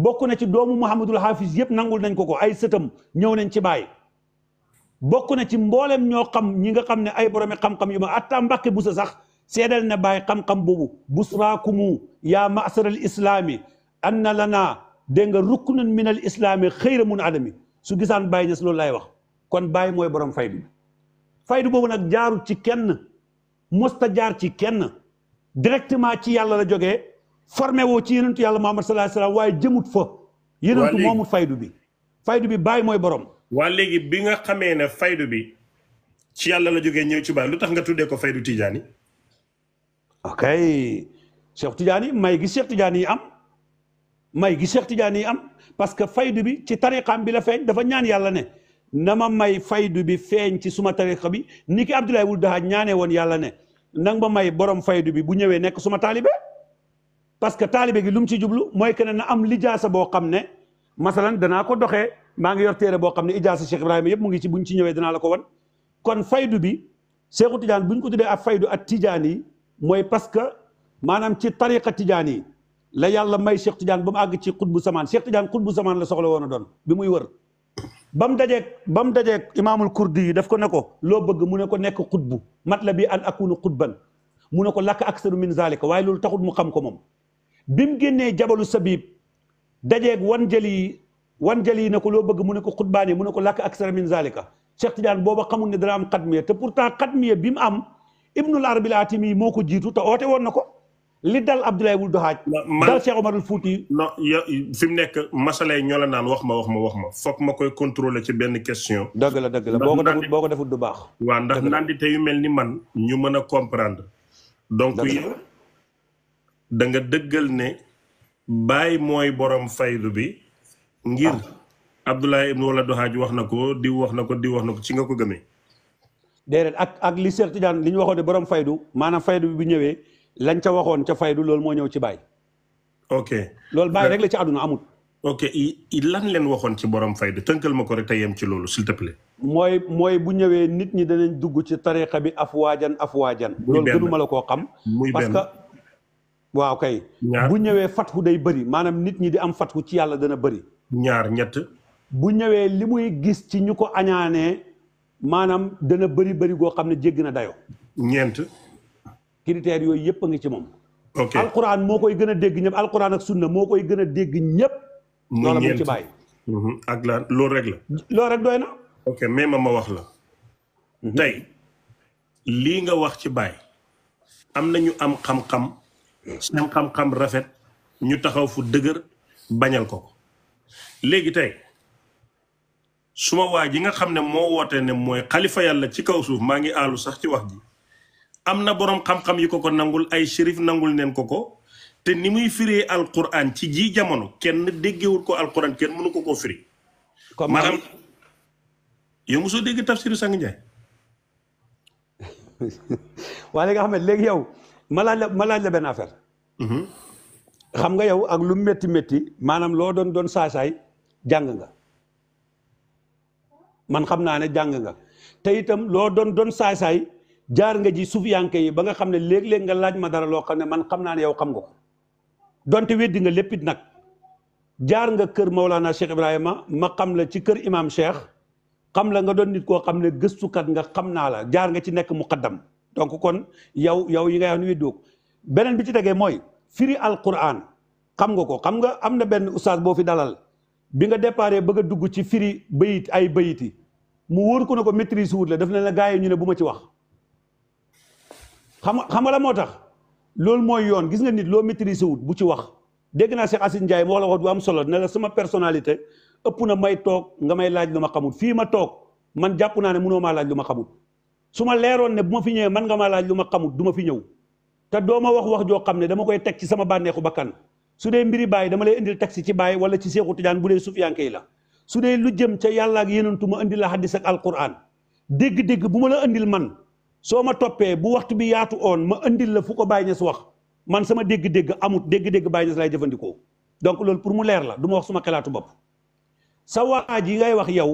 bokk na ci doomu Mouhamadul Hafiz yëpp nangul nañ ko ko ay sëtam ñëw nañ ci baay bokk na ci mboolem ñoo xam ñi nga xam ne ay boromi xam-xam yu ma atta Mbàkke bu sa sax seedal na baay xam-xam boobu busraakumu yaa maasaral islaami an na lanaa dégg nga ruknun min al islaami xëyra mun adami su gisaan Baay Ñas loolu laay wax kon Baay mooy borom fay faydu faydu boobu nag jaarul ci kenn mosta jaar ci kenn directement ci yàlla la jógee formé woo ci yenentu yàlla Muhammad sallallahu alayhi waaye jëmut fa yenentu moomut faydu bi faydu bi bàyyi mooy borom waa léegi bi nga xamee ne faydu bi ci yàlla la jógee ñëw ci bàyyi lu tax nga tuddee ko faydu Tidiane ok Cheikh Tidiane may gi Cheikh Tidiane am may gi Cheikh yi am parce que faydu bi ci tariqaam bi la feeñ dafa ñaan yàlla ne na ma may faydu bi feeñ ci suma tariqa bi ni ki Abdoulaye Wul Daha ñaanee woon yàlla ne nang ma may borom faydu bi bu ñëwee nekk suma taalibe parce que taalibe gi lu mu ci jublu mooy que ne na am lijaasa boo xam ne masalan danaa ko doxe maa ngi yor téere boo xam ne ijaasa Cheikh Ibrahima yëpp mu ngi ci buñ ci ñëwee danaa la ko wan kon faydu bi Cheikhu Tidiane buñ ko tuddee ak faydu ak Tijaan yi mooy parce que maanaam ci tariqa Tijaan yi la yàlla may Cheikh Tidiane ba mu àgg ci xutbu samaan Cheikh Tidiane xutbu samaan la soxla woon a bi muy wër ba mu dajeeg ba mu dajeeg imaamul kurdi yi daf ko ne ko loo bëgg mu ne ko nekk xutbu mat la bi an akunu xutban mu ne ko lakk aksaru min zalika waaye loolu taxut mu xam ko moom bi mu génnee jabalu sabib dajeeg wan jëli wan jëli na ko loo bëgg mu ne ko xutbaani mu ne ko lakk làkk aksara min zalika Cheikh Tidiane booba xamul ne dana am xatmiya te pourtant xatmiya bi mu am ibnul arabil atimi moo ko jiitu to oote woon na ko li dal Abdoulaye Wul Doxaaj dal Cheikh Omarul Fouti non yo fi mu nekk masalay ñoo la naan wax ma wax ma wax ma foog ma koy contrôler ci benn question dëgg la dëgg la boo ko defut boo ko defut du baax waaw ndax nandite yu mel ni man ñu mën a comprendre donc da nga dëggal ne baay mooy borom faydu bi ngir ah. Abdoulaye ibnu wala doxaaj wax na ko di wax na ko di wax na ko ci nga ko gëmee. déedéet ak ak li Cheikh Tidiane li ñu waxoon ne borom faydu maanaam faydu bi bu ñëwee lañ ca waxoon ca faydu loolu moo ñëw ci baay. ok loolu baay rek la ci àdduna amut. ok lan leen waxoon ci borom faydu tënkal ma ko rek te yem ci loolu s'il te mooy mooy bu ñëwee nit ñi danañ dugg ci tariqa bi afwaajan afwaajan. muy loolu gënuma la koo xam. parce que waaw kay. bu ñëwee fat fatxu day bëri maanaam nit ñi di am fatxu ci yàlla dana bëri. ñaar ñett. bu ñëwee li muy gis ci ñu ko añaanee maanaam dana bëri bëri goo xam ne jégg na dayoo. ñeent. critères yooyu yëpp a ngi ci moom. ok moo koy gën a dégg ñëpp alquran ak sunna moo koy gën a dégg ñëpp. loola mu ci mhm. loolu rek la. loolu rek doy na. ok mais ma ma wax la. Mhm. tey lii nga wax ci bàyyi. am na ñu am xam-xam. seen xam-xam rafet ñu taxaw fu dëgër bañal ko ko léegi tey suma waa ji nga xam ne moo woote ne mooy xalifa yàlla ci kaw suuf maa ngi aalu sax ci wax ji am na boroom xam-xam yi ko ko nangul ay shérif nangul neen ko ko te ni muy firee alquran ci jii jamono kenn déggewul ko alquran kenn mënu ko koo firi maanaam yow mosoo dégg tafsiru sang Njaay <laughs> waa léegi nga xam ne léegi yow ma laaj la ma laaj mhm. xam nga yow ak lu metti metti maanaam loo doon doon saay jàng nga man xam naa ne jàng nga te itam loo doon doon saay jaar nga ji suufiyanke yi ba nga xam ne léeg-léeg nga laaj ma dara loo xam ne man xam naa ne yow xam nga ko donte weddi nga léppit nag jaar nga kër Maulana Cheikh Ibrahima ma xam la ci kër Imam Cheikh xam la nga doon nit koo xam ne gëstukat nga xam naa la jaar nga ci nekk muqaddam donc kon yow yow yi nga yoon weddi ko beneen bi ci tegee mooy firi alquran xam nga ko xam nga am na benn ustaas boo fi dalal bi nga déparé bëgg a dugg ci firi bayit ay bayiti mu wóor ko ne ko maîtrise wut la daf ne la gaa yi ñu ne bu ma ci wax xam xam nga la moo tax loolu mooy yoon gis nga nit loo maîtrise wut bu ci wax dégg naa Cheikh Assane Ndiaye wax la wax du am solo ne la sama personnalité ëpp na may toog nga may laaj lu ma xamul fii ma toog man jàpp naa ne mënoo maa laaj lu ma xamul su ma leeroon ne bu ma fi ñëwee man nga ma laaj lu ma xamut du ma fi ñëw te doo ma wax wax joo xam ne dama koy teg ci sama bànneexu bakkan su dee mbiri bàyyi dama lay indil teg ci bàyyi wala ci Seexu Tijaan bu dee sufiyanke yi la su dee lu jëm ca yàlla ak yenentu ma indil la hadis ak alquran dégg-dégg bu ma la indil man soo ma toppee bu waxtu bi yaatu oon ma indil la fu ko Baye Niass wax man sama dégg-dégg amut dégg-dégg Baye Niass lay jëfandikoo donc loolu pour mu leer la du ma wax suma xalaatu bopp sa waa ji ngay wax yow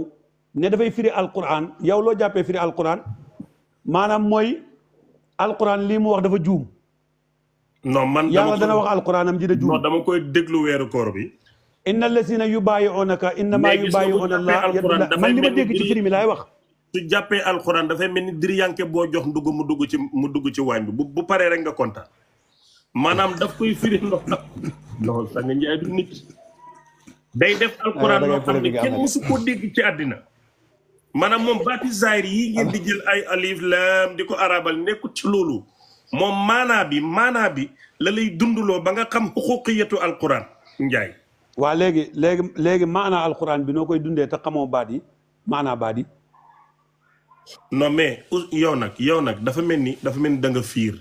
ne dafay firi alquran yow loo jàppee firi alquran maanaam mooy alquran lii mu wax dafa juum. non man yàlla dana wax am ji da juum. non dama koy déglu weeru koor bi. inna allazina yu innama yubaayi'una allah man li ma dégg ci firi mi laay wax. su jàppee alquran dafay mel ni diriyanke boo jox ndugg mu dugg ci mu dugg ci waañ bi bu bu paree rek nga kontaan maanaam daf koy firi ndox <laughs> lool sa nga njaay du nit. day def alquran ah, loo xam ne kenn mësu dégg ci àddina. maanaam moom baati zaahir yi ngeen di jël ay alif laam di ko arabal nekkut ci loolu moom maanaa bi maanaa bi la lay dunduloo ba nga xam xuquqiyatu alquran njaay waa léegi léegi léegi maanaa alquran bi noo koy dundee te xamoo baat yi maanaa baat yi non mais yow nag yow nag dafa mel ni dafa mel ni da fiir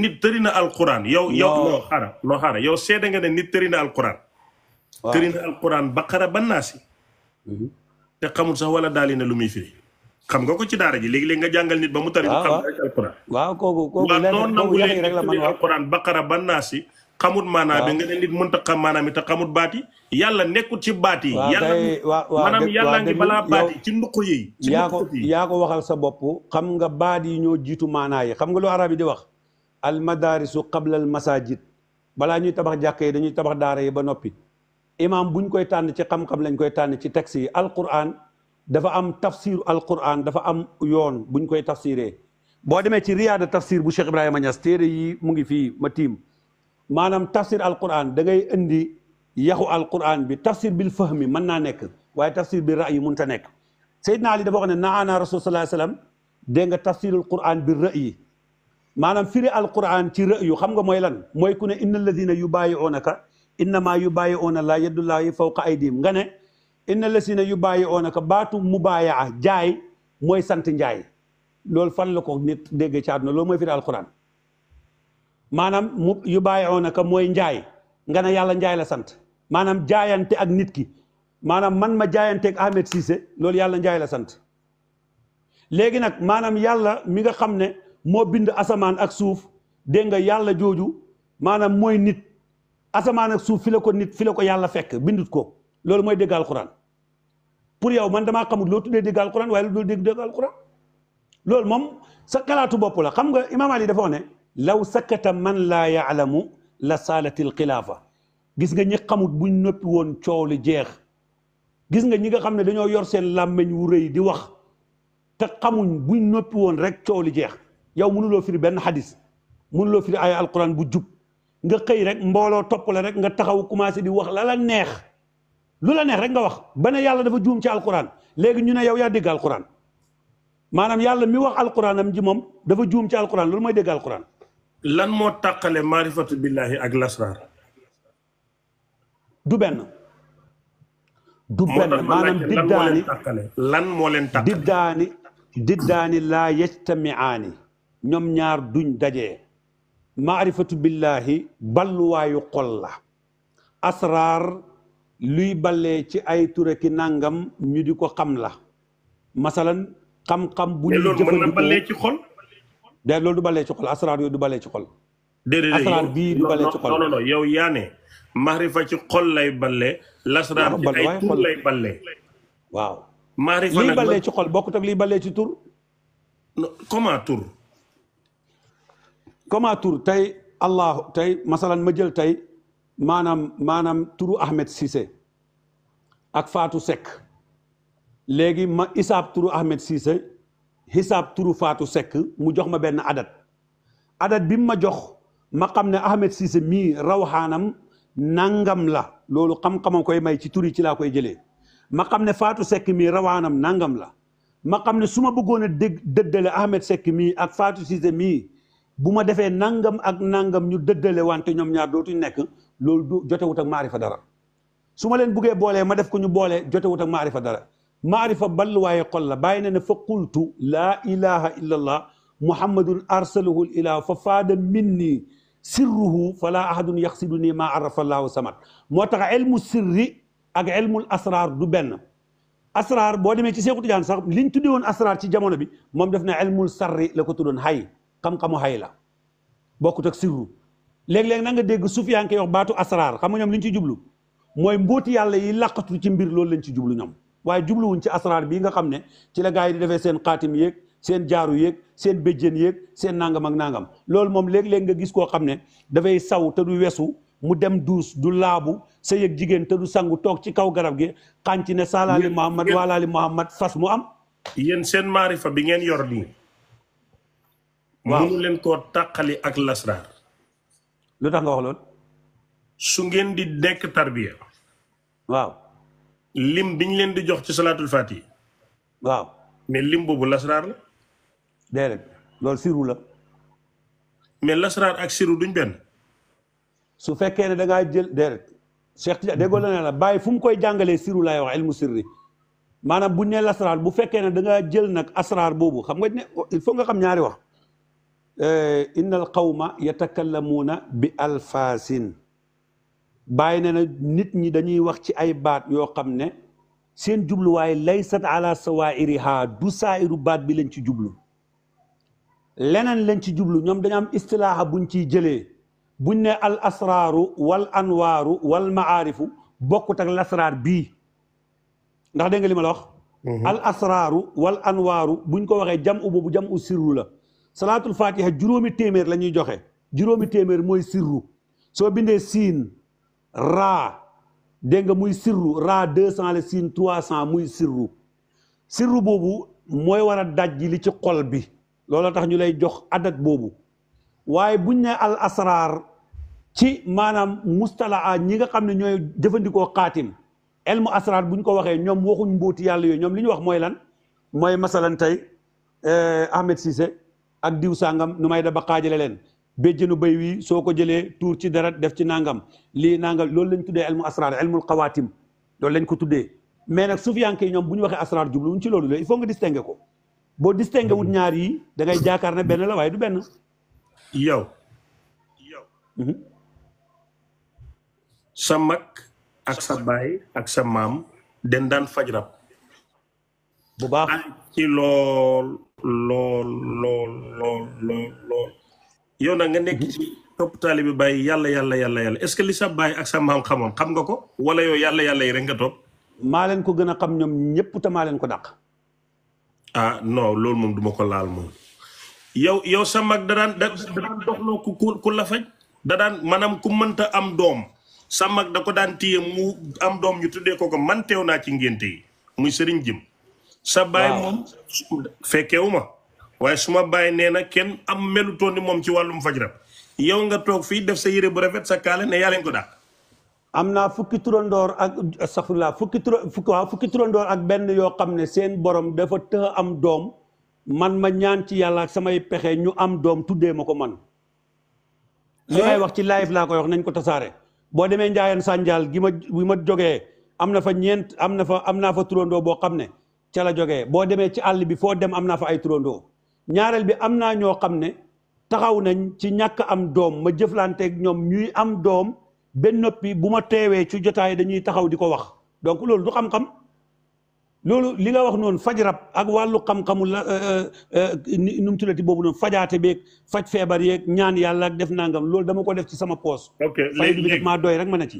nit tëri na alquran yow yow noo xara yow seede nga ne nit tëri na alquran tëri na ba naasi mhm. te xamul sax wala daali na lu muy xam nga ko ci daara ji léegi-léegi nga jàngal nit ba mu tari xam alquran waaw kooku kooku noonu nangu leen alquran baqara ba naasi xamut maanaam bi nga ne nit mënta xam maanaam yi te xamut baat yi yàlla nekkul ci baat yi yàlla maanaam ci nduq yi yaa ko waxal sa bopp xam nga baat yi ñoo jiitu maanaa yi xam nga lu arab yi di wax al madarisu qabla al masajid balaa ñuy tabax jàkk yi dañuy tabax daara yi ba noppi imaam buñ koy tànn ci xam-xam koy tànn ci texte yi alquran dafa am tafsiru alquran dafa am yoon buñ koy tafsiree boo demee ci riyaada tafsir bu Cheikh Ibrahima Niass téere yi mu ngi fii ma tiim maanaam tafsir alquran da ngay indi yaxu alquran bi tafsir bil fahmi mën naa nekk waaye tafsir bi ra'yi mënta nekk Seydina Ali dafa wax ne na rasul sallallahu alayhi wasallam dégg nga tafsirul quran bi ra'yi maanaam firi alquran ci ra'yu xam nga mooy lan mooy ku ne yu inna alladina ka innama yu bàyyi oona la yadullahi fawqa aydihim nga ne inna lasina yu bàyyi oona ka baatu mubaayaa jaay mooy sant njaay loolu fan la ko nit dégg ci àdduna loolu mooy firi alquran maanaam mu yu bàyyi oona ka mooy njaay nga ne yàlla njaay la sant maanaam jaayante ak nit ki maanaam man ma jaayante ak Ahmed Cissé loolu yàlla njaay la sant léegi nag maanaam yàlla mi nga xam ne moo bind asamaan ak suuf dégg nga yàlla jooju maanaam mooy nit asamaan ak suuf fi la ko nit fi la ko yàlla fekk bindut ko loolu mooy dégg alxuraan pour yow man damaa xamul loo tuddee dégg alxuraan waaye loolu dégg dégg alxuraan loolu moom sa kalaatu bopp la xam nga imaam Ali dafa ne law sakata man laa yaalamu la saalatil xilaafa gis nga ñi xamut buñ noppi woon coow li jeex gis nga ñi nga xam ne dañoo yor seen làmmeñ wu di wax te xamuñ buñ noppi woon rek coow li jeex yow mënuloo firi benn xadis mënuloo firi ay alxuraan bu jub nga xëy rek mbooloo topp le rek nga taxaw commencé di wax la la neex lu la neex rek nga wax ba yàlla dafa juum ci alquran léegi ñu ne yow yaa dégg alquran maanaam yàlla mi wax alquran am ji moom dafa juum ci alquran loolu mooy dégg alquran. lan moo tàqale maarifatu billahi ak lasrar du benn. du benn maanaam diddaani lan moo leen tàqale diddaani diddaani laa yajtamiaani ñoom ñaar duñ dajee maarifatu billaahi balluwaayu xol la asraar luy ballee ci ay ture ki nàngam ñu di ko xam la masalan xam-xam bu ñuy jëfandikoo mën na ballee ci xol de loolu du ballee ci xol asraar yooyu du ballee ci xol asraar bii du ballee ci xol non non waaw maarifa liy ci xol bokkut ak liy ballee ci tur comment tur comment tur tey allah tey masalan ma jël tey maanaam maanaam turu Ahmed Cissé ak faatu Seck léegi ma isaab turu Ahmed Cissé hisaab turu Fatou Seck mu jox ma benn adat adat bi mu ma jox ma xam ne Ahmed Cissé mii rawxaanam nangam la loolu xam-xama koy may ci tur ci laa koy jëlee ma xam ne faatu sekk mii rawaanam nangam la ma xam ne su ma bëggoon a dégg dëddale Ahmed Seck mii ak Fatou Cissé mii bu ma defee nangam ak nangam ñu dëddale wante ñoom ñaar dootuñ nekk loolu du jotewut ak maarifa dara su ma leen buggee boolee ma def ko ñu boolee jotewut ak maarifa dara maarifa balluwaaye xol la bàyyi na ne fa qultu laa ilaha illa allah muhammadun arsalahu ilahu fa faada minni sirruhu fala ahadun yaxsidu nii ma arafa allahu samad moo tax elmu sirri ak elmul asrar du benn asrar boo demee ci Seexu Tijaan sax liñ tudde woon asrar ci jamono bi moom def na elmul sarri la ko tuddoon hay xam-xamu xay la bokkut ak sirru léeg-léeg na nga dégg sufiyanke wax baatu asraar xam nga ñoom li ñu ci jublu mooy mbóoti yàlla yi làqatu ci mbir loolu lañ ci jublu ñoom waaye jubluwuñ ci asraar bii nga xam ne ci la gaa yi di defee seen xaatim yéeg seen jaaru yéeg seen béjjén yéeg seen nangam ak nangam loolu moom léeg-léeg nga gis koo xam ne dafay saw te du wesu mu dem duus du laabu sa yëg jigéen te du sangu toog ci kaw garab gi xànc ne saalaali muhammad waalaali muhammad fas mu am yéen seen maarifa bi ngeen yor nii waaw mënu leen koo tàqali ak lasraar lu tax nga wax loolu su ngeen di nekk tarbiya waaw lim biñ leen di jox ci salaatul faati waaw mais lim boobu lasraar la déedéet loolu siru la mais lasraar ak siru duñ benn su fekkee ne da ngaa jël déedéet Cheikh a déggoo la ne la bàyyi fu koy jàngalee siru laay wax ilmu sirri maanaam buñ ne lasraar bu fekkee ne da ngaa jël nag asraar boobu xam nga il faut nga xam ñaari wax Eh, inna al qawma yatakallamuuna bi alfaasin bàyyi ne na nit ñi dañuy wax ci ay baat yoo xam ne seen jubluwaay laysat ala sawairiha du saairu baat bi lañ ci jublu leneen lañ ci jublu ñoom dañu am istilaaha buñ ci jëlee buñ ne al asraaru wal anwaaru wal maarifu bokkut ak lasraar ndax dégg nga li mm-hmm. wal anwaaru buñ ko waxee jam u boobu jam sirru la salaatul fatiha juróomi téeméer la ñuy joxe juróomi téeméer mooy sirru soo bindee siin raa dégg nga muy sirru raa deux cent la siin trois cent muy sirru sirru boobu mooy war a daj li ci xol bi loolu tax ñu lay jox adat boobu waaye buñ ne al asraar ci maanaam mustalaa ñi nga xam ne ñooy jëfandikoo xaatim elmu asraar buñ ko waxee ñoom waxuñ mbóoti yàlla yooyu ñoom li ñu wax mooy lan mooy masalan tey eh, Ahmed Cissé ak diw sàngam nu may da ba xaajale leen béjjënu béy wii soo ko jëlee tuur ci dara def ci nangam lii nangam loolu lañ tuddee elmu asrar elmul xawaatim loolu lañ ko tuddee mais nag sufiyanke yi ñoom bu ñu waxee asrar jubluwuñ ci loolu la il faut nga distinguer ko boo distinguer wut ñaar yi da ngay jaakaar ne benn la waaye du benn yow mhm. sa mag ak sa baay ak sa maam den daan faj rab bu baax ci lool lool lool lool yow nag nga nekk ci topp taalibi bàyyi yàlla yàlla yàlla yàlla est-ce que li sa bàyyi ak sa maam xam nga ko wala yow yàlla yàlla yi rek nga topp maa leen ko gën a xam ñoom ñépp te maa leen ko daq ah no loolu moom duma ko laal moom yow yow sa da daan da daan doxloo ku ku la da daan maanaam ku mënta am doom sa mag da ko daan téye mu am doom ñu tuddee ko ko naa ci ngénte yi muy sëriñ jëm sa baay moom fekkewu ma waaye suma ma baay nee na kenn am melutoon ni moom ci wàllum faj rab yow nga toog fii def sa yére bu rafet sa kaale ne yaa leen ko daal am naa fukki turandoor ak astaghfirullah fukki tur ak benn yoo xam ne seen boroom dafa tëx am doom man ma ñaan ci yàlla samay pexe ñu am doom tuddee ma ko man li may wax ci live laa koy wax nañ ko tasaare boo demee njaayeen sànjaal gi ma bi ma jógee am na fa ñeent am na fa am naa fa turandoo boo xam ne ca la jógee boo demee ci àll bi foo dem am naa fa ay turandoo ñaareel bi am naa ñoo xam ne taxaw nañ ci ñàkk am doom ma jëflanteeg ñoom ñuy am doom benn noppi bu ma teewee ci jotaay dañuy taxaw di ko wax donc loolu du xam-xam loolu li nga wax noonu faj rab ak wàllu xam-xamu la euh, euh, nu mu tuddati boobu noonu fajaate beeg faj feebar yeeg ñaan yàlla ak def nangam loolu dama ko def ci sama poos. ok léegi léegi maa doy rek ma ne ci.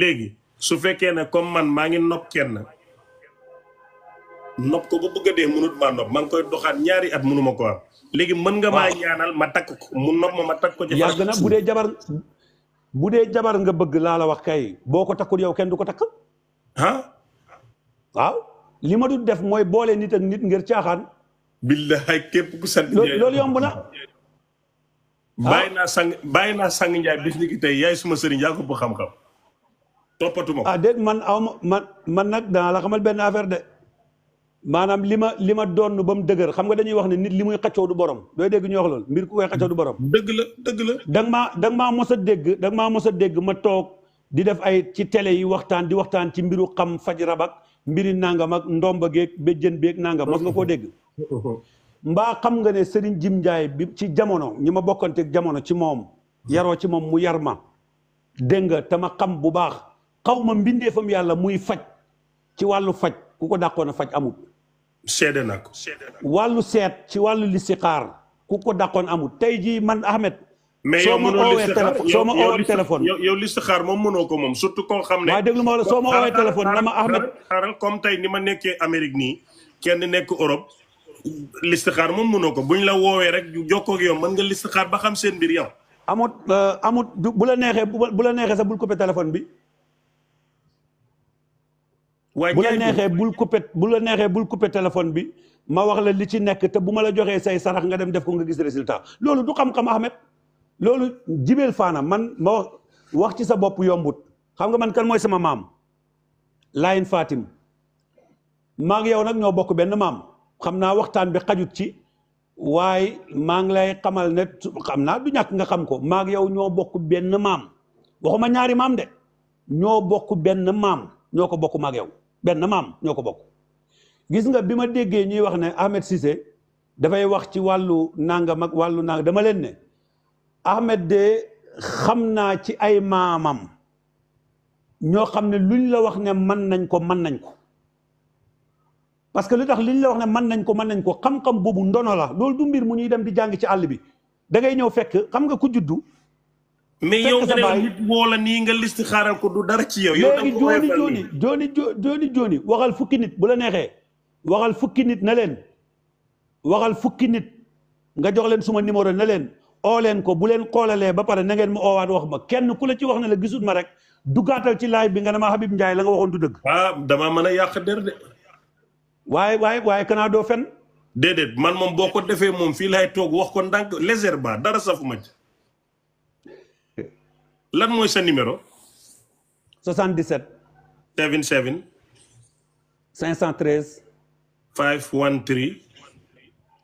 léegi su fekkee ne comme man maa ngi nopp kenn. nopp ko ba bëgg dee mënut maa nopp maa ngi koy doxaat ñaari at mënuma ko am léegi mën nga maa ñaanal ma takk ko mu nopp ma ma takk ko ci na bu dee jabar bu dee jabar nga bëgg laa la wax kay boo ko takkul yow kenn du ko takk ah waaw li ma dul def mooy boole nit nit ngir caaxaan billaay képp ku sant loolu yomb naa sang bàyyi naa sang njaay bis yaay suma sëriñ yaa ko bu xam-xam toppatuma ah, man man nag danaa la xamal benn affaire de maanaam li ma li ma doon ba mu dëgër xam nga dañuy wax ne nit li muy xaccoo du borom dooy dégg ñu wax loolu mbir ku koy xaccoo du borom. dëgg la dëgg la. da maa da maa mos a dégg da maa mos a dégg ma toog di def ay ci télé yi waxtaan di waxtaan ci mbiru xam faj rabak mbiri nangam ak ndomba geeg jën beeg nangam mos nga koo dégg. mbaa xam nga ne Serigne Jim Ndiaye bi ci jamono ñi ma bokkanteeg jamono ci moom. yaroo ci moom mu yar ma. dégg nga te xam bu baax xaw ma mbindeefam yàlla muy faj ci wàllu faj ku ko dàqoon a faj amut. seede na ko wàllu seet ci wàllu listixaar ku ko dàqoon amul tey jii man Ahmed. mais yow mënoo listixaar soo ma oowee téléphone yow listixaar moom mënoo ko moom surtout koo xam ne. waaye déglu ma soo ma oowee téléphone na ma Ahmed. xaaral comme tey ni ma nekkee Amérique nii kenn nekk Europe listixaar moom mënoo ko buñ la woowee rek jokkoo ak yow mën nga listixaar ba xam seen mbir yow. amut euh, amut bu la neexee bu la neexee sax bul coupé téléphone bi. waaye bu la neexee bul coupé bu la neexee bul coupé téléphone bi ma wax la li ci nekk te bu ma la joxee say sarax nga dem def ko nga gis résultat loolu du xam-xam Ahmed loolu jibeel faana man ma wax ci sa bopp yombut xam nga man kan mooy sama maam Layen faatim maa ngi yow nag ñoo bokk benn maam xam naa waxtaan bi xajut ci waaye maa ngi lay xamal ne xam naa du ñàkk nga xam ko maa yow ñoo bokk benn maam waxuma ñaari maam de ñoo bokk benn maam ñoo ko bokk maag yow benn maam ñoo ko bokk gis nga bi ma déggee ñuy wax ne Ahmed Cissé dafay wax ci wàllu nangam ak wàllu nangam dama leen ne Ahmed de xam naa ci ay maamam ñoo xam ne luñ la wax ne mën nañ ko mën nañ ko parce que lu tax liñ la wax ne mën nañ ko mën nañ ko xam-xam boobu ndono la loolu du mbir mu ñuy dem di jàng ci àll bi da ngay ñëw fekk xam nga ku juddu. mais yow nga ne nit woo nii nga list xaaral ko du dara ci yow. yow da nga ko jooni jooni jooni waxal fukki nit bu la neexee waxal fukki nit na leen waxal fukki nit nga jox leen suma numéro na leen oo leen ko bu leen xoolalee ba pare na ngeen ma oowaat wax ma kenn ku la ci wax ne la gisut ma rek dugaatal ci live bi nga ne ma Habib Ndiaye la nga waxoon du dëgg. ah damaa mën a yàq der de. waaye waaye waaye kanaa doo fen déedéet man moom boo ko defee moom fii laay toog wax ko ndànk légèrement dara safuma ci lan mooy sa numéro. 77. 77. 513. 513.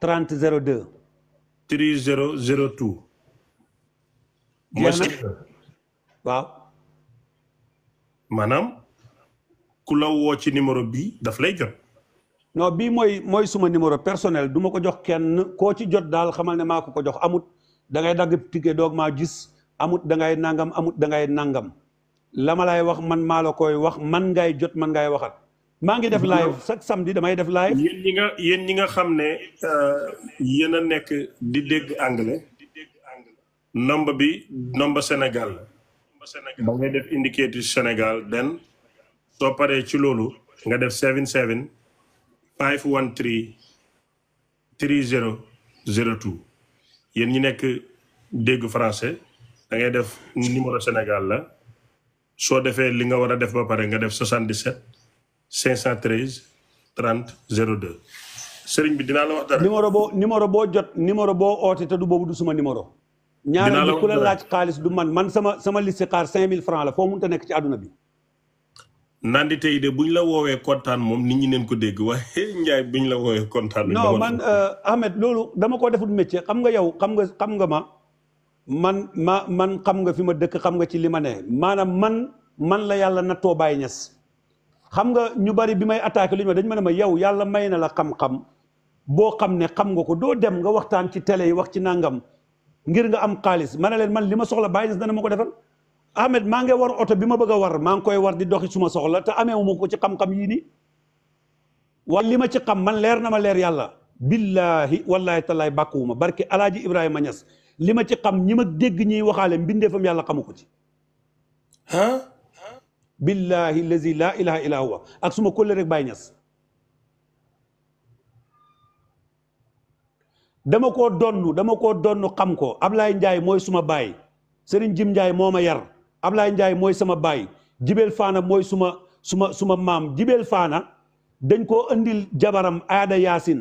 3002. 3002. mooy sa waaw. maanaam ku la woo ci numéro bii daf lay jot. non bii mooy mooy suma numéro personnel duma ko jox kenn koo ci jot daal xamal ne maa ko ko jox amut da ngay dagg ticket doog maa gis. amut da ngay nangam amut da ngay nangam la ma lay wax man maa la koy wax man ngay jot man ngay waxat maa ngi def live chaque samedi damay def live. yéen nga yéen ñi nga xam ne euh, yéen a nekk di dégg anglais nombre bi nombre Sénégal la ba ngay def indicateur Sénégal den soo paree ci loolu nga def 77 513 3002 yéen ñi nekk dégg français. da ngay def numéro Sénégal la soo defee li nga war a def ba pare nga def 77 513 30 02 sëriñ bi dinaa la wax dara. numéro boo numéro boo jot numéro boo oote te du boobu du suma numéro. ñaareel bi ku la laaj xaalis du man man sama sama listixaar 5000 francs la foo mënut a nekk ci adduna bi. nandi tey de bu ñu la woowee kontaan moom nit ñi neen ko dégg waaye <laughs> Ndiaye bu ñu la woowee kontaan. non man euh, Ahmed loolu dama koo defut métier xam nga yow xam nga xam nga ma. man ma man xam nga fi ma dëkk xam nga ci li ma ne maanaam man man la yàlla nattoo Baye Niass xam nga ñu bari bi may attaqué lu ñu ma dañu ma ne ma yow yàlla may na la xam-xam boo xam ne xam nga ko doo dem nga waxtaan ci télé yi wax ci nangam ngir nga am xaalis ma ne leen man li ma soxla Baye Niass na ma ko defal Ahmed maa ngi war oto bi ma bëgg a war maa ngi koy war di doxi suma soxla te amee ma ko ci xam-xam yii nii waaye li ma ci xam man leer na ma leer yàlla billaahi wallaahi tallaay bàkkuwuma barke Ibrahima Niass li ma ci xam ñi ma dégg ñiy waxaale mbindeefam yàlla xamu ko ci ah billahi lazi laa ilaha illa huwa ak suma kólle rek bàyyi ñas dama ko donn dama ko donn xam ko Ablaye Ndiaye mooy suma baay Serigne Jim njaay moo ma yar Ablaye Ndiaye mooy sama baay Jibeel Faana mooy suma suma suma maam Jibeel Faana dañ koo indil jabaram aada yaasin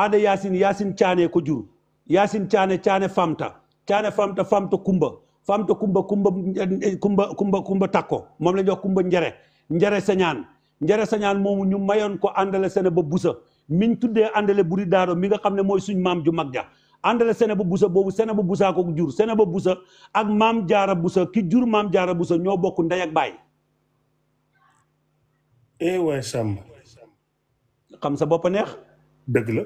aada yaasin yaasin caanee ko jur Yacine Thiané Thiané Famta Thiané Famta Famta Kumba Famta Kumba Kumba Kumba Kumba Kumba Takko moom la jox wax Kumba Njere Njere Sañaan Njere Sañaan moomu ñu mayoon ko àndale sene ba busa miñ tuddee àndale buri daaro mi nga xam ne mooy suñ maam ju mag ja àndale sene ba busa boobu sene ba busaa ko jur sene ba busa ak maam jaara busa ki jur maam jaara busa ñoo bokku ndey ak baay. eh xam sa bopp neex. dëgg la.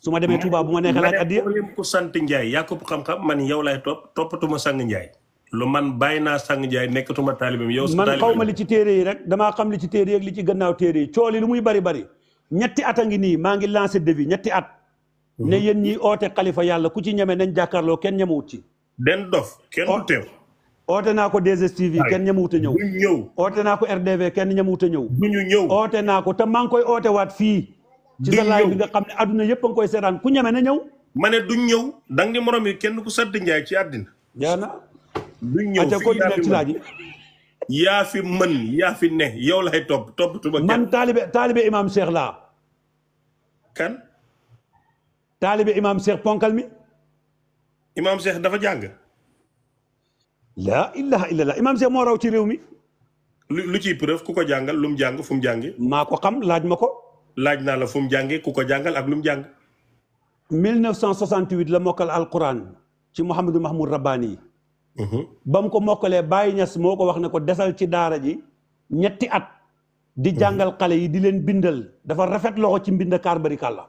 su ma demee Touba bu ma neexee laaj addiya ku sant Ndiaye yaa ko xam-xam man yow lay topp toppatuma sang Ndiaye lu man bàyyi naa sang Ndiaye nekkatuma taalibeem yow man xaw ma li ci téere yi rek damaa xam li ci téere yi ak li ci gannaaw téere yi cool lu muy bari bari ñetti at a ngi nii maa ngi lancé devis ñetti at mhm. ne yéen ñi oote xalifa yàlla ku ci ñeme nañ jàkkaarloo kenn ñemewut ci den dof kenn du oote naa ko 2STV kenn ñemewut a ñëw oote naa ko RDV kenn ñemewut a ñëw o naa ko te maa ngi koy oote fii ci sa laay bi nga xam ne adduna yëpp a nga koy seetaan ku ñeme na ñëw ma ne duñ ñëw da nga ni yi kenn ku sadd njaay ci àddina yaana duñ ñëw ci laaj yi yaa fi mën yaa fi ne yow lay topp toppatuma kenn man taalibe taalibe imaam Cheikh laa kan taalibe imaam Cheikh ponkal mi imaam Cheikh dafa jàng laa ilaha illallah imaam Cheikh moo raw ci réew mi lu ciy preuve ku ko jàngal lu mu jàng fu mu jàngi maa ko xam laaj ma ko laaj naa la fu mu jàngee ku ko jàngal ak lu mu jàng. 1968 la mokkal alquran ci Mouhamadou Mahmoud Rabbani. Mhm. ba mu ko mokkalee bàyyi Niass moo ko wax na ko desal ci daara ji ñetti at. di jàngal xale yi di leen bindal dafa rafet loxo ci mbind kaar bari kàlla.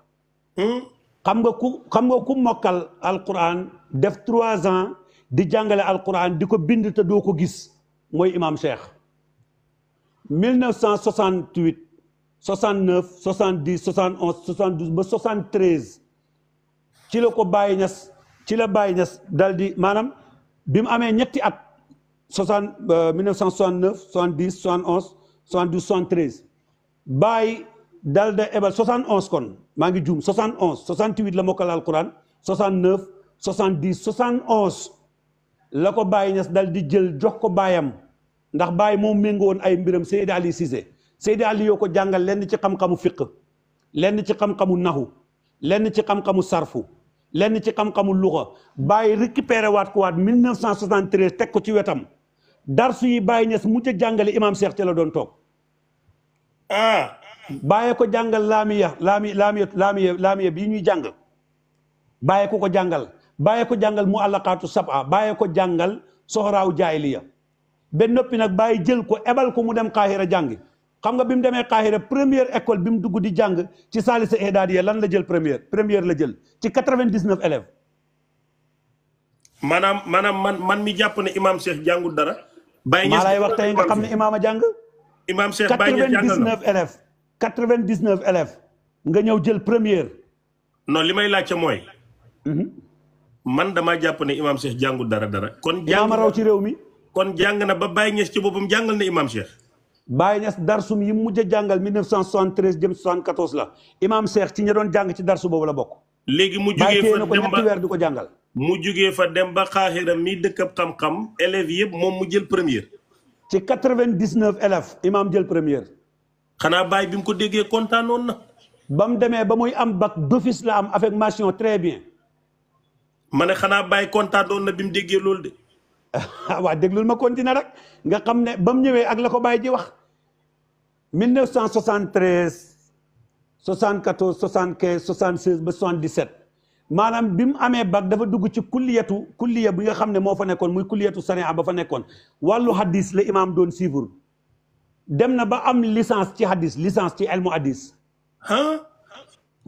Mhm. xam nga ku xam nga ku mokkal alquran def trois ans di jàngale alquran di ko bind te doo ko gis mooy imam Cheikh. 69 70 71 72 ba 73 ci la ko Baye ci la Baye Niass dal di maanaam bi mu amee ñetti at 60 1969 70 71 72 73 Baye dal da ebal 71 kon maa ngi juum 71 68 la mokkal alquran 69 70 71 la ko Baye Niass dal di jël jox ko baayam ndax Baye moom méngoo woon ay mbiram Seydi Ali Cissé Seydi Ali ko jàngal lenn ci xam-xamu fiq lenn ci xam-xamu nahu lenn ci xam-xamu sarfu lenn ci xam-xamu luxa bàyyi récupéré waat ko waat 1973 teg ko ci wetam darsu yi bàyyi ñes mu ca jàngale imam Cheikh ca la doon toog ah ko jàngal laamiya laami laamiya laamiya laamiya bii ñuy jàng bàyyi ko ko jàngal bàyyi ko jàngal mu àllaqaatu saba bàyyi ko jàngal soxoraaw jaahiliya ba noppi nag bàyyi jël ko ebal ko mu dem Qahira jàngi xam nga bi mu demee Qahira première école bi mu dugg di jàng ci Salisa Edaadiya lan la jël première première la jël ci quatre-vingt-dix-neuf élèves. maanaam maanaam man man mi jàpp na imaam Cheikh jàngul dara. bàyyi maa lay wax xam ne imaam a jàng. imaam Cheikh bàyyi quatre-vingt-dix-neuf élèves quatre nga ñëw jël première. non li may laajte mooy. Mhm. man damaa jàpp ne imaam Cheikh jàngul dara dara. kon jàng ci réew mi. kon jàng na ba Baye Niass ci boppam jàngal na imaam Baye Niass darsum yi mujj a jàngal 1973 jëm 74 la imaam Cheikh ci ña doon jàng ci darsu boobu la bokk. léegi mu jugee fa dem ba ñetti weer di ko jàngal. mu jugee fa dem ba Xaaxira mi dëkkab xam-xam élèves yëpp moom mu jël première. ci 99 élèves imaam jël première. xanaa Baye bi mu ko déggee kontaanoon na. ba mu demee ba muy am bac d'office la am avec mention très bien. ma ne xanaa Baye kontaanoon na bi mu déggee loolu de. <laughs> waaw déglul ma continuer rek nga xam ne ba mu ñëwee ak la ko Baye ji wax. 1973 74 75 76 ba 77 maanaam bi mu amee bac dafa dugg ci kulliyatu kulliya bi nga xam ne moo fa nekkoon muy kulliyatu sariya ba fa nekkoon wàllu hadis la imaam doon suivre dem na ba am licence ci hadis licence ci elmu hadis.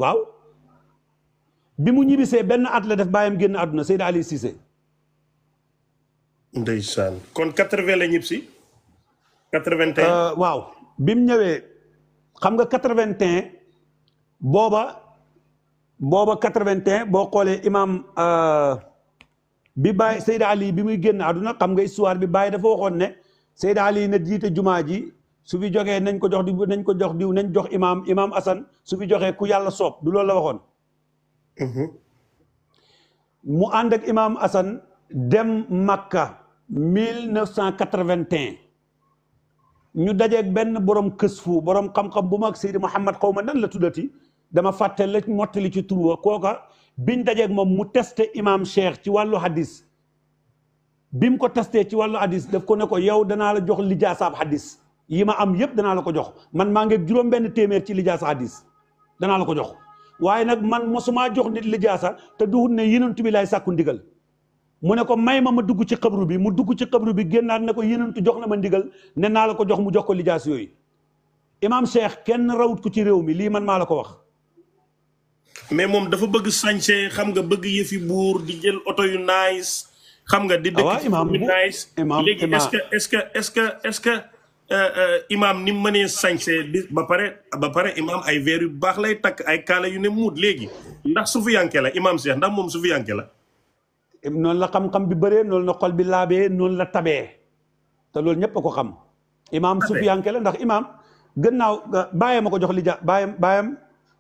waaw bi mu ñibbisee benn at la def bàyyam génn àdduna Seydou Aliou Cissé. ndeysaan kon 80 la ñibbisi. 81 euh, waaw. bi mu ñëwee xam nga quatre-vingt-un booba booba quatre-vingt-un boo xoolee imaam euh, bi Baye Seyda Ali bi muy génn àdduna xam nga histoire bi Baye dafa waxoon ne Seyda Ali na jiite jumaa ji su fi joxee nañ ko jox diw nañ ko jox diw nañ jox imaam imaam Assane su fi joxee ku yàlla soob du loolu la waxoon. Mm-hmm. mu ànd ak imaam Assane dem Makka mille neuf cent quatre ñu dajeeg benn borom kës fu borom xam-xam bu mag Seydi Mouhamed xaw ma nan la tuddati dama fàtte la mottali ci turwa kooka biñ dajeeg moom mu testé imam Cheikh ci wàllu hadis bi mu ko testé ci wàllu hadis def ko ne ko yow danaa la jox lijaasaab hadis yi ma am yëpp danaa la ko jox man maa ngi juróom benn téeméer ci lijaasa hadis danaa la ko jox waaye nag man mosuma jox nit lijaasa te duhut ne yonent bi lay sàkku ndigal mu ne ko may ma ma dugg ci xabru bi mu dugg ci xabru bi génnaat ne ko yenentu jox na ma ndigal ne naa la ko jox mu jox ko lijaas yooyu imaam Cheikh kenn rawut ko ci réew mi lii man maa la ko wax mais moom dafa bëgg sañse xam nga bëgg yëfi buur di jël oto yu nice xam nga di dëkk ah yu nice ce que est-ce que est-ce que est euh, euh, imaam ni mu mënee sañse di ba pare ba pare imaam ay verre yu baax lay takk ay kaala yu ne muut léegi ndax su fi yanke la imaam Cheikh ndax moom su fi yanke la noonu la xam-xam bi bëree noonu la xol bi laabee noonu la tabee te loolu ñëpp a ko xam imaam sufiyanke la ndax imaam gannaaw bàyyam a ko jox lija baayam bàyyam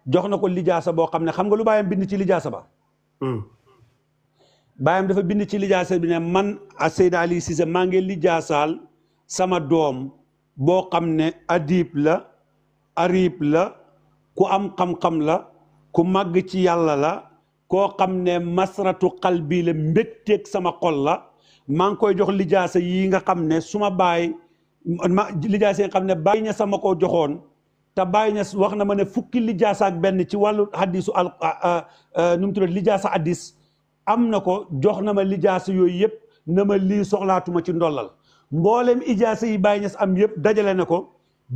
jox na ko lijaasa boo xam ne xam nga lu bàyyam bind ci lijaasa ba hmm. bàyyam dafa bind ci lijaasa bi ne man a Seyda maa ngi lijaasaal sama doom boo xam ne adib la arib la ku am xam-xam la ku màgg ci yàlla la koo xam ne masratu qalbi la mbégteeg sama xol la maa ngi koy jox lijaasa yii nga xam ne su ma baay ma lijaasa yi nga xam ne baay na sama ko joxoon te baay ña wax na ma ne fukki lijaasa ak benn ci wàllu hadisu al nu mu tuddee lijaasa hadis am na ko jox na ma lijaasa yooyu yëpp na ma lii soxlaatuma ci ndollal mboolem ijaasa yi baay ña am yëpp dajale na ko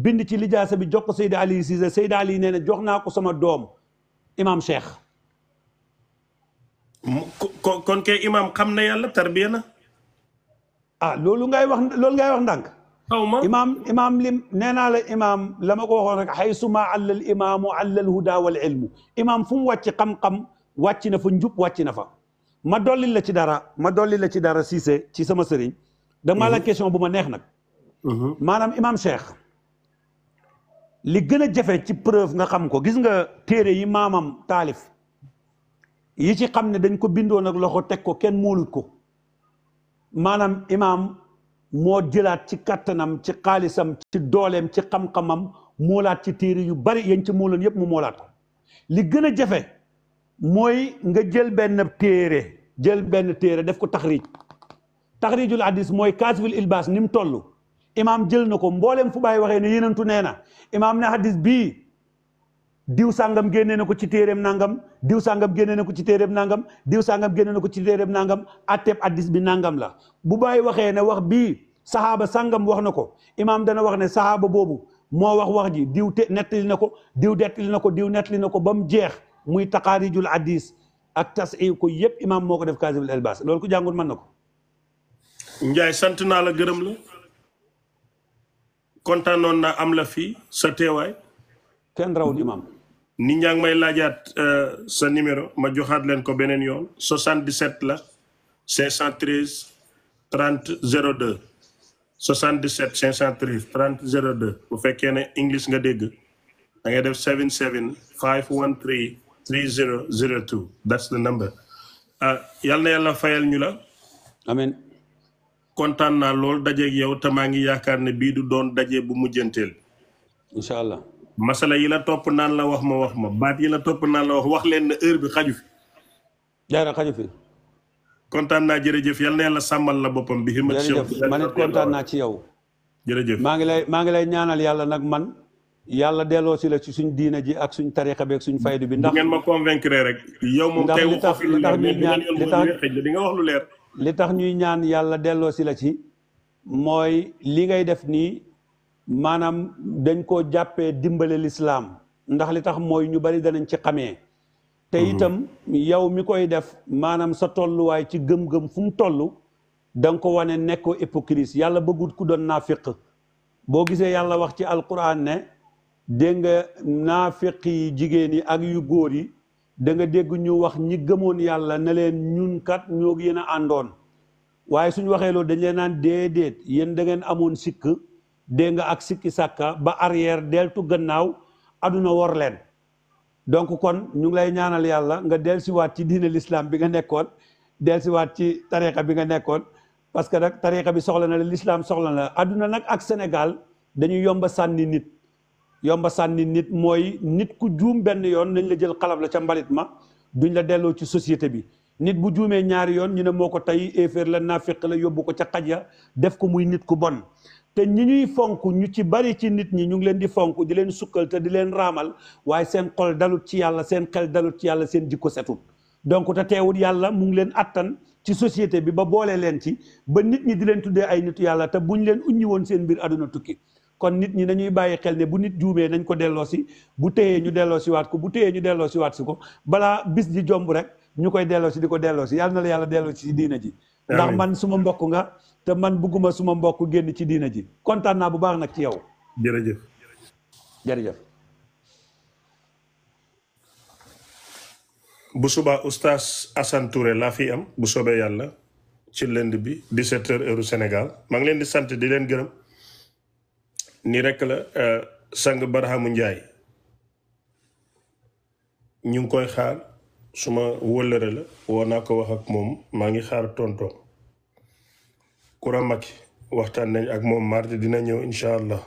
bind ci lijaasa bi jox ko Seydi Ali Cissé Seydi nee na jox naa ko sama doom imam Cheikh. ko kon kay imaam xam na yàlla tarbiya na. ah loolu ngay wax loolu ngay wax ndànk. xaw ma imaam imaam lim nee naa la imaam la ma ko waxoon rek xaysuma allal imaamu allal huda wal ilmu imaam fu mu wàcc xam-xam wàcc na fa njub wàcc na fa. ma dolli la ci dara ma dolli la ci dara Cissé ci sama sëriñ. dama la question bu ma neex nag. Mhm. maanaam imaam Cheikh. li gën a jafe ci preuve nga xam ko gis nga téere yi maamam taalif. yi ci xam ne dañ ko bindoon ak loxo teg ko kenn moolut ko maanaam imaam moo jëlaat ci kattanam ci xaalisam ci dooleem ci xam-xamam moolaat ci téere yu bari yañ ci mooloon yépp mu moolaat ko li gën a jafe mooy nga jël benn téere jël benn téere def ko taxriij taxriijul hadis mooy kaasiful ilbaas ni mu toll imaam jël na ko mbooleem fu baay waxee ne yenentu nee na imaam ne hadis bii diw sàngam génnee na ko ci téeréem nangam diw sàngam génnee na ko ci téeréem nangam diw sàngam génnee na ko ci téeréem nangam atteeb addis bi nangam la bu bàyyi waxee ne wax bi saxaaba sàngam wax na ko imaam dana wax ne saxaaba boobu moo wax wax ji diw te nettali na ko diw nettali na ko diw nettali na ko ba mu jeex muy taqaarijul addis ak tas ko yépp imaam moo ko def kaasibul elbaas loolu ku jàngul mën na ko. Njaay sant naa la gërëm la noon naa am la fii sa teewaay. kenn rawul ni ñaa ngi may laajaat euh, sa numéro ma joxaat leen ko beneen yoon 77 la 513 30 02 77 513 30 02 bu fekkee ne English nga dégg da ngay def 77 513 30 02 that's the number ah yal na yàlla fayal ñu la. amiin kontaan naa lool dajeeg yow te maa ngi yaakaar ne bii du doon daje bu mujjanteel. incha allah. masala yi la topp naan la wax ma wax ma baat yi la topp naan la wax wax leen ne heure bi xaju fi. jaara xaju fi. kontaan naa jërëjëf yal na yàlla sàmmal la boppam bi. jërëjëf man it kontaan naa ci yow. jërëjëf maa ngi lay maa ngi lay ñaanal yàlla nag man. yàlla delloo si la ci suñ diina ji ak suñ tarixa bi ak suñ faydu bi ndax ngeen ma convaincre rek yow moom tey li tax li tax ñuy ñaan li tax di nga wax lu leer li tax ñuy ñaan yàlla delloo si la ci mooy li ngay def nii maanaam dañ koo jàppee dimbale lislaam ndax li tax mooy ñu bari danañ ci xamee te mhm. itam yow mi koy def maanaam sa tolluwaay ci gëm-gëm fu mu toll da nga ko wane nekkoo hypocrite yàlla bëggut ku doon naafiq boo gisee yàlla wax ci alquran ne dégg nga yi jigéen yi ak yu góor yi danga dégg ñu wax ñi gëmoon yàlla ne leen ñun kat ñoo yéen a àndoon waaye suñu waxee loolu dañ leen naan déedéet yéen da ngeen amoon sikk dégg nga ak sikki sàkka ba arrière deltu gannaaw aduna wor leen donc kon ñu ngi lay ñaanal yàlla nga dellusiwaat ci diine lislaam bi nga nekkoon dellusiwaat ci tariqa bi nga nekkoon parce que nag tariqa bi soxla na la lislaam soxla na la aduna nag ak Sénégal dañu yomba sànni nit yomba sànni nit mooy nit ku juum benn yoon nañ la jël xalab la ca mbalit ma duñ la delloo ci société bi nit bu juumee ñaari yoon ñu ne moo ko tey éeféer la naafiq la yóbbu ko ca xaj ya def ko muy nit ku bon te ñi ñuy fonk ñu ci bari ci nit ñi ñu ngi leen di fonk di leen sukkal te di leen raamal waaye seen xol dalut ci yàlla seen xel dalut ci yàlla seen jikko setut donc te teewut yàlla mu ngi leen attan ci société bi ba boole leen ci ba nit ñi di leen tuddee ay nitu yàlla te buñ leen uññi woon seen mbir aduna tukki kon nit ñi nañuy bàyyi xel ne bu nit juumee nañ ko delloo si bu téyee ñu delloosi waat ko bu téyee ñu delloosi waat si ko balaa bis ji jomb rek ñu koy delloosi di ko delloosi yàlla na la yàlla delloosi si diina ji ndax nga te man bugguma suma mbokk génn ci diina ji kontaan naa bu baax nag ci yow. jërëjëf. jërëjëf. bu subaa oustaz Assane laa fi am bu soobee yàlla ci lënd bi 17 heures heure Sénégal maa ngi leen di sant di leen gërëm nii rek la euh, sang Barhamu Njaay ñu ngi koy xaar suma wëllëre la woo naa ko wax ak moom maa ngi xaar tontoom Coura Macky waxtaan nañ ak moom mardi dina ñëw incha allah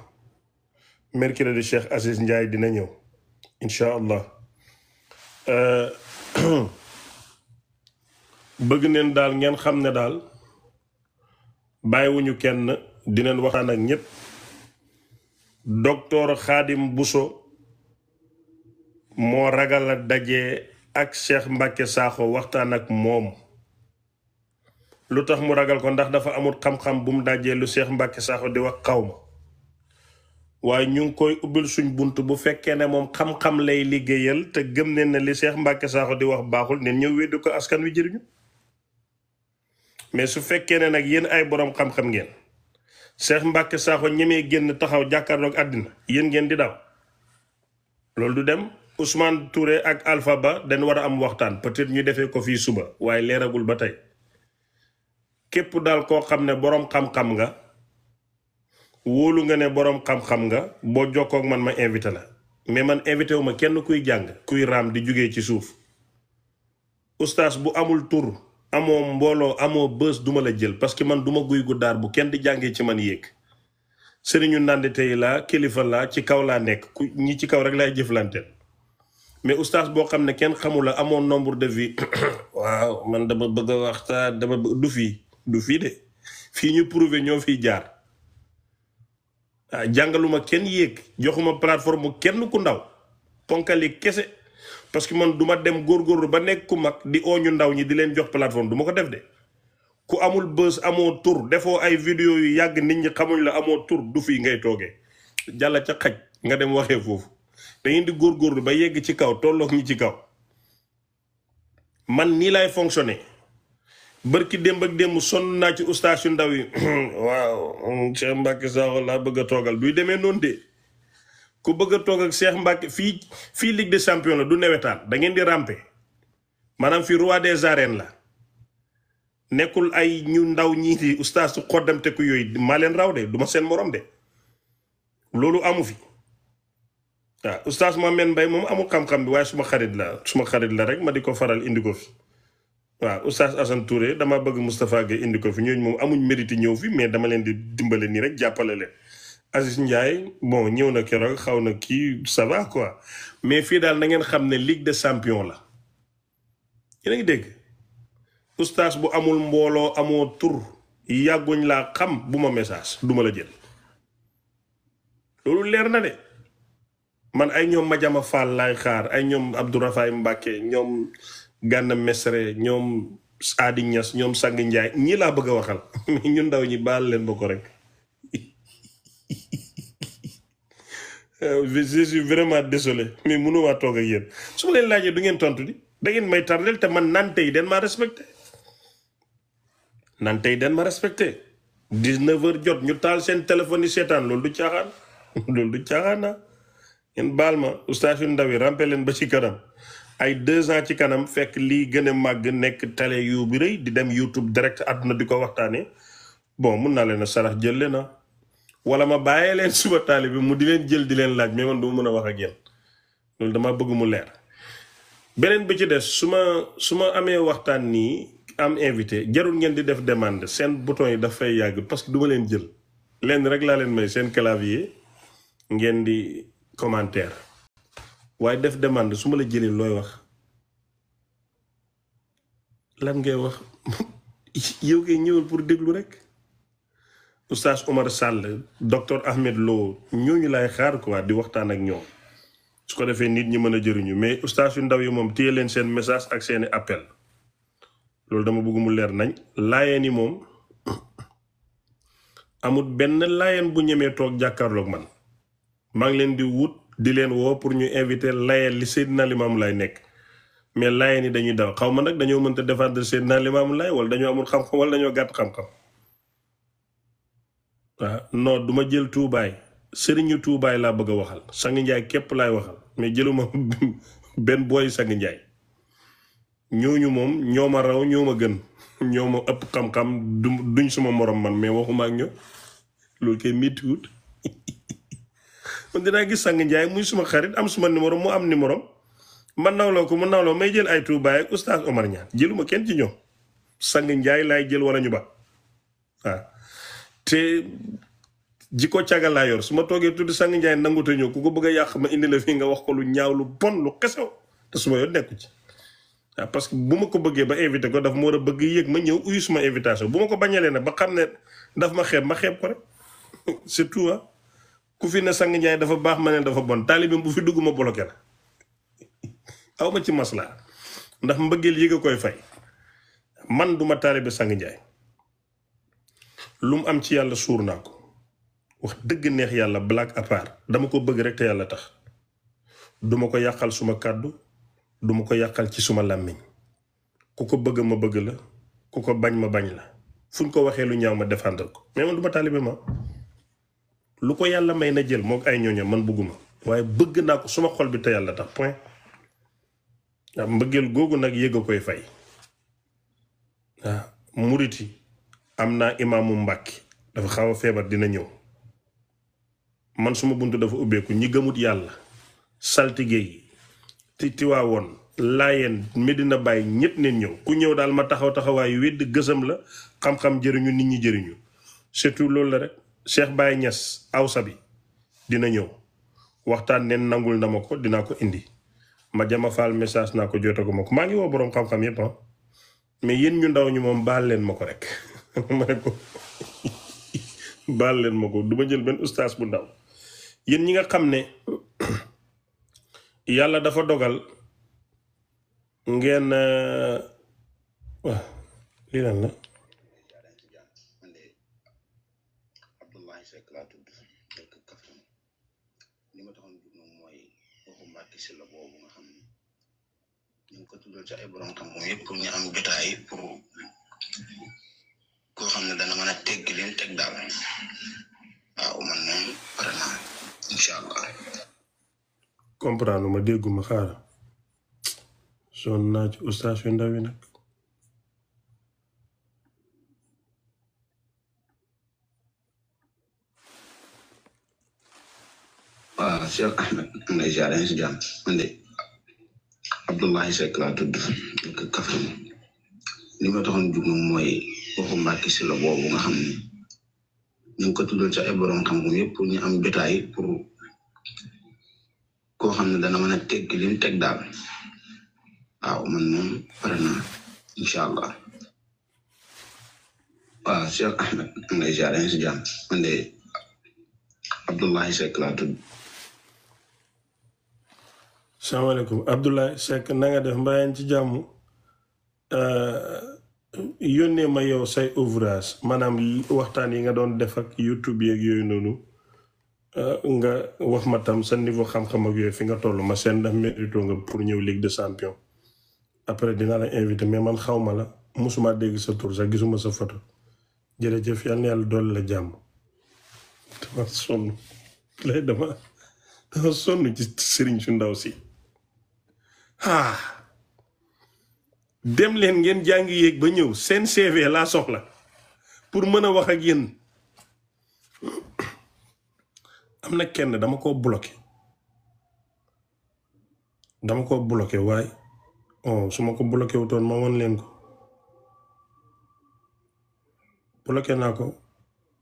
mercredi Cheikh Aziz Ndiaye dina ñëw incha allah eh, <clears throat> bëgg neen daal ngeen xam ne daal bàyyiwuñu kenn dinañ waxtaan ak ñépp docteur Khadim buso moo ragal a daje ak Cheikh Mbacke Sakho waxtaan ak moom lu tax mu ragal ko ndax dafa amul xam-xam bu mu dajee lu Cheikh Mbacke Sakho di wax xawma waaye ñu ngi koy ubbil suñ bunt bu fekkee ne moom xam-xam lay liggéeyal te gëm ne na li Cheikh Mbacke Sakho di wax baaxul neen ñëw weddi ko askan wi jëriñu mais su fekkee ne nag yéen ay boroom xam-xam ngeen Cheikh Mbacke Sakho ñemee génn taxaw jàkkaarloog àddina yéen ngeen di daw loolu du dem Ousmane Touré ak Alpha Ba dañ war a am waxtaan peut-être ñu defee ko fii suba waaye leeragul ba tey képp daal koo xam ne boroom xam-xam nga wóolu nga ne boroom xam-xam nga boo jokkoog man ma invité la mais man invité wu ma kenn kuy jàng kuy raam di jugee ci suuf ustaas bu amul tur amoo mbooloo amoo bës duma la jël parce que man duma guy gu daar bu kenn di jàngee ci man yéeg sëriñu nandi tey laa kilifa laa ci kaw laa nekk ku ñi ci kaw rek laay jëflanteel mais oustaz boo xam ne kenn xamula amoon nombre de vie <coughs> waaw man dama bëgg a waxtaan dama du fii du fii de fii ñu prouvé ñoo fiy jaar ah jàngaluma kenn yéeg joxuma plateforme kenn ku ndaw ponkali kese parce que man duma dem góorgóorlu ba nekk ku mag di oo ñu ndaw ñi di leen jox plateforme duma ko def de ku amul bës amoo tur defoo ay vidéo yu yàgg nit ñi xamuñ la amoo tur du fii ngay toogee jàlla ca xaj nga dem waxee foofu da ngeen di góorgóorlu ba yegg ci kaw tolloog ñi ci kaw man nii lay fonctionner bërki démb ak démb sonn naa ci ustaas yu ndaw yi <clears throat> waaw Cheikh Mbacke Sakho laa bëgg a toogal duy demee noonu de ku bëgg a toog ak Cheikh Mbacke fii fii Ligue des champions la du newetaan da ngeen di rampe maanaam fi roi des arènes la nekkul ay ñu ndaw ñii di ustaas su xoddamte ku yooyu maa leen raw de du ma seen morom de loolu amu fi waaw ustaas Mohamed Mbaye moom amul xam-xam bi waaye suma xarit la suma xarit la rek ma di ko faral indi ko fi. waaw oustaz Assane Touré damaa bëgg Moustapha Gueye indi ko fi ñooñu moom amuñ mérite ñëw fi mais dama leen di dimbale nii rek jàppale leen Aziz Ndiaye bon ñëw na keroog xaw na kii ça va quoi mais fii daal na ngeen xam ne Ligue de champions la yéen a ngi dégg oustaz bu amul mbooloo amoo tur yàgguñ laa xam bu ma message duma la jël loolu leer na de man ay ñoom Madiama Fall laay xaar ay ñoom Abdou Rafaay Mbàkke ñoom Gana Messere ñoom Adi Niass ñoom Sang Ndiaye ñii laa bëgg a waxal <laughs> ñun ndaw ñi baal leen ba ko rek <laughs> je suis vraiment désolé mais mënumaa toog ak yéen su ma leen laajee du ngeen tontu di da ngeen may tardel te man nante yi den ma respecté nante yi den ma respecté 19 heures jot ñu taal seen téléphone yi seetaan loolu du caaxaan <laughs> loolu du caaxaan naa ah. ngeen baal ma ustaas yu ndaw yi rampe leen ba ci kanam ay deux ans ci kanam fekk lii gën a màgg nekk télé yu bi rëy di dem YouTube direct àdduna di ko waxtaanee bon mun naa leen a sarax jël leen na ah. wala ma bàyyee leen suba taalibe bi mu di leen jël di leen laaj mais man du mën a wax ak yéen dama bëgg mu leer. beneen bi ci des su ma su ma amee waxtaan nii am invité jarul ngeen di def demande seen bouton yi dafay yàgg parce que du leen jël leen rek laa leen may seen clavier ngeen di commentaire. waaye def demande su ma la jëlee looy wax lan ngay wax <laughs> yow kay ñëwal pour déglu rek oustaz Omar sàll docteur Ahmed ñu ñooñu laay xaar quoi di waxtaan ak ñoom su ko defee nit ñi mën a jëriñu mais oustaz yu ndaw yi moom téye leen seen message ak seeni appel loolu dama bëgg mu leer nañ laayeen yi moom amut benn laayeen bu ñemee toog jàkkaarloog man maa leen di wut di leen woo pour ñu invité layeen li Seydina Limaamu Laay nekk mais layeen yi dañuy daw xaw ma nag dañoo mënta défendre Seydina Limaamu Laay wala dañoo amul xam-xam wala dañoo gàtt xam-xam waaw non du jël tuubaay sëriñu tuubaay laa bëgg a waxal sang njaay képp laay waxal mais jëluma <laughs> benn booy sang njaay ñooñu moom ñoo ma raw ñoo ma gën ñoo ma ëpp xam-xam duñ suma morom man mais waxumaak ak ñoom loolu kay méttiwut man dinaa gis sang njaay muy suma xarit am suma numéro mu am numéro man nawloo ko mu nawloo may jël ay tuubaay ak oustaz Omar Niang jëluma kenn ci ñoom sang njaay laay jël wala ñu ba waaw te jikko càggal laa yor su ma toogee tudd sang njaay nangute ñëw ku ko bëgg yàq ma indi fii nga wax ko lu ñaaw lu bon lu xesew te suma yoon nekku ci waaw parce que bu ma ko bëggee ba invité ko daf ma war a bëgg yéeg ma ñëw uyu suma invitation bu ma ko bañalee nag ba xam ne daf ma xeeb ma xeeb ko rek <laughs> ku fi ne sang njaay dafa baax ma ne dafa bon taalibeem bu fi dugg ma bloqué la aw ma ci maslaa ndax mbëggeel yëg a koy fay man duma taalibe sang njaay lu mu am ci yàlla suur naa ko wax dëgg neex yàlla blague à dama ko bëgg rek te yàlla tax duma ko yàqal suma kàddu duma ko yàqal ci suma làmmiñ ku ko bëgg ma bëgg la ku ko bañ ma bañ la fu ñu ko waxee lu ñaaw ma défendre ko mais man duma taalibe ma lu ko yàlla may na jël moog ay ñooñam man bëgguma waaye bëgg naa ko suma xol bi te yàlla tax point waaw mbëggeel googu nag yëg a koy fay waaw murit yi am naa imaamu mbàkki dafa xawa feebar dina ñëw man suma bunt dafa ubbeeku ñi gëmut yàlla saltige yi ti tiwaawoon laayeen Medina Baye ñett neen ñëw ku ñëw daal ma taxaw taxawaayu wedd gësëm la xam-xam jëriñu nit ñi jëriñu surtout loolu la rek Cheikh Baye Niass awsa bi dina ñëw waxtaan neen nangul na ma ko dina ko indi ma jama faal message naa ko jotaguma ko maa ngi woo boroom xam-xam yépp ah. mais yéen ñu ndaw ñi moom baal leen ma ko rek <laughs> ma ne ko <laughs> baal leen ma ko du ma jël benn ustaas bu ndaw yéen ñi nga xam ne <clears throat> yàlla dafa dogal ngeen euh, waaw lii lan la ci ay borom xam mooy pour ñu am jotaay pour koo xam ne dana mën a tegg leen teg daal waaw man moom pare naa incha allah. comprendre ma dégguma xaar sonn naa ci ustaas yu ndaw yi nag. waaw Cheikh Ahmed. man de Abdoulaye Seck laa tudd dëkk Kaffrine li ma taxoon jug moom mooy waxu Mbàkke Sylla boobu nga xam ne ñu ngi ko tuddal ci ay borom xam-xam yëpp ñu am jotaay pour koo xam ne dana mën a teg li teg daal waaw man moom pare naa incha allah waaw Cheikh Ahmed am ngay ziar si jàmm man de tudd. salaamaaleykum Abdoulaye Seck na nga def mbayeen ci jàmm euh, yónnee ma yow say ouvrage maanaam waxtaan yi nga doon def ak YouTube yeeg yooyu noonu euh, nga wax ma tam sa niveau xam-xam ak yooyu fi nga toll ma seen ndax mérito pour ñëw Ligue des Champions après dinaa la invité mais man xaw ma la mosuma dégg sa tur sa gisuma sa photo jërëjëf yal na yàlla dool la jàmm dama sonn lay dama dama sonn ci sëriñ su ndaw si ah dem leen ngeen jàngi yéeg ba ñëw seen CV laa soxla pour mën a wax ak yéen am na kenn dama koo bloqué dama ko bloqué waaye oh su ma ko bloqué wutoon ma won leen ko bloqué naa ko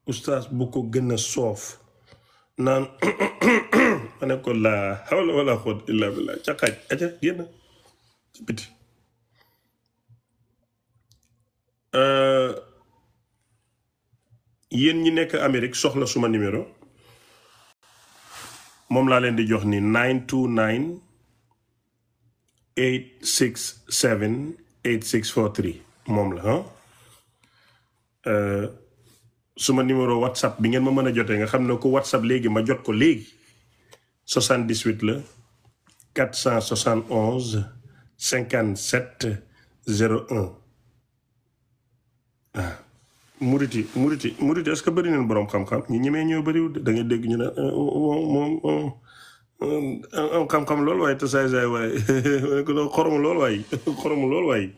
oustaz bu ko gën a soof naan <coughs> ma ne ko laa hawla wala xóot illa billah ca xaaj aca génn ci biti euh, yéen ñi nekk Amérique soxla suma numéro moom laa leen di jox ni nine two nine eight six seven eight six four three moom la ah suma numéro whatsapp bi ngeen ma mën a jotee nga xam ne ko whatsapp léegi ma jot ko léegi 78 la 471 57 01 ah muriti muriti muriti est-ce neen boroom xam-xam ñu ñemee ñoo bëriwul da nga dégg ñu ne euh, euh, moom moom am euh, xam-xam lool waaye te saay saay waaye <laughs> xoromu lool waaye <laughs> xoromu lool waaye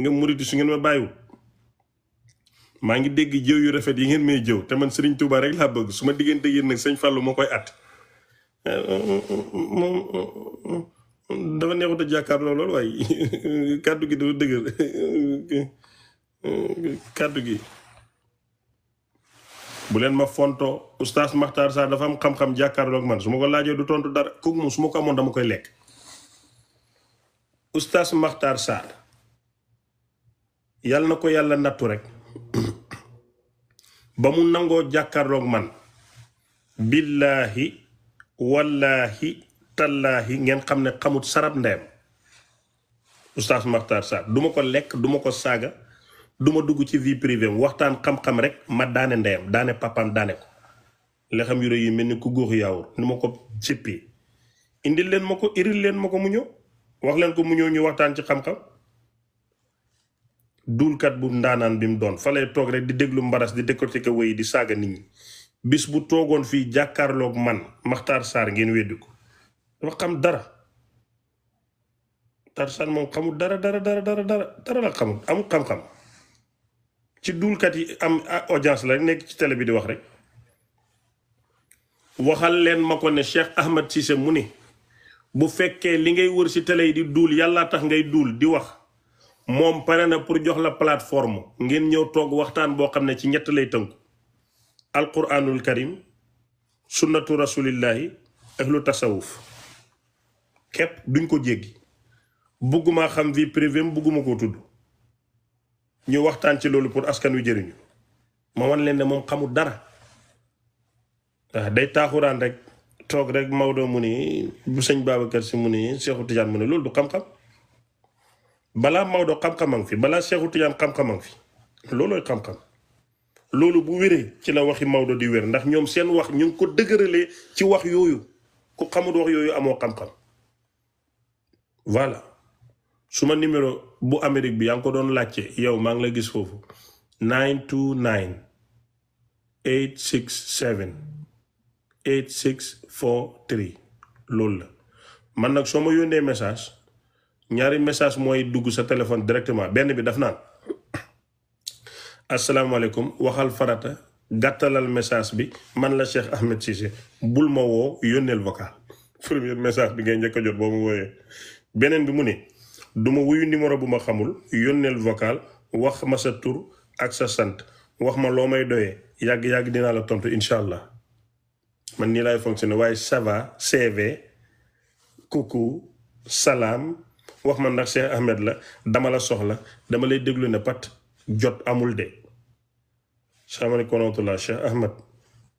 nga muriti su ngeen ma bàyyiwul maa ngi dégg jëw yu rafet yi ngeen may jëw te man seriñ Touba rek laa bëgg su ma diggante yéen nag sëñ Fallou moo koy at. moom dafa neexut a jàkkaarloo lool waaye <laughs> kàddu gi dafa dëgër <laughs> kàddu gi. bu leen ma fontoo oustaz Makhtar Sarr dafa am xam-xam jàkkaarloog man su ma ko laajee du tontu dara kooku moom su ma ko amoon dama koy lekk. oustaz Makhtar Sarr yàlla na ko yàlla nattu rek. ba mu nangoo jàkkaarloog man billaahi wallaahi tallaahi ngeen xam ne xamut sarab ndeyam oustaz Makhtar Sarr duma ko lekk duma ko saaga duma dugg ci vie privée waxtaan xam-xam rek mat daane ndeyam daane papaam daane ko li xam yi mel ni ku góox yaawur ni ma ko sippi indil leen ma ko iril leen ma ko mu ñëw wax leen ko mu ñëw ñu waxtaan ci xam-xam duulkat bu ndaanaan bi mu doon fa lay toog rek di déglu mbaras di décortiquer yi di saaga nit ñi bis bu toogoon fii jàkkaarloog man Maxtaar saar ngeen weddi ko dafa xam dara Maxtaar Sarr moom xamul dara dara dara dara dara dara la xamul amul xam-xam ci duulkat yi am audience la nekk ci télé bi di wax rek waxal leen ma ko ne Cheikh Ahmed Cissé mu ne bu fekkee li ngay wër si télé yi di duul yàllaa tax ngay duul di wax moom pare na pour jox la plateforme ngeen ñëw toog waxtaan boo xam ne ci ñett lay tënku alquranul karim sunnatu rasulillahi ak lu tasawuf képp duñ ko jéggi bëgguma xam vie privée bëgguma ko tudd ñu waxtaan ci loolu pour askan wi jëriñu ma wan leen ne moom xamul dara waaw day taaxuraan rek toog rek Maodo mu ni bu sëñ Babacar si mu ni Seexu Tijaan mu ni loolu du xam-xam balaa Maodo xam-xamam fi balaa Seexu Tijaan xam-xamam fi loolooy xam-xam loolu bu wéree ci la waxi Maodo di wér ndax ñoom seen wax ñu ngi ko dëgëralee ci wax yooyu ku xamut wax yooyu amoo xam-xam voilà suma numéro bu amerique bi yaa ngi ko doon laajte yow maa ngi la gis foofu 929 867 8643 loolu la man nag soo ma yónnee message. ñaari message mooy dugg sa téléphone directement benn bi daf naan asalaamaaleykum waxal farata gàttalal message bi man la Cheikh Ahmed Cissé bul ma woo yónneel vocal <laughs> premier message bi ngay njëkka a jot boo wooyee beneen bi mu ne du ma wuyu numéro bu ma xamul yónneel vocal wax ma sa tur ak sa sant wax ma loo may doyee yàgg-yàgg dinaa la tontu incha allah man nii laay fonctionné waaye ça va CV salaam wax man ndax Cheikh Ahmed la dama la soxla dama lay déglu ne pat jot amul de salaamaaleykum wa rahmatulah Cheikh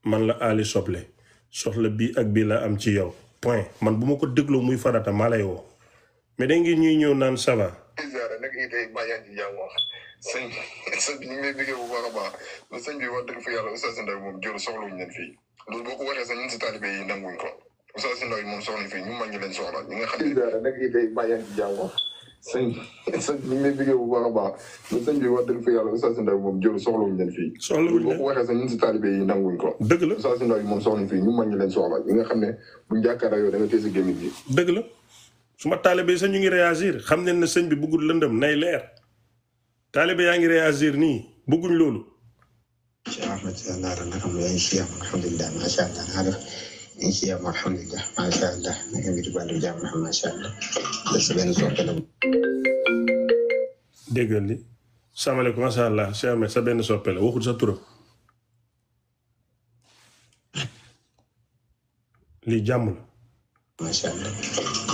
man la Ali Soble soxla bii ak bii la am ci yow point man bu ma ko dégloo muy farata maa lay woo mais da ngi ñuy ñëw naan ça va. sëñ sëñ bi ñu ngi lay bu baax a baax mais sëñ bi wax dëgg fa yàlla oustaz fii Oustaz si ndaw yi moom soxla fii ñu mag ñi leen soxla ñi nga xam ne. nag it day bàyyi ak jàmm sëñ sëñ ñu ngi lay liggéey bu baax a baax mais sëñ bi wax dëgg fa yàlla Oustaz si ndaw yi ko waxee sax ñun si fii ñu mag ñi leen soxla ñi nga xam ne buñ jàkkaarloo yow da nga téye sa dëgg la suma taalibe yi sax ñu ngi réagir xam nañ ne sëñ bi bëggul lëndëm nay leer taalibe yaa ngi réagir nii bëgguñ loolu. inshiyam alhamdulilah macha allah naka mbir baalu jàmm macha allah des benn soppe la. dégg li salaamaaleykum macha allah Cheikh Ahmed sa benn soppe la waxul sa turam. lii jàmm la. macha allah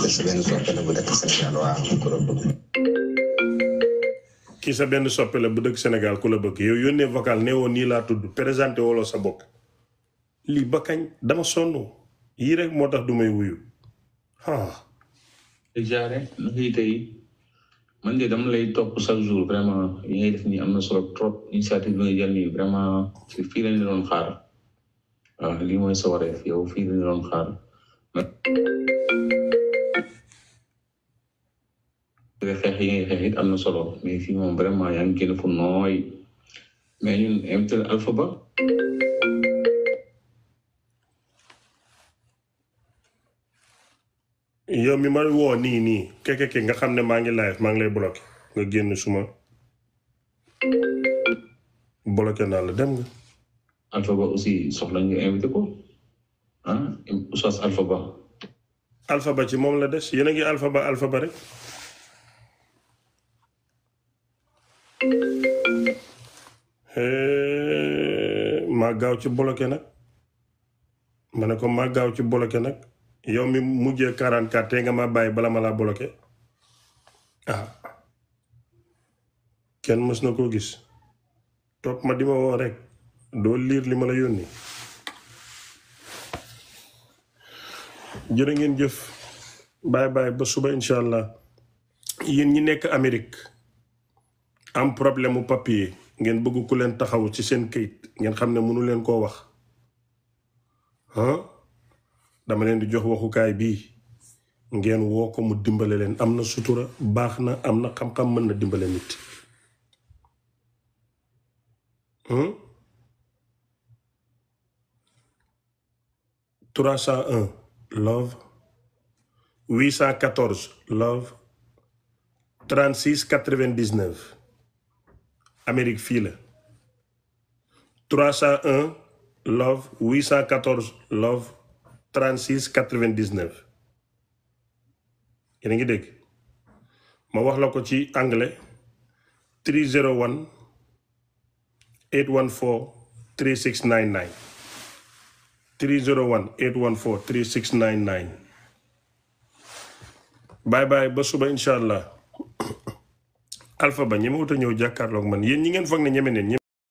des benn soppe la bu dëkk Sénégal waa ku la bëgg. kii sa benn soppe la bu dëkk Sénégal ku la bëgg yow yónnee vocal ne woon nii laa tudd présenté wolo sa bopp lii ba kañ dama sonn. yii rek moo tax du may wuyu ah. jaare naka yi man de dama lay topp chaque jour vraiment yi ngay def nii am na solo trop initiative bi nga jël vraiment fii lañ doon xaar waaw lii mooy sa wareef yow fii lañ doon xaar. xeex yi ngay am na solo mais fii moom vraiment yaa ngi génn fu nooy mais ñun invité Alpha Ba. yow mi ma woo nii nii kekeke nga xam ne maa ngi live maa ngi lay bloqué nga génn suma bloqué naa la dem nga. Alpha Ba ah, ci moom la des yéen a ngi Alpha Ba Ba rek. Eh, maa gaaw ci bloqué nag ma ne ko maa gaaw ci bloqué nag. yow mi mujjee 44 tey nga ma bàyyi bala ma laa bloqué ah. kenn mës na koo gis topp ma di woo rek doo liir li ma la yónni jërë ngeen jëf bye ba suba incha allah yéen ñi nekk Amérique am problème mu papier ngeen bëgg ku leen taxaw ci seen kayit ngeen xam ne mënu leen koo wax ah dama leen di jox waxukaay bi ngeen woo ko mu dimbale leen am na sutura baax na am na xam-xam mën na dimbale nit hmm? trois cent un love huit cent quatorze love trente-six quatre-vingt-dix-neuf Amérique fii la trois cent un love huit cent quatorze love 36 99 yéen a ngi dégg ma wax la ko ci anglais 301 814 3699 301 814 3699 bye bye ba suba incha allah <coughs> alpha ba ñeme wut a ñëw jàkkaarloog man yéen ñi ngeen foog ne ñeme neen